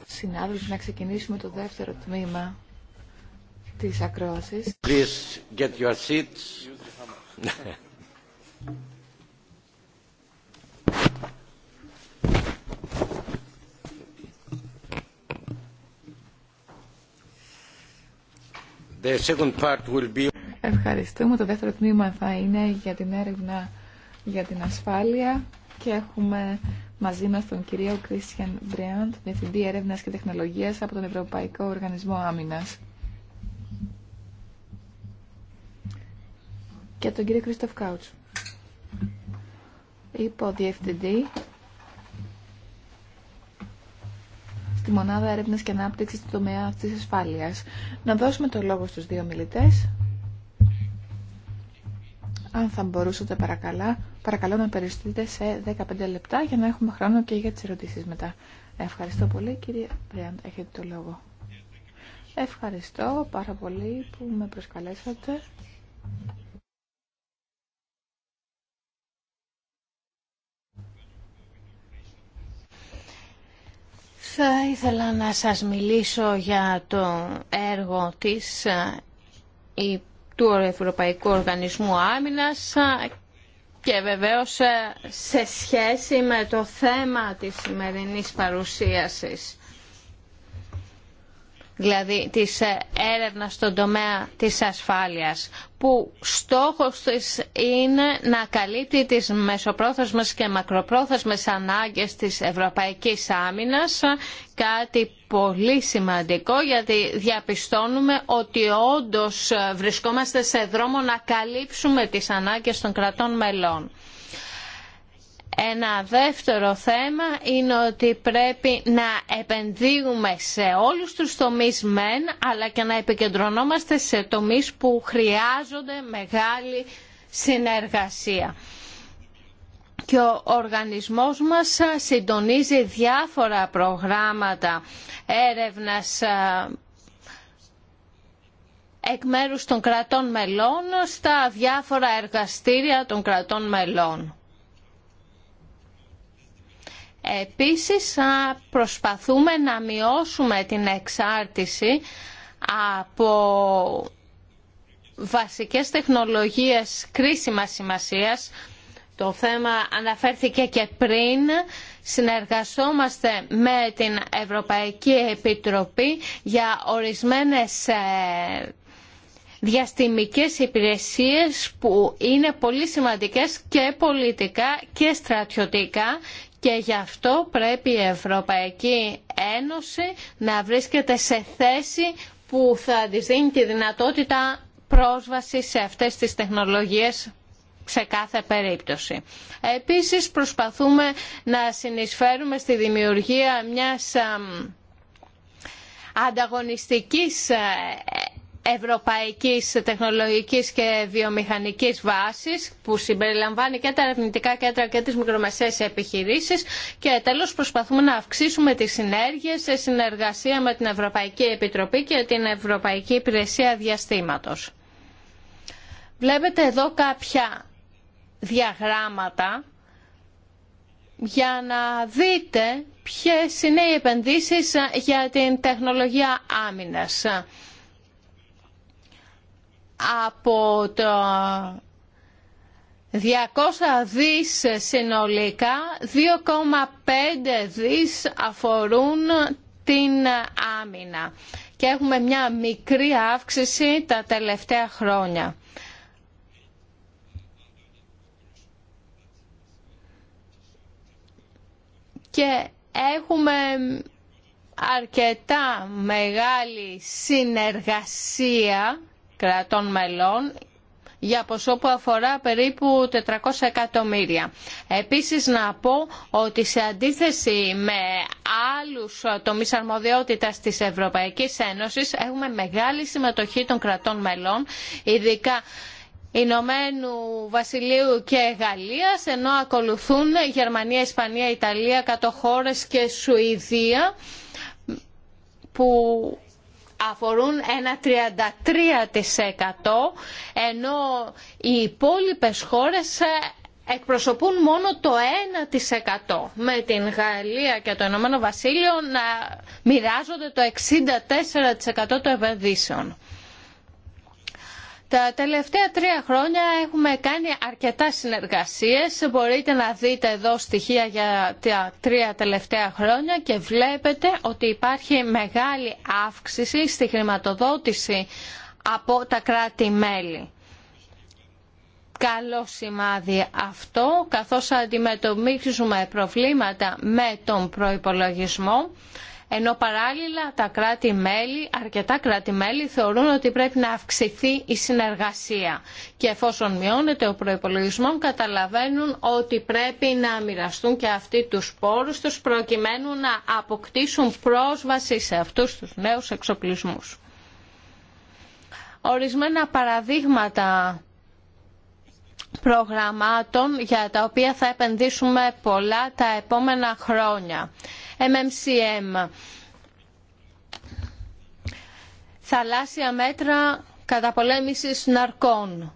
Συνάδελφοι, να ξεκινήσουμε το δεύτερο τμήμα της ακρόασης. Please get your seats. Ευχαριστούμε. Το δεύτερο τμήμα θα είναι για την έρευνα για την ασφάλεια και έχουμε μαζί μας τον κύριο Κρίστιαν Μπρέαντ, Διευθυντή Έρευνας και Τεχνολογίας από τον Ευρωπαϊκό Οργανισμό Άμυνας. Και τον κύριο Κρίστοφ Κάουτσου υποδιευθυντή τη Μονάδα Έρευνας και Ανάπτυξης του τομέα της ασφάλειας. Να δώσουμε το λόγο στους δύο μιλητές. Αν θα μπορούσατε παρακαλώ, παρακαλώ να περιστείτε σε 15 λεπτά για να έχουμε χρόνο και για τις ερωτήσεις μετά. Ευχαριστώ πολύ κύριε Πρέαντ, έχετε το λόγο. Ευχαριστώ πάρα πολύ που με προσκαλέσατε. Θα ήθελα να σας μιλήσω για το έργο της ε, του Ευρωπαϊκού Οργανισμού Άμυνας ε, και βεβαίως ε, σε σχέση με το θέμα της σημερινής παρουσίασης δηλαδή της ε, έρευνας στον τομέα της ασφάλειας, που στόχος της είναι να καλύπτει τις μεσοπρόθεσμες και μακροπρόθεσμες ανάγκες της Ευρωπαϊκής Άμυνας, κάτι πολύ σημαντικό γιατί διαπιστώνουμε ότι όντως βρισκόμαστε σε δρόμο να καλύψουμε τις ανάγκες των κρατών μελών. Ένα δεύτερο θέμα είναι ότι πρέπει να επενδύουμε σε όλους τους τομείς μεν, αλλά και να επικεντρωνόμαστε σε τομείς που χρειάζονται μεγάλη συνεργασία. Και ο οργανισμός μας συντονίζει διάφορα προγράμματα έρευνας ε, εκ μέρους των κρατών μελών στα διάφορα εργαστήρια των κρατών μελών. Επίσης προσπαθούμε να μειώσουμε την εξάρτηση από βασικές τεχνολογίες κρίσιμας σημασίας. Το θέμα αναφέρθηκε και πριν. Συνεργαζόμαστε με την Ευρωπαϊκή Επιτροπή για ορισμένες ε, διαστημικές υπηρεσίες που είναι πολύ σημαντικές και πολιτικά και στρατιωτικά και γι' αυτό πρέπει η Ευρωπαϊκή Ένωση να βρίσκεται σε θέση που θα της δίνει τη δυνατότητα πρόσβαση σε αυτές τις τεχνολογίες σε κάθε περίπτωση. Επίσης προσπαθούμε να συνεισφέρουμε στη δημιουργία μιας ανταγωνιστικής ε, ευρωπαϊκής τεχνολογικής και βιομηχανικής βάσης που συμπεριλαμβάνει και τα ερευνητικά κέντρα και τις μικρομεσαίες επιχειρήσεις και τέλος προσπαθούμε να αυξήσουμε τις συνέργειες σε συνεργασία με την Ευρωπαϊκή Επιτροπή και την Ευρωπαϊκή Υπηρεσία Διαστήματος. Βλέπετε εδώ κάποια διαγράμματα για να δείτε ποιες είναι οι επενδύσεις για την τεχνολογία άμυνας από το 200 δις συνολικά, 2,5 δις αφορούν την άμυνα και έχουμε μια μικρή αύξηση τα τελευταία χρόνια. Και έχουμε αρκετά μεγάλη συνεργασία κρατών μελών για ποσό που αφορά περίπου 400 εκατομμύρια. Επίσης να πω ότι σε αντίθεση με άλλους τομείς αρμοδιότητας της Ευρωπαϊκής Ένωσης έχουμε μεγάλη συμμετοχή των κρατών μελών, ειδικά Ηνωμένου Βασιλείου και Γαλλίας, ενώ ακολουθούν Γερμανία, Ισπανία, Ιταλία, κατοχώρες και Σουηδία που αφορούν ένα 33% ενώ οι υπόλοιπες χώρες ε, εκπροσωπούν μόνο το 1% με την Γαλλία και το Ηνωμένο Βασίλειο να μοιράζονται το 64% των επενδύσεων. Τα τελευταία τρία χρόνια έχουμε κάνει αρκετά συνεργασίες. Μπορείτε να δείτε εδώ στοιχεία για τα τρία τελευταία χρόνια και βλέπετε ότι υπάρχει μεγάλη αύξηση στη χρηματοδότηση από τα κράτη-μέλη. Καλό σημάδι αυτό, καθώς αντιμετωπίζουμε προβλήματα με τον προϋπολογισμό ενώ παράλληλα τα κράτη-μέλη, αρκετά κράτη-μέλη θεωρούν ότι πρέπει να αυξηθεί η συνεργασία και εφόσον μειώνεται ο προϋπολογισμός καταλαβαίνουν ότι πρέπει να μοιραστούν και αυτοί τους πόρους τους προκειμένου να αποκτήσουν πρόσβαση σε αυτούς τους νέους εξοπλισμούς. Ορισμένα παραδείγματα προγραμμάτων για τα οποία θα επενδύσουμε πολλά τα επόμενα χρόνια. MMCM. Θαλάσσια μέτρα καταπολέμησης ναρκών.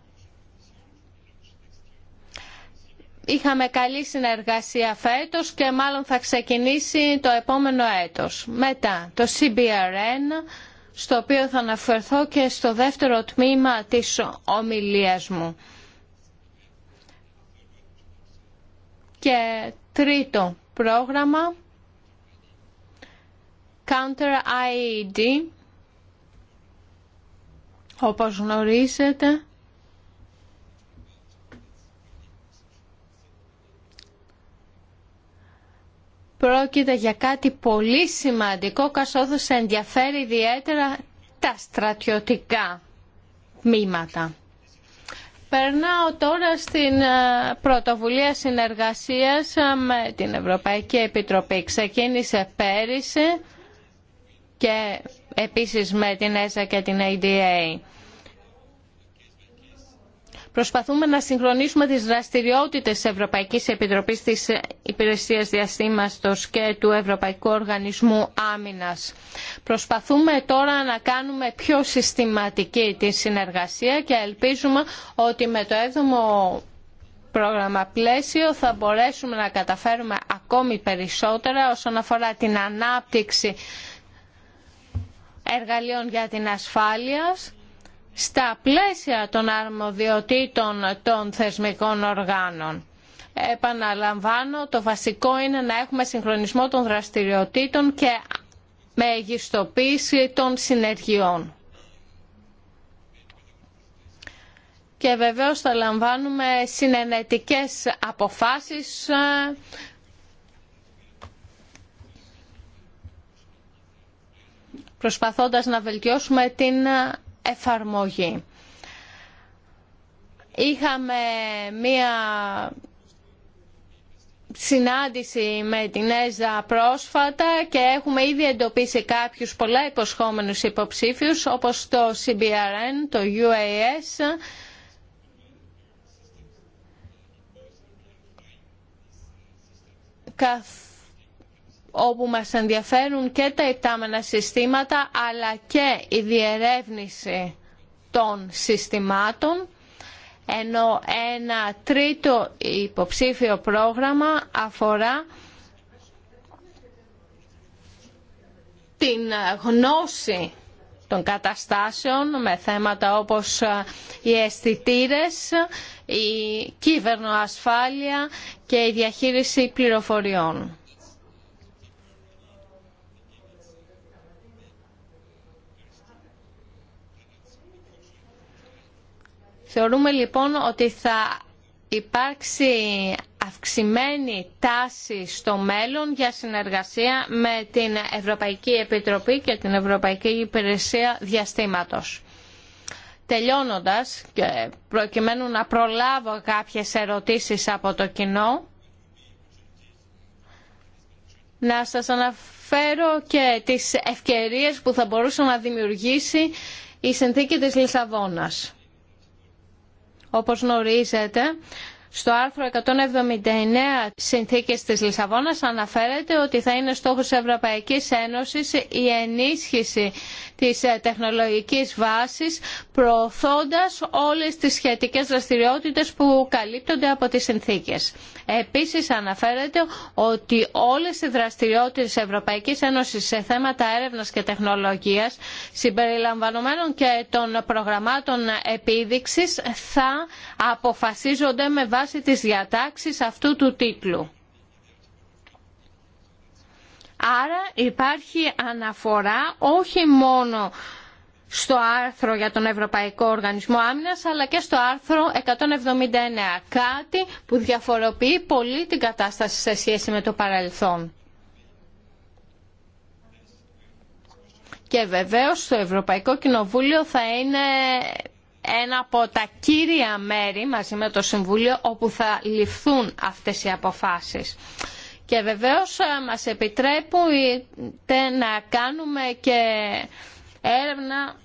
Είχαμε καλή συνεργασία φέτος και μάλλον θα ξεκινήσει το επόμενο έτος. Μετά το CBRN, στο οποίο θα αναφερθώ και στο δεύτερο τμήμα της ομιλίας μου. και τρίτο πρόγραμμα Counter IED όπως γνωρίζετε πρόκειται για κάτι πολύ σημαντικό καθώς ενδιαφέρει ιδιαίτερα τα στρατιωτικά μήματα. Περνάω τώρα στην ε, πρωτοβουλία συνεργασίας ε, με την Ευρωπαϊκή Επιτροπή. Ξεκίνησε πέρυσι και επίσης με την ΕΣΑ και την ADA. Προσπαθούμε να συγχρονίσουμε τις δραστηριότητες της Ευρωπαϊκής Επιτροπής της Υπηρεσίας Διαστήματος και του Ευρωπαϊκού Οργανισμού Άμυνας. Προσπαθούμε τώρα να κάνουμε πιο συστηματική τη συνεργασία και ελπίζουμε ότι με το 7 πρόγραμμα πλαίσιο θα μπορέσουμε να καταφέρουμε ακόμη περισσότερα όσον αφορά την ανάπτυξη εργαλείων για την ασφάλεια στα πλαίσια των αρμοδιοτήτων των θεσμικών οργάνων. Επαναλαμβάνω, το βασικό είναι να έχουμε συγχρονισμό των δραστηριοτήτων και μεγιστοποίηση των συνεργειών. Και βεβαίως θα λαμβάνουμε συνενετικές αποφάσεις προσπαθώντας να βελτιώσουμε την εφαρμογή. Είχαμε μία συνάντηση με την ΕΖΑ πρόσφατα και έχουμε ήδη εντοπίσει κάποιους πολλά υποσχόμενους υποψήφιους όπως το CBRN, το UAS καθ όπου μας ενδιαφέρουν και τα υπτάμενα συστήματα αλλά και η διερεύνηση των συστημάτων ενώ ένα τρίτο υποψήφιο πρόγραμμα αφορά την γνώση των καταστάσεων με θέματα όπως οι αισθητήρε, η κυβερνοασφάλεια και η διαχείριση πληροφοριών. Θεωρούμε λοιπόν ότι θα υπάρξει αυξημένη τάση στο μέλλον για συνεργασία με την Ευρωπαϊκή Επιτροπή και την Ευρωπαϊκή Υπηρεσία Διαστήματος. Τελειώνοντας και προκειμένου να προλάβω κάποιες ερωτήσεις από το κοινό, να σας αναφέρω και τις ευκαιρίες που θα μπορούσε να δημιουργήσει η συνθήκη της Λισαβόνας όπως γνωρίζετε στο άρθρο 179 συνθήκες της Λισαβόνας αναφέρεται ότι θα είναι στόχος της Ευρωπαϊκής Ένωσης η ενίσχυση της ε, τεχνολογικής βάσης προωθώντας όλες τις σχετικές δραστηριότητες που καλύπτονται από τις συνθήκες. Επίσης αναφέρεται ότι όλες οι δραστηριότητες της Ευρωπαϊκής Ένωσης σε θέματα έρευνας και τεχνολογίας συμπεριλαμβανομένων και των προγραμμάτων επίδειξης θα αποφασίζονται με βάση τις διατάξεις αυτού του τίτλου. Άρα υπάρχει αναφορά όχι μόνο στο άρθρο για τον Ευρωπαϊκό Οργανισμό Άμυνας αλλά και στο άρθρο 179, κάτι που διαφοροποιεί πολύ την κατάσταση σε σχέση με το παρελθόν. Και βεβαίως το Ευρωπαϊκό Κοινοβούλιο θα είναι ένα από τα κύρια μέρη μαζί με το Συμβούλιο όπου θα ληφθούν αυτές οι αποφάσεις. Και βεβαίως ε, μας επιτρέπουν να κάνουμε και έρευνα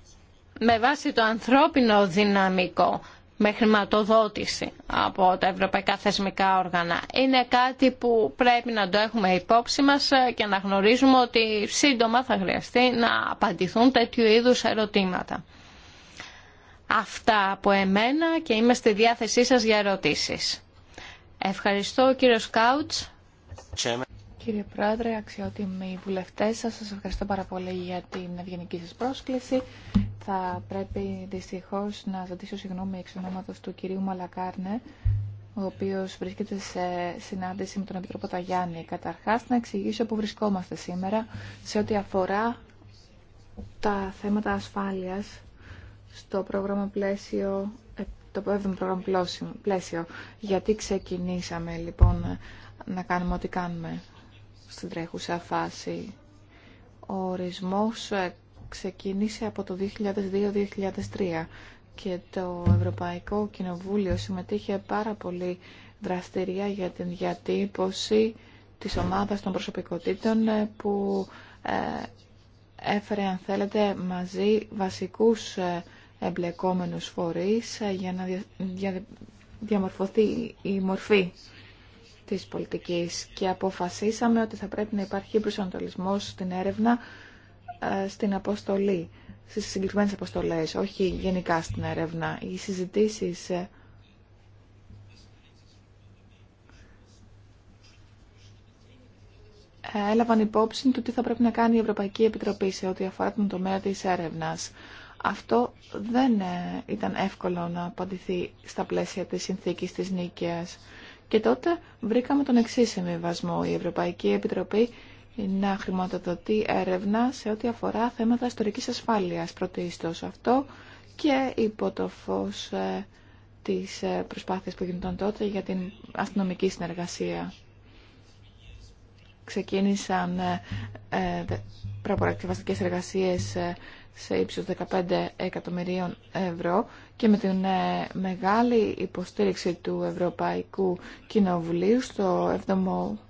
με βάση το ανθρώπινο δυναμικό με χρηματοδότηση από τα ευρωπαϊκά θεσμικά όργανα. Είναι κάτι που πρέπει να το έχουμε υπόψη μας ε, και να γνωρίζουμε ότι σύντομα θα χρειαστεί να απαντηθούν τέτοιου είδους ερωτήματα. Αυτά από εμένα και είμαι στη διάθεσή σας για ερωτήσεις. Ευχαριστώ κύριο Σκάουτς. Κύριε Πρόεδρε, αξιότιμοι βουλευτές σας, σας ευχαριστώ πάρα πολύ για την ευγενική σας πρόσκληση. Θα πρέπει δυστυχώς να ζητήσω συγγνώμη εξ ονόματος του κυρίου Μαλακάρνε, ο οποίος βρίσκεται σε συνάντηση με τον Επιτρόπο Ταγιάννη. Καταρχάς, να εξηγήσω που βρισκόμαστε σήμερα σε ό,τι αφορά τα θέματα ασφάλειας στο πρόγραμμα πλαίσιο, ε, το πέμπτο λοιπόν, ορισμός ε, ξεκίνησε από το 2002-2003 και το Ευρωπαϊκό Κοινοβούλιο συμμετείχε πάρα πολύ δραστηρία για την διατύπωση της ομάδας των προσωπικότητων ε, που έφερε αν θέλετε μαζί βασικούς εμπλεκόμενους φορείς ε, για να διαμορφωθεί η μορφή της πολιτικής και αποφασίσαμε ότι θα πρέπει να υπάρχει προσανατολισμός στην έρευνα ε, στην αποστολή, στις συγκεκριμένες αποστολές, όχι γενικά στην έρευνα. Οι συζητήσεις ε, έλαβαν υπόψη του τι θα πρέπει να κάνει η Ευρωπαϊκή Επιτροπή σε ό,τι αφορά τον τομέα της έρευνας. Αυτό δεν ε, ήταν εύκολο να απαντηθεί στα πλαίσια της συνθήκης της Νίκαιας. Και τότε βρήκαμε τον εξή συμβιβασμό. Η Ευρωπαϊκή Επιτροπή να χρηματοδοτεί έρευνα σε ό,τι αφορά θέματα ιστορικής ασφάλειας πρωτίστως αυτό και υπό το φως ε, της ε, προσπάθειας που γινόταν τότε για την αστυνομική συνεργασία. Ξεκίνησαν ε, προπαρασκευαστικές εργασίες σε ύψος 15 εκατομμυρίων ευρώ και με την ε, μεγάλη υποστήριξη του Ευρωπαϊκού Κοινοβουλίου στο 7ο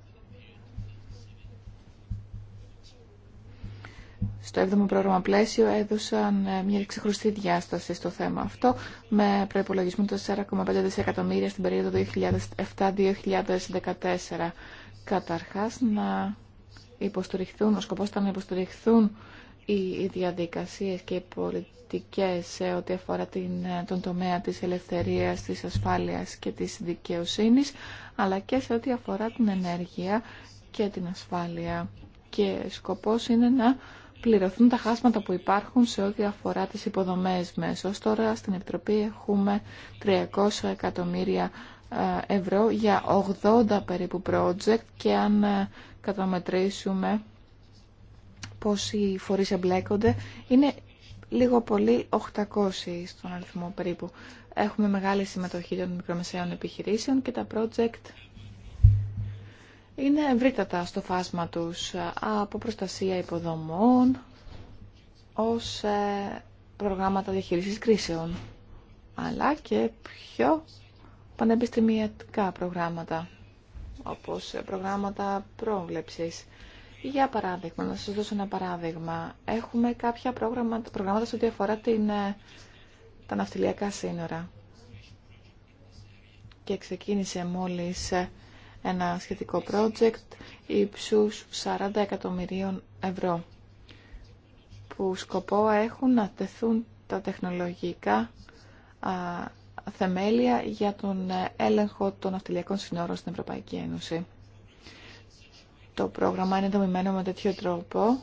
στο 7ο πρόγραμμα πλαίσιο έδωσαν ε, μια ξεχωριστή διάσταση στο θέμα αυτό με προπολογισμό των 4,5 δισεκατομμύρια στην περίοδο 2007-2014. Καταρχάς να υποστηριχθούν, ο σκοπός ήταν να υποστηριχθούν οι διαδικασίες και οι πολιτικές σε ό,τι αφορά την, τον τομέα της ελευθερίας, της ασφάλειας και της δικαιοσύνης, αλλά και σε ό,τι αφορά την ενέργεια και την ασφάλεια. Και σκοπός είναι να πληρωθούν τα χάσματα που υπάρχουν σε ό,τι αφορά τις υποδομές μέσω τώρα στην Επιτροπή έχουμε 300 εκατομμύρια ε, ευρώ για 80 περίπου project και αν ε, καταμετρήσουμε πόσοι φορείς εμπλέκονται. Είναι λίγο πολύ 800 στον αριθμό περίπου. Έχουμε μεγάλη συμμετοχή των μικρομεσαίων επιχειρήσεων και τα project είναι ευρύτατα στο φάσμα τους από προστασία υποδομών ως ε, προγράμματα διαχείρισης κρίσεων αλλά και πιο πανεπιστημιακά προγράμματα όπως ε, προγράμματα πρόβλεψης για παράδειγμα, να σας δώσω ένα παράδειγμα. Έχουμε κάποια προγράμματα, προγράμματα σε ό,τι αφορά την, ε, τα ναυτιλιακά σύνορα. Και ξεκίνησε μόλις ε, ένα σχετικό project ύψους 40 εκατομμυρίων ευρώ που σκοπό έχουν να τεθούν τα τεχνολογικά α, θεμέλια για τον ε, έλεγχο των ναυτιλιακών συνόρων στην Ευρωπαϊκή Ένωση το πρόγραμμα είναι δομημένο με τέτοιο τρόπο,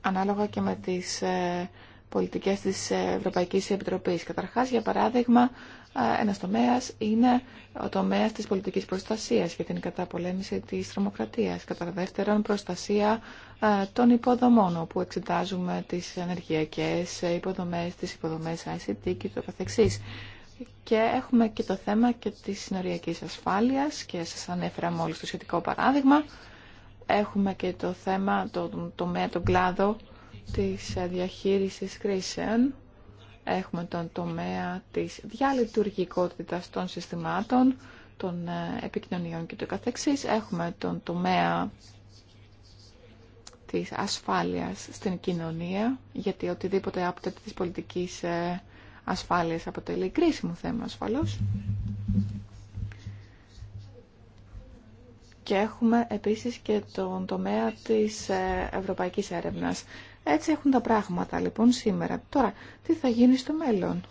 ανάλογα και με τις ε, πολιτικές της Ευρωπαϊκής Επιτροπής. Καταρχάς, για παράδειγμα, ε, ένας τομέας είναι ο τομέας της πολιτικής προστασίας για την καταπολέμηση της τρομοκρατίας. Κατά δεύτερον, προστασία ε, των υποδομών, όπου εξετάζουμε τις ενεργειακές υποδομές, τις υποδομές ICT και το καθεξής και έχουμε και το θέμα και της συνοριακής ασφάλειας και σας ανέφερα μόλις το σχετικό παράδειγμα. Έχουμε και το θέμα, το τομέα, τον κλάδο της ε, διαχείρισης κρίσεων. Έχουμε τον τομέα της διαλειτουργικότητας των συστημάτων, των ε, επικοινωνιών και το καθεξής. Έχουμε τον τομέα της ασφάλειας στην κοινωνία, γιατί οτιδήποτε άπτεται της πολιτικής ε, ασφάλειας αποτελεί κρίσιμο θέμα ασφαλώς. Και έχουμε επίσης και τον τομέα της ε, ευρωπαϊκής έρευνας. Έτσι έχουν τα πράγματα λοιπόν σήμερα. Τώρα, τι θα γίνει στο μέλλον.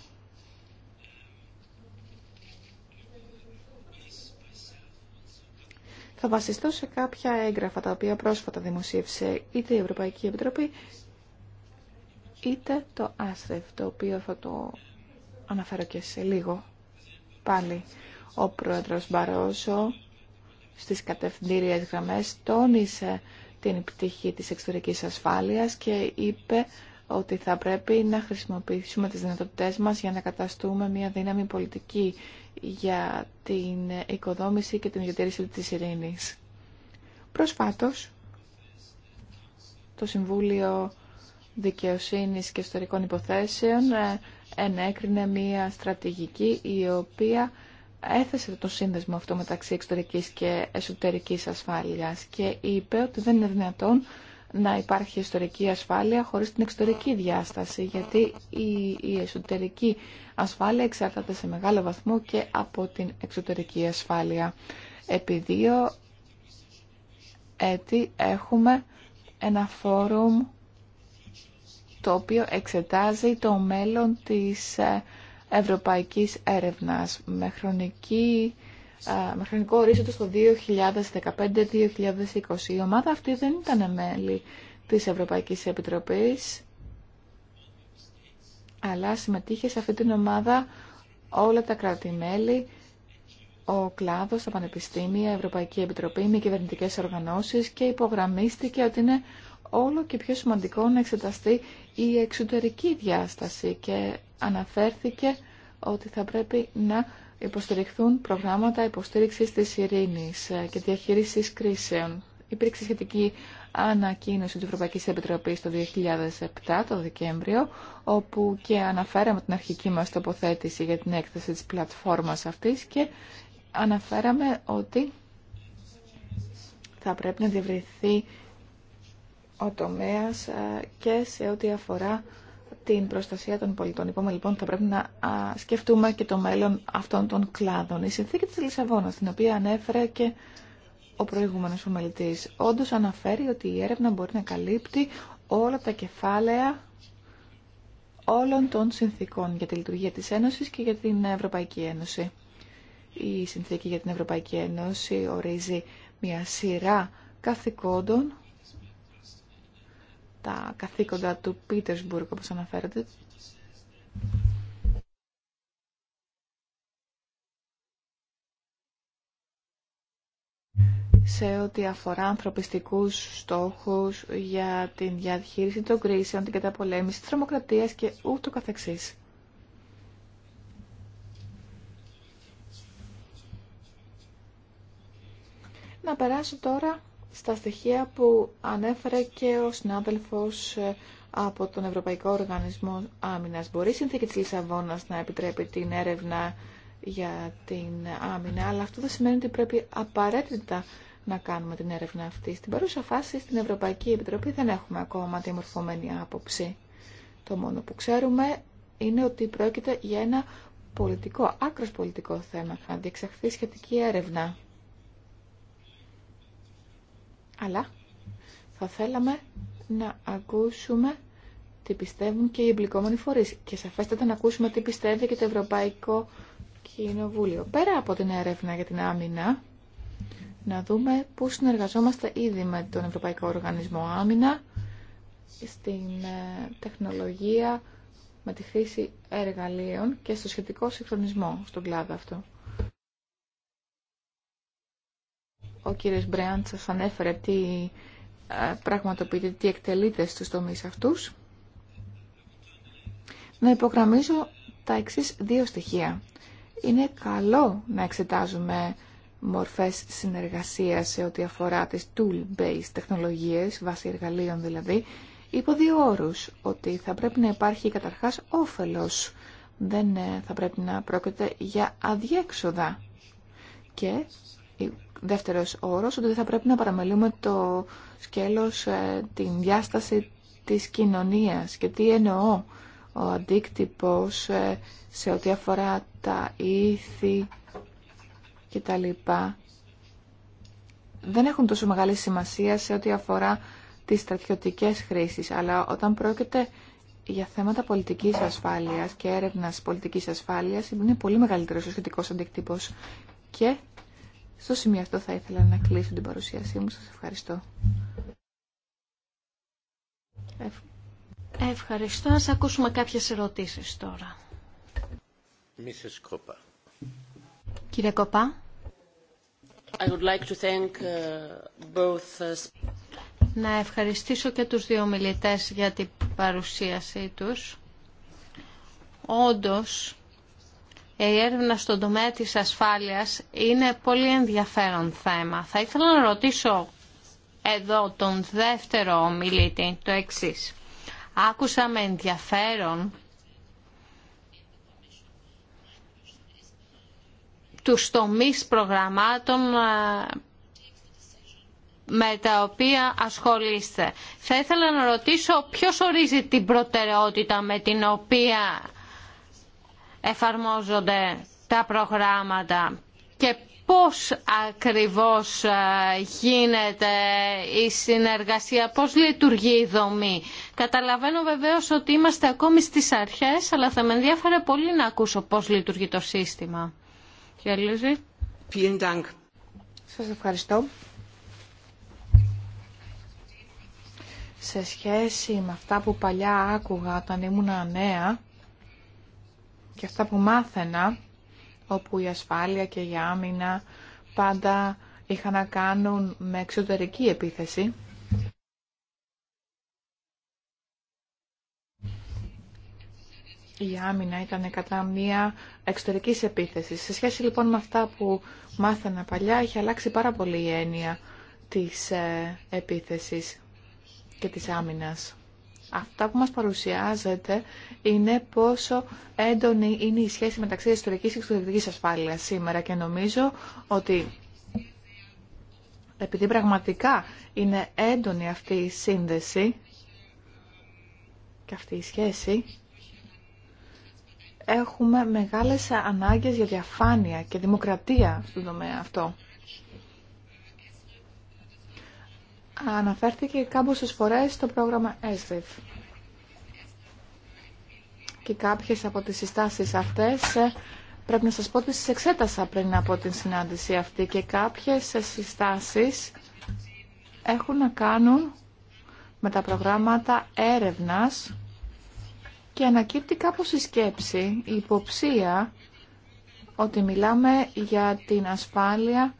Θα βασιστώ σε κάποια έγγραφα τα οποία πρόσφατα δημοσίευσε είτε η Ευρωπαϊκή Επιτροπή είτε το άστρεφ το οποίο θα το αναφέρω και σε λίγο πάλι ο πρόεδρος Μπαρόσο στις κατευθυντήριες γραμμές τόνισε την πτυχή της εξωτερικής ασφάλειας και είπε ότι θα πρέπει να χρησιμοποιήσουμε τις δυνατότητές μας για να καταστούμε μια δύναμη πολιτική για την οικοδόμηση και την διατήρηση της ειρήνης. Προσφάτως, το Συμβούλιο Δικαιοσύνης και Ιστορικών Υποθέσεων ε, ενέκρινε μία στρατηγική η οποία έθεσε το σύνδεσμο αυτό μεταξύ εξωτερικής και εσωτερικής ασφάλειας και είπε ότι δεν είναι δυνατόν να υπάρχει ιστορική ασφάλεια χωρίς την εξωτερική διάσταση, γιατί η, εσωτερική ασφάλεια εξαρτάται σε μεγάλο βαθμό και από την εξωτερική ασφάλεια. Επειδή δύο έχουμε ένα φόρουμ το οποίο εξετάζει το μέλλον της ε, ευρωπαϊκής έρευνας με, χρονική, ε, με χρονικό ορίζοντα το 2015-2020. Η ομάδα αυτή δεν ήταν μέλη της Ευρωπαϊκής Επιτροπής, αλλά συμμετείχε σε αυτή την ομάδα όλα τα κράτη-μέλη, ο κλάδος, τα πανεπιστήμια, η Ευρωπαϊκή Επιτροπή, οι κυβερνητικέ οργανώσεις και υπογραμμίστηκε ότι είναι όλο και πιο σημαντικό να εξεταστεί η εξωτερική διάσταση και αναφέρθηκε ότι θα πρέπει να υποστηριχθούν προγράμματα υποστήριξης της ειρήνης και διαχείρισης κρίσεων. Υπήρξε σχετική ανακοίνωση της Ευρωπαϊκής Επιτροπής το 2007, το Δεκέμβριο, όπου και αναφέραμε την αρχική μας τοποθέτηση για την έκθεση της πλατφόρμας αυτής και αναφέραμε ότι θα πρέπει να διευρυνθεί ο τομέα ε, και σε ό,τι αφορά την προστασία των πολιτών. Είπαμε λοιπόν θα πρέπει να σκεφτούμε και το μέλλον αυτών των κλάδων. Η συνθήκη τη Λισαβόνα, την οποία ανέφερε και ο προηγούμενος ομιλητής, όντως αναφέρει ότι η έρευνα μπορεί να καλύπτει όλα τα κεφάλαια όλων των συνθήκων για τη λειτουργία της Ένωσης και για την Ευρωπαϊκή Ένωση. Η συνθήκη για την Ευρωπαϊκή Ένωση ορίζει μια σειρά καθηκόντων τα καθήκοντα του Πίτερσμπουργκ, όπως αναφέρεται. σε ό,τι αφορά ανθρωπιστικούς στόχους για την διαχείριση των κρίσεων, την καταπολέμηση της τρομοκρατίας και ούτω καθεξής. Να περάσω τώρα στα στοιχεία που ανέφερε και ο συνάδελφος ε, από τον Ευρωπαϊκό Οργανισμό Άμυνας. Μπορεί η συνθήκη της Λισαβόνας να επιτρέπει την έρευνα για την άμυνα, αλλά αυτό δεν σημαίνει ότι πρέπει απαραίτητα να κάνουμε την έρευνα αυτή. Στην παρούσα φάση στην Ευρωπαϊκή Επιτροπή δεν έχουμε ακόμα μορφωμένη άποψη. Το μόνο που ξέρουμε είναι ότι πρόκειται για ένα πολιτικό, άκρος πολιτικό θέμα. Να διεξαχθεί σχετική έρευνα. Αλλά θα θέλαμε να ακούσουμε τι πιστεύουν και οι εμπλικόμενοι φορεί. και σαφέστατα να ακούσουμε τι πιστεύει και το Ευρωπαϊκό Κοινοβούλιο. Πέρα από την έρευνα για την άμυνα, να δούμε πού συνεργαζόμαστε ήδη με τον Ευρωπαϊκό Οργανισμό Άμυνα στην ε, τεχνολογία με τη χρήση εργαλείων και στο σχετικό συγχρονισμό στον κλάδο αυτό. Ο κύριος Μπρεάντ σας ανέφερε τι ε, πραγματοποιείται, τι εκτελείται στους τομείς αυτούς. Να υπογραμμίζω τα εξής δύο στοιχεία. Είναι καλό να εξετάζουμε μορφές συνεργασίας σε ό,τι αφορά τις tool-based τεχνολογίες, βάσει εργαλείων δηλαδή, υπό δύο όρους, ότι θα πρέπει να υπάρχει καταρχάς όφελος, δεν ε, θα πρέπει να πρόκειται για αδιέξοδα και Δεύτερος όρος, ότι δεν θα πρέπει να παραμελούμε το σκέλος, ε, την διάσταση της κοινωνίας και τι εννοώ ο αντίκτυπος ε, σε ό,τι αφορά τα ήθη κτλ. δεν έχουν τόσο μεγάλη σημασία σε ό,τι αφορά τις στρατιωτικές χρήσεις αλλά όταν πρόκειται για θέματα πολιτικής ασφάλειας και έρευνας πολιτικής ασφάλειας είναι πολύ μεγαλύτερος ο σχετικός αντίκτυπος και στο σημείο αυτό θα ήθελα να κλείσω την παρουσίασή μου. Σας ευχαριστώ. Ευχαριστώ. Ας ακούσουμε κάποιες ερωτήσεις τώρα. Κοπά. Κύριε Κοπά. Uh, uh, να ευχαριστήσω και τους δύο μιλητές για την παρουσίασή τους. Όντως, η έρευνα στον τομέα της ασφάλειας είναι πολύ ενδιαφέρον θέμα. Θα ήθελα να ρωτήσω εδώ τον δεύτερο ομιλήτη το εξής. Άκουσα με ενδιαφέρον Του τομείς προγραμμάτων με τα οποία ασχολείστε. Θα ήθελα να ρωτήσω ποιος ορίζει την προτεραιότητα με την οποία εφαρμόζονται τα προγράμματα και πώς ακριβώς ε, γίνεται η συνεργασία, πώς λειτουργεί η δομή. Καταλαβαίνω βεβαίως ότι είμαστε ακόμη στις αρχές, αλλά θα με ενδιαφέρε πολύ να ακούσω πώς λειτουργεί το σύστημα. Σα Σας ευχαριστώ. Σε σχέση με αυτά που παλιά άκουγα όταν ήμουν νέα, και αυτά που μάθαινα, όπου η ασφάλεια και η άμυνα πάντα είχαν να κάνουν με εξωτερική επίθεση. Η άμυνα ήταν κατά μία εξωτερική επίθεση. Σε σχέση λοιπόν με αυτά που μάθανα παλιά, έχει αλλάξει πάρα πολύ η έννοια της ε, επίθεσης και της άμυνας. Αυτά που μας παρουσιάζεται είναι πόσο έντονη είναι η σχέση μεταξύ ιστορικής και εξωτερικής ασφάλειας σήμερα και νομίζω ότι επειδή πραγματικά είναι έντονη αυτή η σύνδεση και αυτή η σχέση, έχουμε μεγάλες ανάγκες για διαφάνεια και δημοκρατία στον τομέα αυτό. αναφέρθηκε κάμποσες φορές στο πρόγραμμα ΕΣΡΕΦ. Και κάποιες από τις συστάσεις αυτές ε, πρέπει να σας πω ότι τι εξέτασα πριν από την συνάντηση αυτή και κάποιες ε, συστάσεις έχουν να κάνουν με τα προγράμματα έρευνας και ανακύπτει κάπως η σκέψη, η υποψία ότι μιλάμε για την ασφάλεια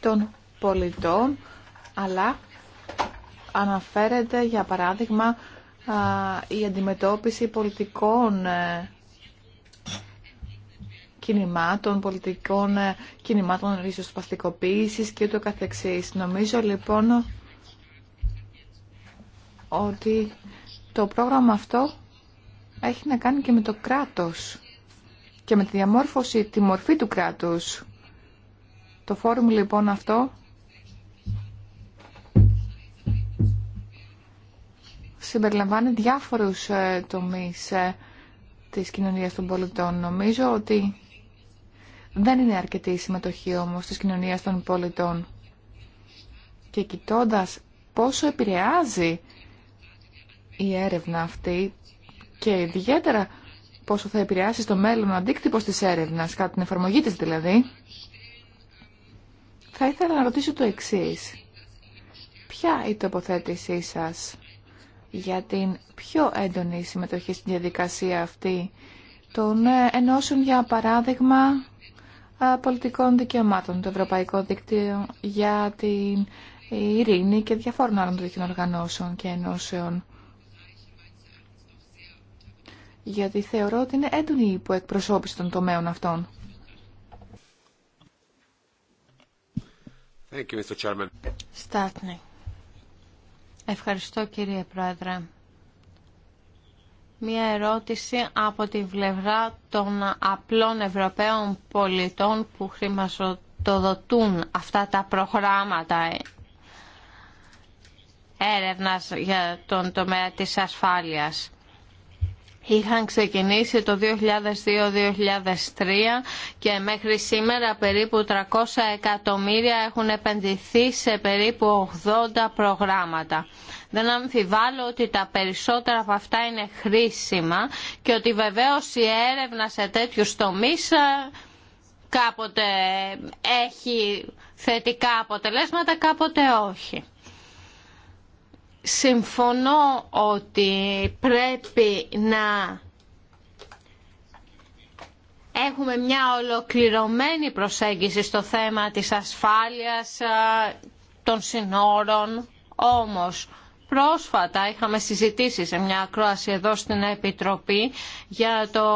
των πολιτών αλλά αναφέρεται για παράδειγμα η αντιμετώπιση πολιτικών ε, κινημάτων, πολιτικών ε, κινημάτων ριζοσπαστικοποίησης και το καθεξής. Νομίζω λοιπόν ότι το πρόγραμμα αυτό έχει να κάνει και με το κράτος και με τη διαμόρφωση, τη μορφή του κράτους. Το φόρουμ λοιπόν αυτό συμπεριλαμβάνει διάφορους ε, τομείς ε, της κοινωνίας των πολιτών. Νομίζω ότι δεν είναι αρκετή η συμμετοχή όμως της κοινωνίας των πολιτών. Και κοιτώντας πόσο επηρεάζει η έρευνα αυτή και ιδιαίτερα πόσο θα επηρεάσει στο μέλλον ο αντίκτυπος της έρευνας, κατά την εφαρμογή της δηλαδή, θα ήθελα να ρωτήσω το εξής. Ποια η τοποθέτησή σας για την πιο έντονη συμμετοχή στην διαδικασία αυτή των ε, ενώσεων για παράδειγμα ε, πολιτικών δικαιωμάτων, το Ευρωπαϊκό Δικτύου για την ειρήνη και διαφόρων άλλων τέτοιων οργανώσεων και ενώσεων. Γιατί θεωρώ ότι είναι έντονη η υποεκπροσώπηση των τομέων αυτών. Thank you, Mr. Chairman. Ευχαριστώ κύριε Πρόεδρε. Μία ερώτηση από την πλευρά των απλών Ευρωπαίων πολιτών που χρηματοδοτούν αυτά τα προγράμματα έρευνας για τον τομέα της ασφάλειας είχαν ξεκινήσει το 2002-2003 και μέχρι σήμερα περίπου 300 εκατομμύρια έχουν επενδυθεί σε περίπου 80 προγράμματα. Δεν αμφιβάλλω ότι τα περισσότερα από αυτά είναι χρήσιμα και ότι βεβαίως η έρευνα σε τέτοιους τομείς ε, κάποτε έχει θετικά αποτελέσματα, κάποτε όχι. Συμφωνώ ότι πρέπει να έχουμε μια ολοκληρωμένη προσέγγιση στο θέμα της ασφάλειας των συνόρων. Όμως, πρόσφατα είχαμε συζητήσει σε μια ακρόαση εδώ στην Επιτροπή για το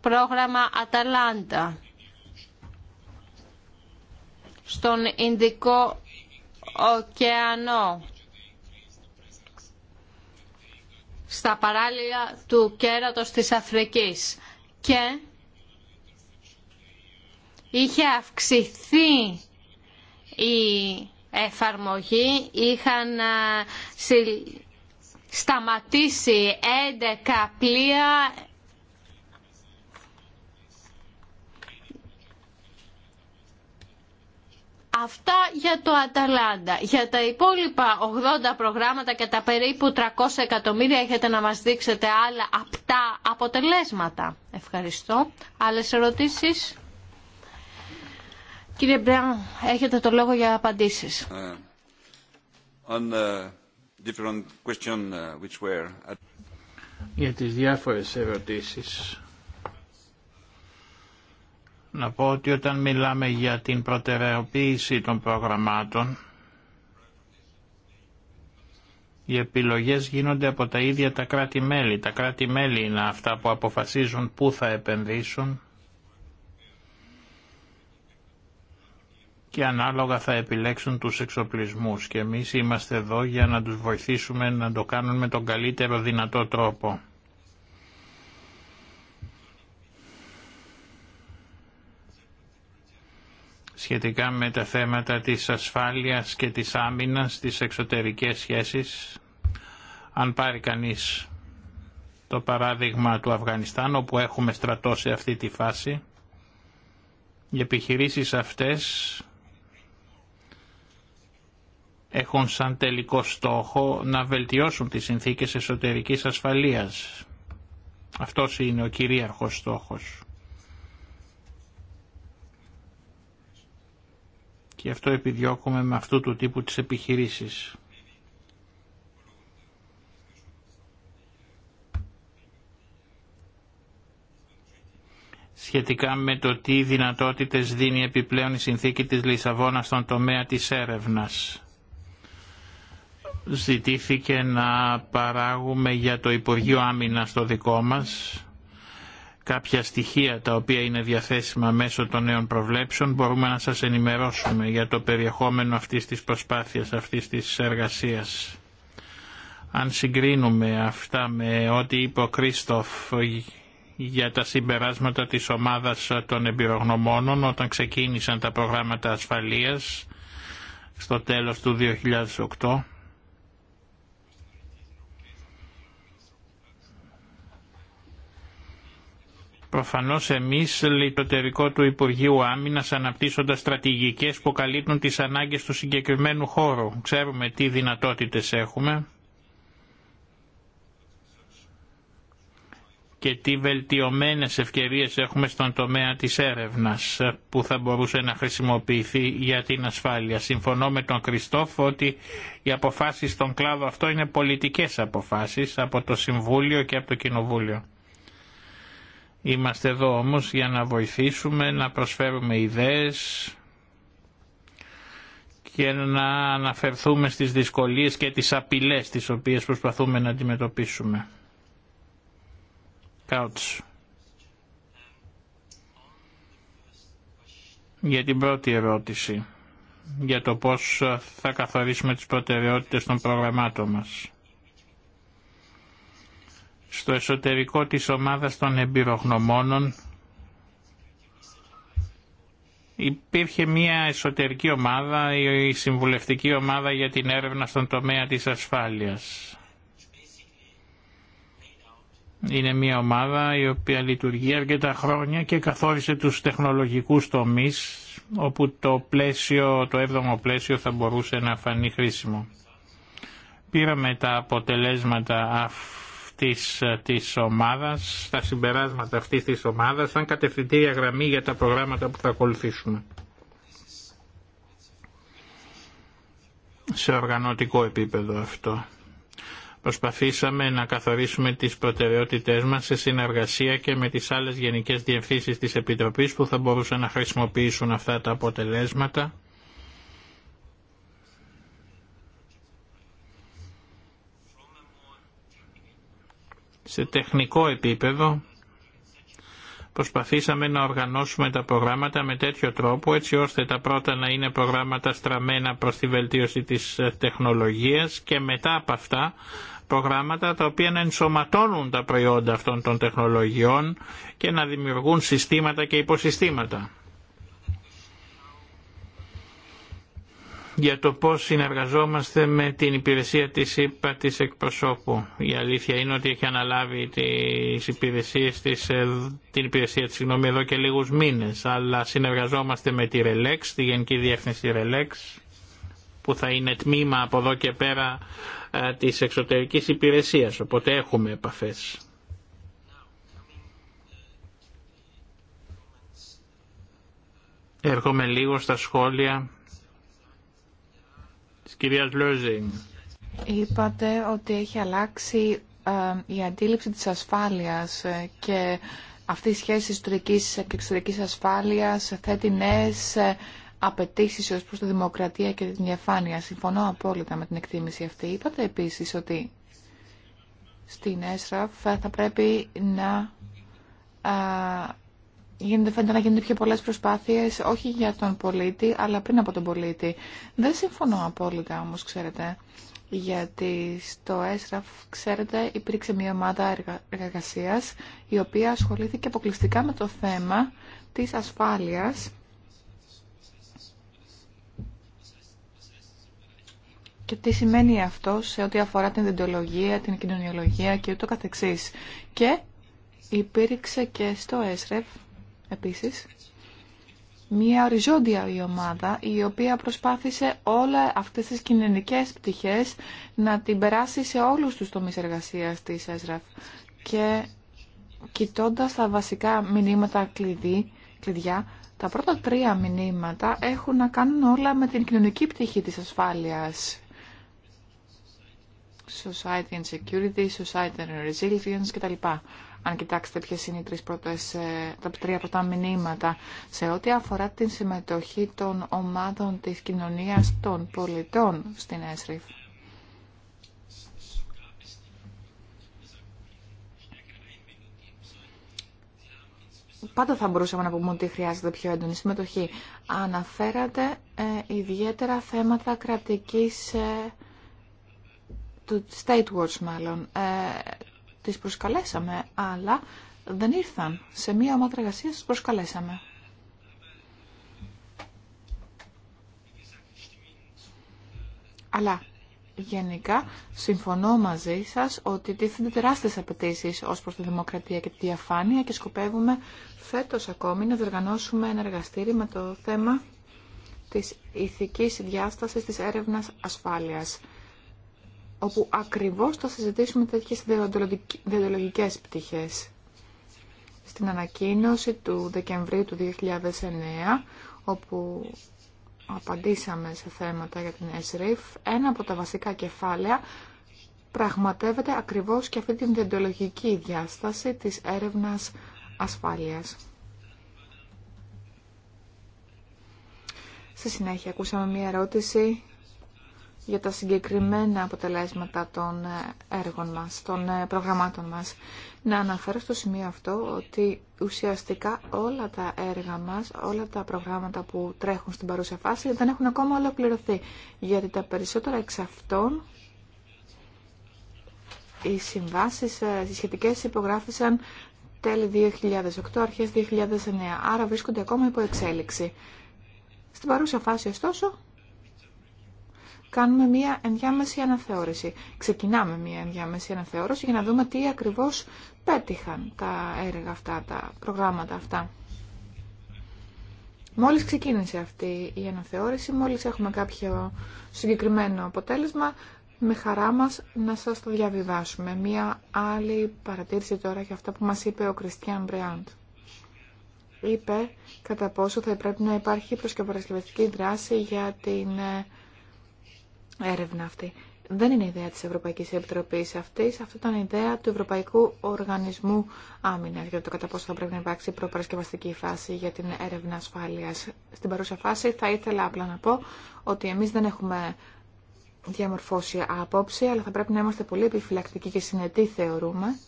πρόγραμμα Αταλάντα στον Ινδικό ωκεανό. στα παράλια του κέρατος της Αφρικής και είχε αυξηθεί η εφαρμογή, είχαν ε, σταματήσει 11 πλοία Αυτά για το Αταλάντα. Για τα υπόλοιπα 80 προγράμματα και τα περίπου 300 εκατομμύρια έχετε να μας δείξετε άλλα απτά αποτελέσματα. Ευχαριστώ. Άλλες ερωτήσεις. Κύριε Μπρέαν, έχετε το λόγο για απαντήσεις. Ε, on uh, question uh, were... Για τις διάφορες ερωτήσεις να πω ότι όταν μιλάμε για την προτεραιοποίηση των προγραμμάτων, οι επιλογές γίνονται από τα ίδια τα κράτη-μέλη. Τα κράτη-μέλη είναι αυτά που αποφασίζουν πού θα επενδύσουν και ανάλογα θα επιλέξουν τους εξοπλισμούς και εμείς είμαστε εδώ για να τους βοηθήσουμε να το κάνουν με τον καλύτερο δυνατό τρόπο. σχετικά με τα θέματα της ασφάλειας και της άμυνας στις εξωτερικές σχέσεις. Αν πάρει κανείς το παράδειγμα του Αφγανιστάν, όπου έχουμε στρατό αυτή τη φάση, οι επιχειρήσεις αυτές έχουν σαν τελικό στόχο να βελτιώσουν τις συνθήκες εσωτερικής ασφαλείας. Αυτός είναι ο κυρίαρχος στόχος. Και αυτό επιδιώκουμε με αυτού του τύπου τις επιχειρήσεις. σχετικά με το τι δυνατότητες δίνει επιπλέον η συνθήκη της Λισαβόνα στον τομέα της έρευνας. Ζητήθηκε να παράγουμε για το Υπουργείο Άμυνα στο δικό μας κάποια στοιχεία τα οποία είναι διαθέσιμα μέσω των νέων προβλέψεων μπορούμε να σας ενημερώσουμε για το περιεχόμενο αυτής της προσπάθειας, αυτής της εργασίας. Αν συγκρίνουμε αυτά με ό,τι είπε ο Κρίστοφ για τα συμπεράσματα της ομάδας των εμπειρογνωμόνων όταν ξεκίνησαν τα προγράμματα ασφαλείας στο τέλος του 2008, Προφανώς το λιτοτερικό του Υπουργείου Άμυνα αναπτύσσοντας στρατηγικές που καλύπτουν τις ανάγκες του συγκεκριμένου χώρου. Ξέρουμε τι δυνατότητες έχουμε και τι βελτιωμένες ευκαιρίες έχουμε στον τομέα της έρευνας που θα μπορούσε να χρησιμοποιηθεί για την ασφάλεια. Συμφωνώ με τον Κριστόφ ότι οι αποφάσεις στον κλάδο αυτό είναι πολιτικές αποφάσεις από το Συμβούλιο και από το Κοινοβούλιο. Είμαστε εδώ όμως για να βοηθήσουμε, να προσφέρουμε ιδέες και να αναφερθούμε στις δυσκολίες και τις απειλές τις οποίες προσπαθούμε να αντιμετωπίσουμε. Κάουτς. Για την πρώτη ερώτηση, για το πώς θα καθορίσουμε τις προτεραιότητες των προγραμμάτων μας στο εσωτερικό της ομάδας των εμπειρογνωμόνων υπήρχε μια εσωτερική ομάδα, η συμβουλευτική ομάδα για την έρευνα στον τομέα της ασφάλειας. Είναι μια ομάδα η οποία λειτουργεί αρκετά χρόνια και καθόρισε τους τεχνολογικούς τομείς όπου το πλαίσιο, το έβδομο πλαίσιο θα μπορούσε να φανεί χρήσιμο. Πήραμε τα αποτελέσματα αυτής ε, της ομάδας, συμπεράσματα αυτής της ομάδας, σαν κατευθυντήρια γραμμή για τα προγράμματα που θα ακολουθήσουμε. Σε οργανωτικό επίπεδο αυτό. Προσπαθήσαμε να καθορίσουμε τις προτεραιότητές μας σε συνεργασία και με τις άλλες γενικές διευθύνσεις της Επιτροπής που θα μπορούσαν να χρησιμοποιήσουν αυτά τα αποτελέσματα Σε τεχνικό επίπεδο προσπαθήσαμε να οργανώσουμε τα προγράμματα με τέτοιο τρόπο έτσι ώστε τα πρώτα να είναι προγράμματα στραμμένα προς τη βελτίωση της ε, τεχνολογίας και μετά από αυτά προγράμματα τα οποία να ενσωματώνουν τα προϊόντα αυτών των τεχνολογιών και να δημιουργούν συστήματα και υποσυστήματα. για το πώς συνεργαζόμαστε με την υπηρεσία της ΥΠΑ της εκπροσώπου. Η αλήθεια είναι ότι έχει αναλάβει τις υπηρεσίες της, ε, την υπηρεσία της συγγνώμη, εδώ και λίγους μήνες, αλλά συνεργαζόμαστε με τη ΡΕΛΕΞ, τη Γενική Διεύθυνση ΡΕΛΕΞ, που θα είναι τμήμα από εδώ και πέρα ε, της εξωτερικής υπηρεσίας, οπότε έχουμε επαφές. Έρχομαι λίγο στα σχόλια Είπατε ότι έχει αλλάξει ε, η αντίληψη της ασφάλειας ε, και αυτή η σχέση ιστορικής και εξωτερικής ασφάλειας θέτει νέες ε, απαιτήσει ως προς τη δημοκρατία και την διαφάνεια. Συμφωνώ απόλυτα με την εκτίμηση αυτή. Είπατε επίσης ότι στην ΕΣΡΑΦ θα πρέπει να Γίνεται, φαίνεται να γίνονται πιο πολλές προσπάθειες, όχι για τον πολίτη, αλλά πριν από τον πολίτη. Δεν συμφωνώ απόλυτα όμω, ξέρετε, γιατί στο ΕΣΡΑΦ, ξέρετε, υπήρξε μια ομάδα εργασία η οποία ασχολήθηκε αποκλειστικά με το θέμα της ασφάλειας Και τι σημαίνει αυτό σε ό,τι αφορά την διντολογία, την κοινωνιολογία και ούτω καθεξής. Και υπήρξε και στο ΕΣΡΕΦ επίσης μια οριζόντια η ομάδα η οποία προσπάθησε όλα αυτές τις κοινωνικές πτυχές να την περάσει σε όλους τους τομείς εργασίας της ΕΣΡΑΦ και κοιτώντας τα βασικά μηνύματα κλειδί, κλειδιά τα πρώτα τρία μηνύματα έχουν να κάνουν όλα με την κοινωνική πτυχή της ασφάλειας Society and Security, Society and Resilience κτλ αν κοιτάξετε ποιες είναι οι τρεις πρώτες, ε, τα τρία πρώτα μηνύματα, σε ό,τι αφορά την συμμετοχή των ομάδων της κοινωνίας των πολιτών στην ΕΣΡΙΦ. Πάντα θα μπορούσαμε να πούμε ότι χρειάζεται πιο έντονη συμμετοχή. Αναφέρατε ε, ιδιαίτερα θέματα κρατικής ε, του State Watch μάλλον τις προσκαλέσαμε, αλλά δεν ήρθαν. Σε μία ομάδα εργασία τις προσκαλέσαμε. Αλλά γενικά συμφωνώ μαζί σας ότι τίθενται τεράστιες απαιτήσει ως προς τη δημοκρατία και τη διαφάνεια και σκοπεύουμε φέτος ακόμη να διοργανώσουμε ένα εργαστήρι με το θέμα της ηθικής διάστασης της έρευνας ασφάλειας όπου ακριβώς θα συζητήσουμε τέτοιες ιδεολογικές πτυχές. Στην ανακοίνωση του Δεκεμβρίου του 2009, όπου απαντήσαμε σε θέματα για την ΕΣΡΙΦ, ένα από τα βασικά κεφάλαια πραγματεύεται ακριβώς και αυτή την διεντολογική διάσταση της έρευνας ασφάλειας. Στη συνέχεια ακούσαμε μία ερώτηση για τα συγκεκριμένα αποτελέσματα των έργων μας, των ε, προγραμμάτων μας. Να αναφέρω στο σημείο αυτό ότι ουσιαστικά όλα τα έργα μας, όλα τα προγράμματα που τρέχουν στην παρούσα φάση δεν έχουν ακόμα ολοκληρωθεί, γιατί τα περισσότερα εξ αυτών οι συμβάσεις ε, οι σχετικές υπογράφησαν τέλη 2008, αρχές 2009, άρα βρίσκονται ακόμα υπό εξέλιξη. Στην παρούσα φάση, ωστόσο, κάνουμε μία ενδιάμεση αναθεώρηση. Ξεκινάμε μία ενδιάμεση αναθεώρηση για να δούμε τι ακριβώς πέτυχαν τα έργα αυτά, τα προγράμματα αυτά. Μόλις ξεκίνησε αυτή η αναθεώρηση, μόλις έχουμε κάποιο συγκεκριμένο αποτέλεσμα, με χαρά μας να σας το διαβιβάσουμε. Μία άλλη παρατήρηση τώρα για αυτά που μας είπε ο Κριστιαν Μπρεάντ. Είπε κατά πόσο θα πρέπει να υπάρχει προσκευαρασκευαστική δράση για την ε, έρευνα αυτή. Δεν είναι ιδέα της Ευρωπαϊκής Επιτροπής αυτής, αυτό ήταν ιδέα του Ευρωπαϊκού Οργανισμού Άμυνας για το κατά πόσο θα πρέπει να υπάρξει προπαρασκευαστική φάση για την έρευνα ασφάλειας. Στην παρούσα φάση θα ήθελα απλά να πω ότι εμείς δεν έχουμε διαμορφώσει άποψη, αλλά θα πρέπει να είμαστε πολύ επιφυλακτικοί και συνετοί θεωρούμε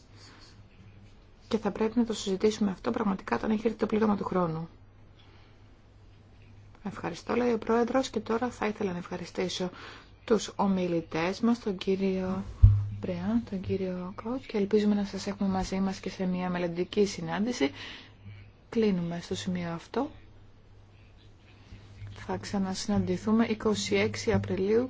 και θα πρέπει να το συζητήσουμε αυτό πραγματικά όταν έχει έρθει το πλήρωμα του χρόνου. Ευχαριστώ, λέει ο Πρόεδρος, και τώρα θα ήθελα να ευχαριστήσω τους ομιλητές μας, τον κύριο Μπρεάν, τον κύριο Κότ και ελπίζουμε να σας έχουμε μαζί μας και σε μια μελλοντική συνάντηση. Κλείνουμε στο σημείο αυτό. Θα ξανασυναντηθούμε 26 Απριλίου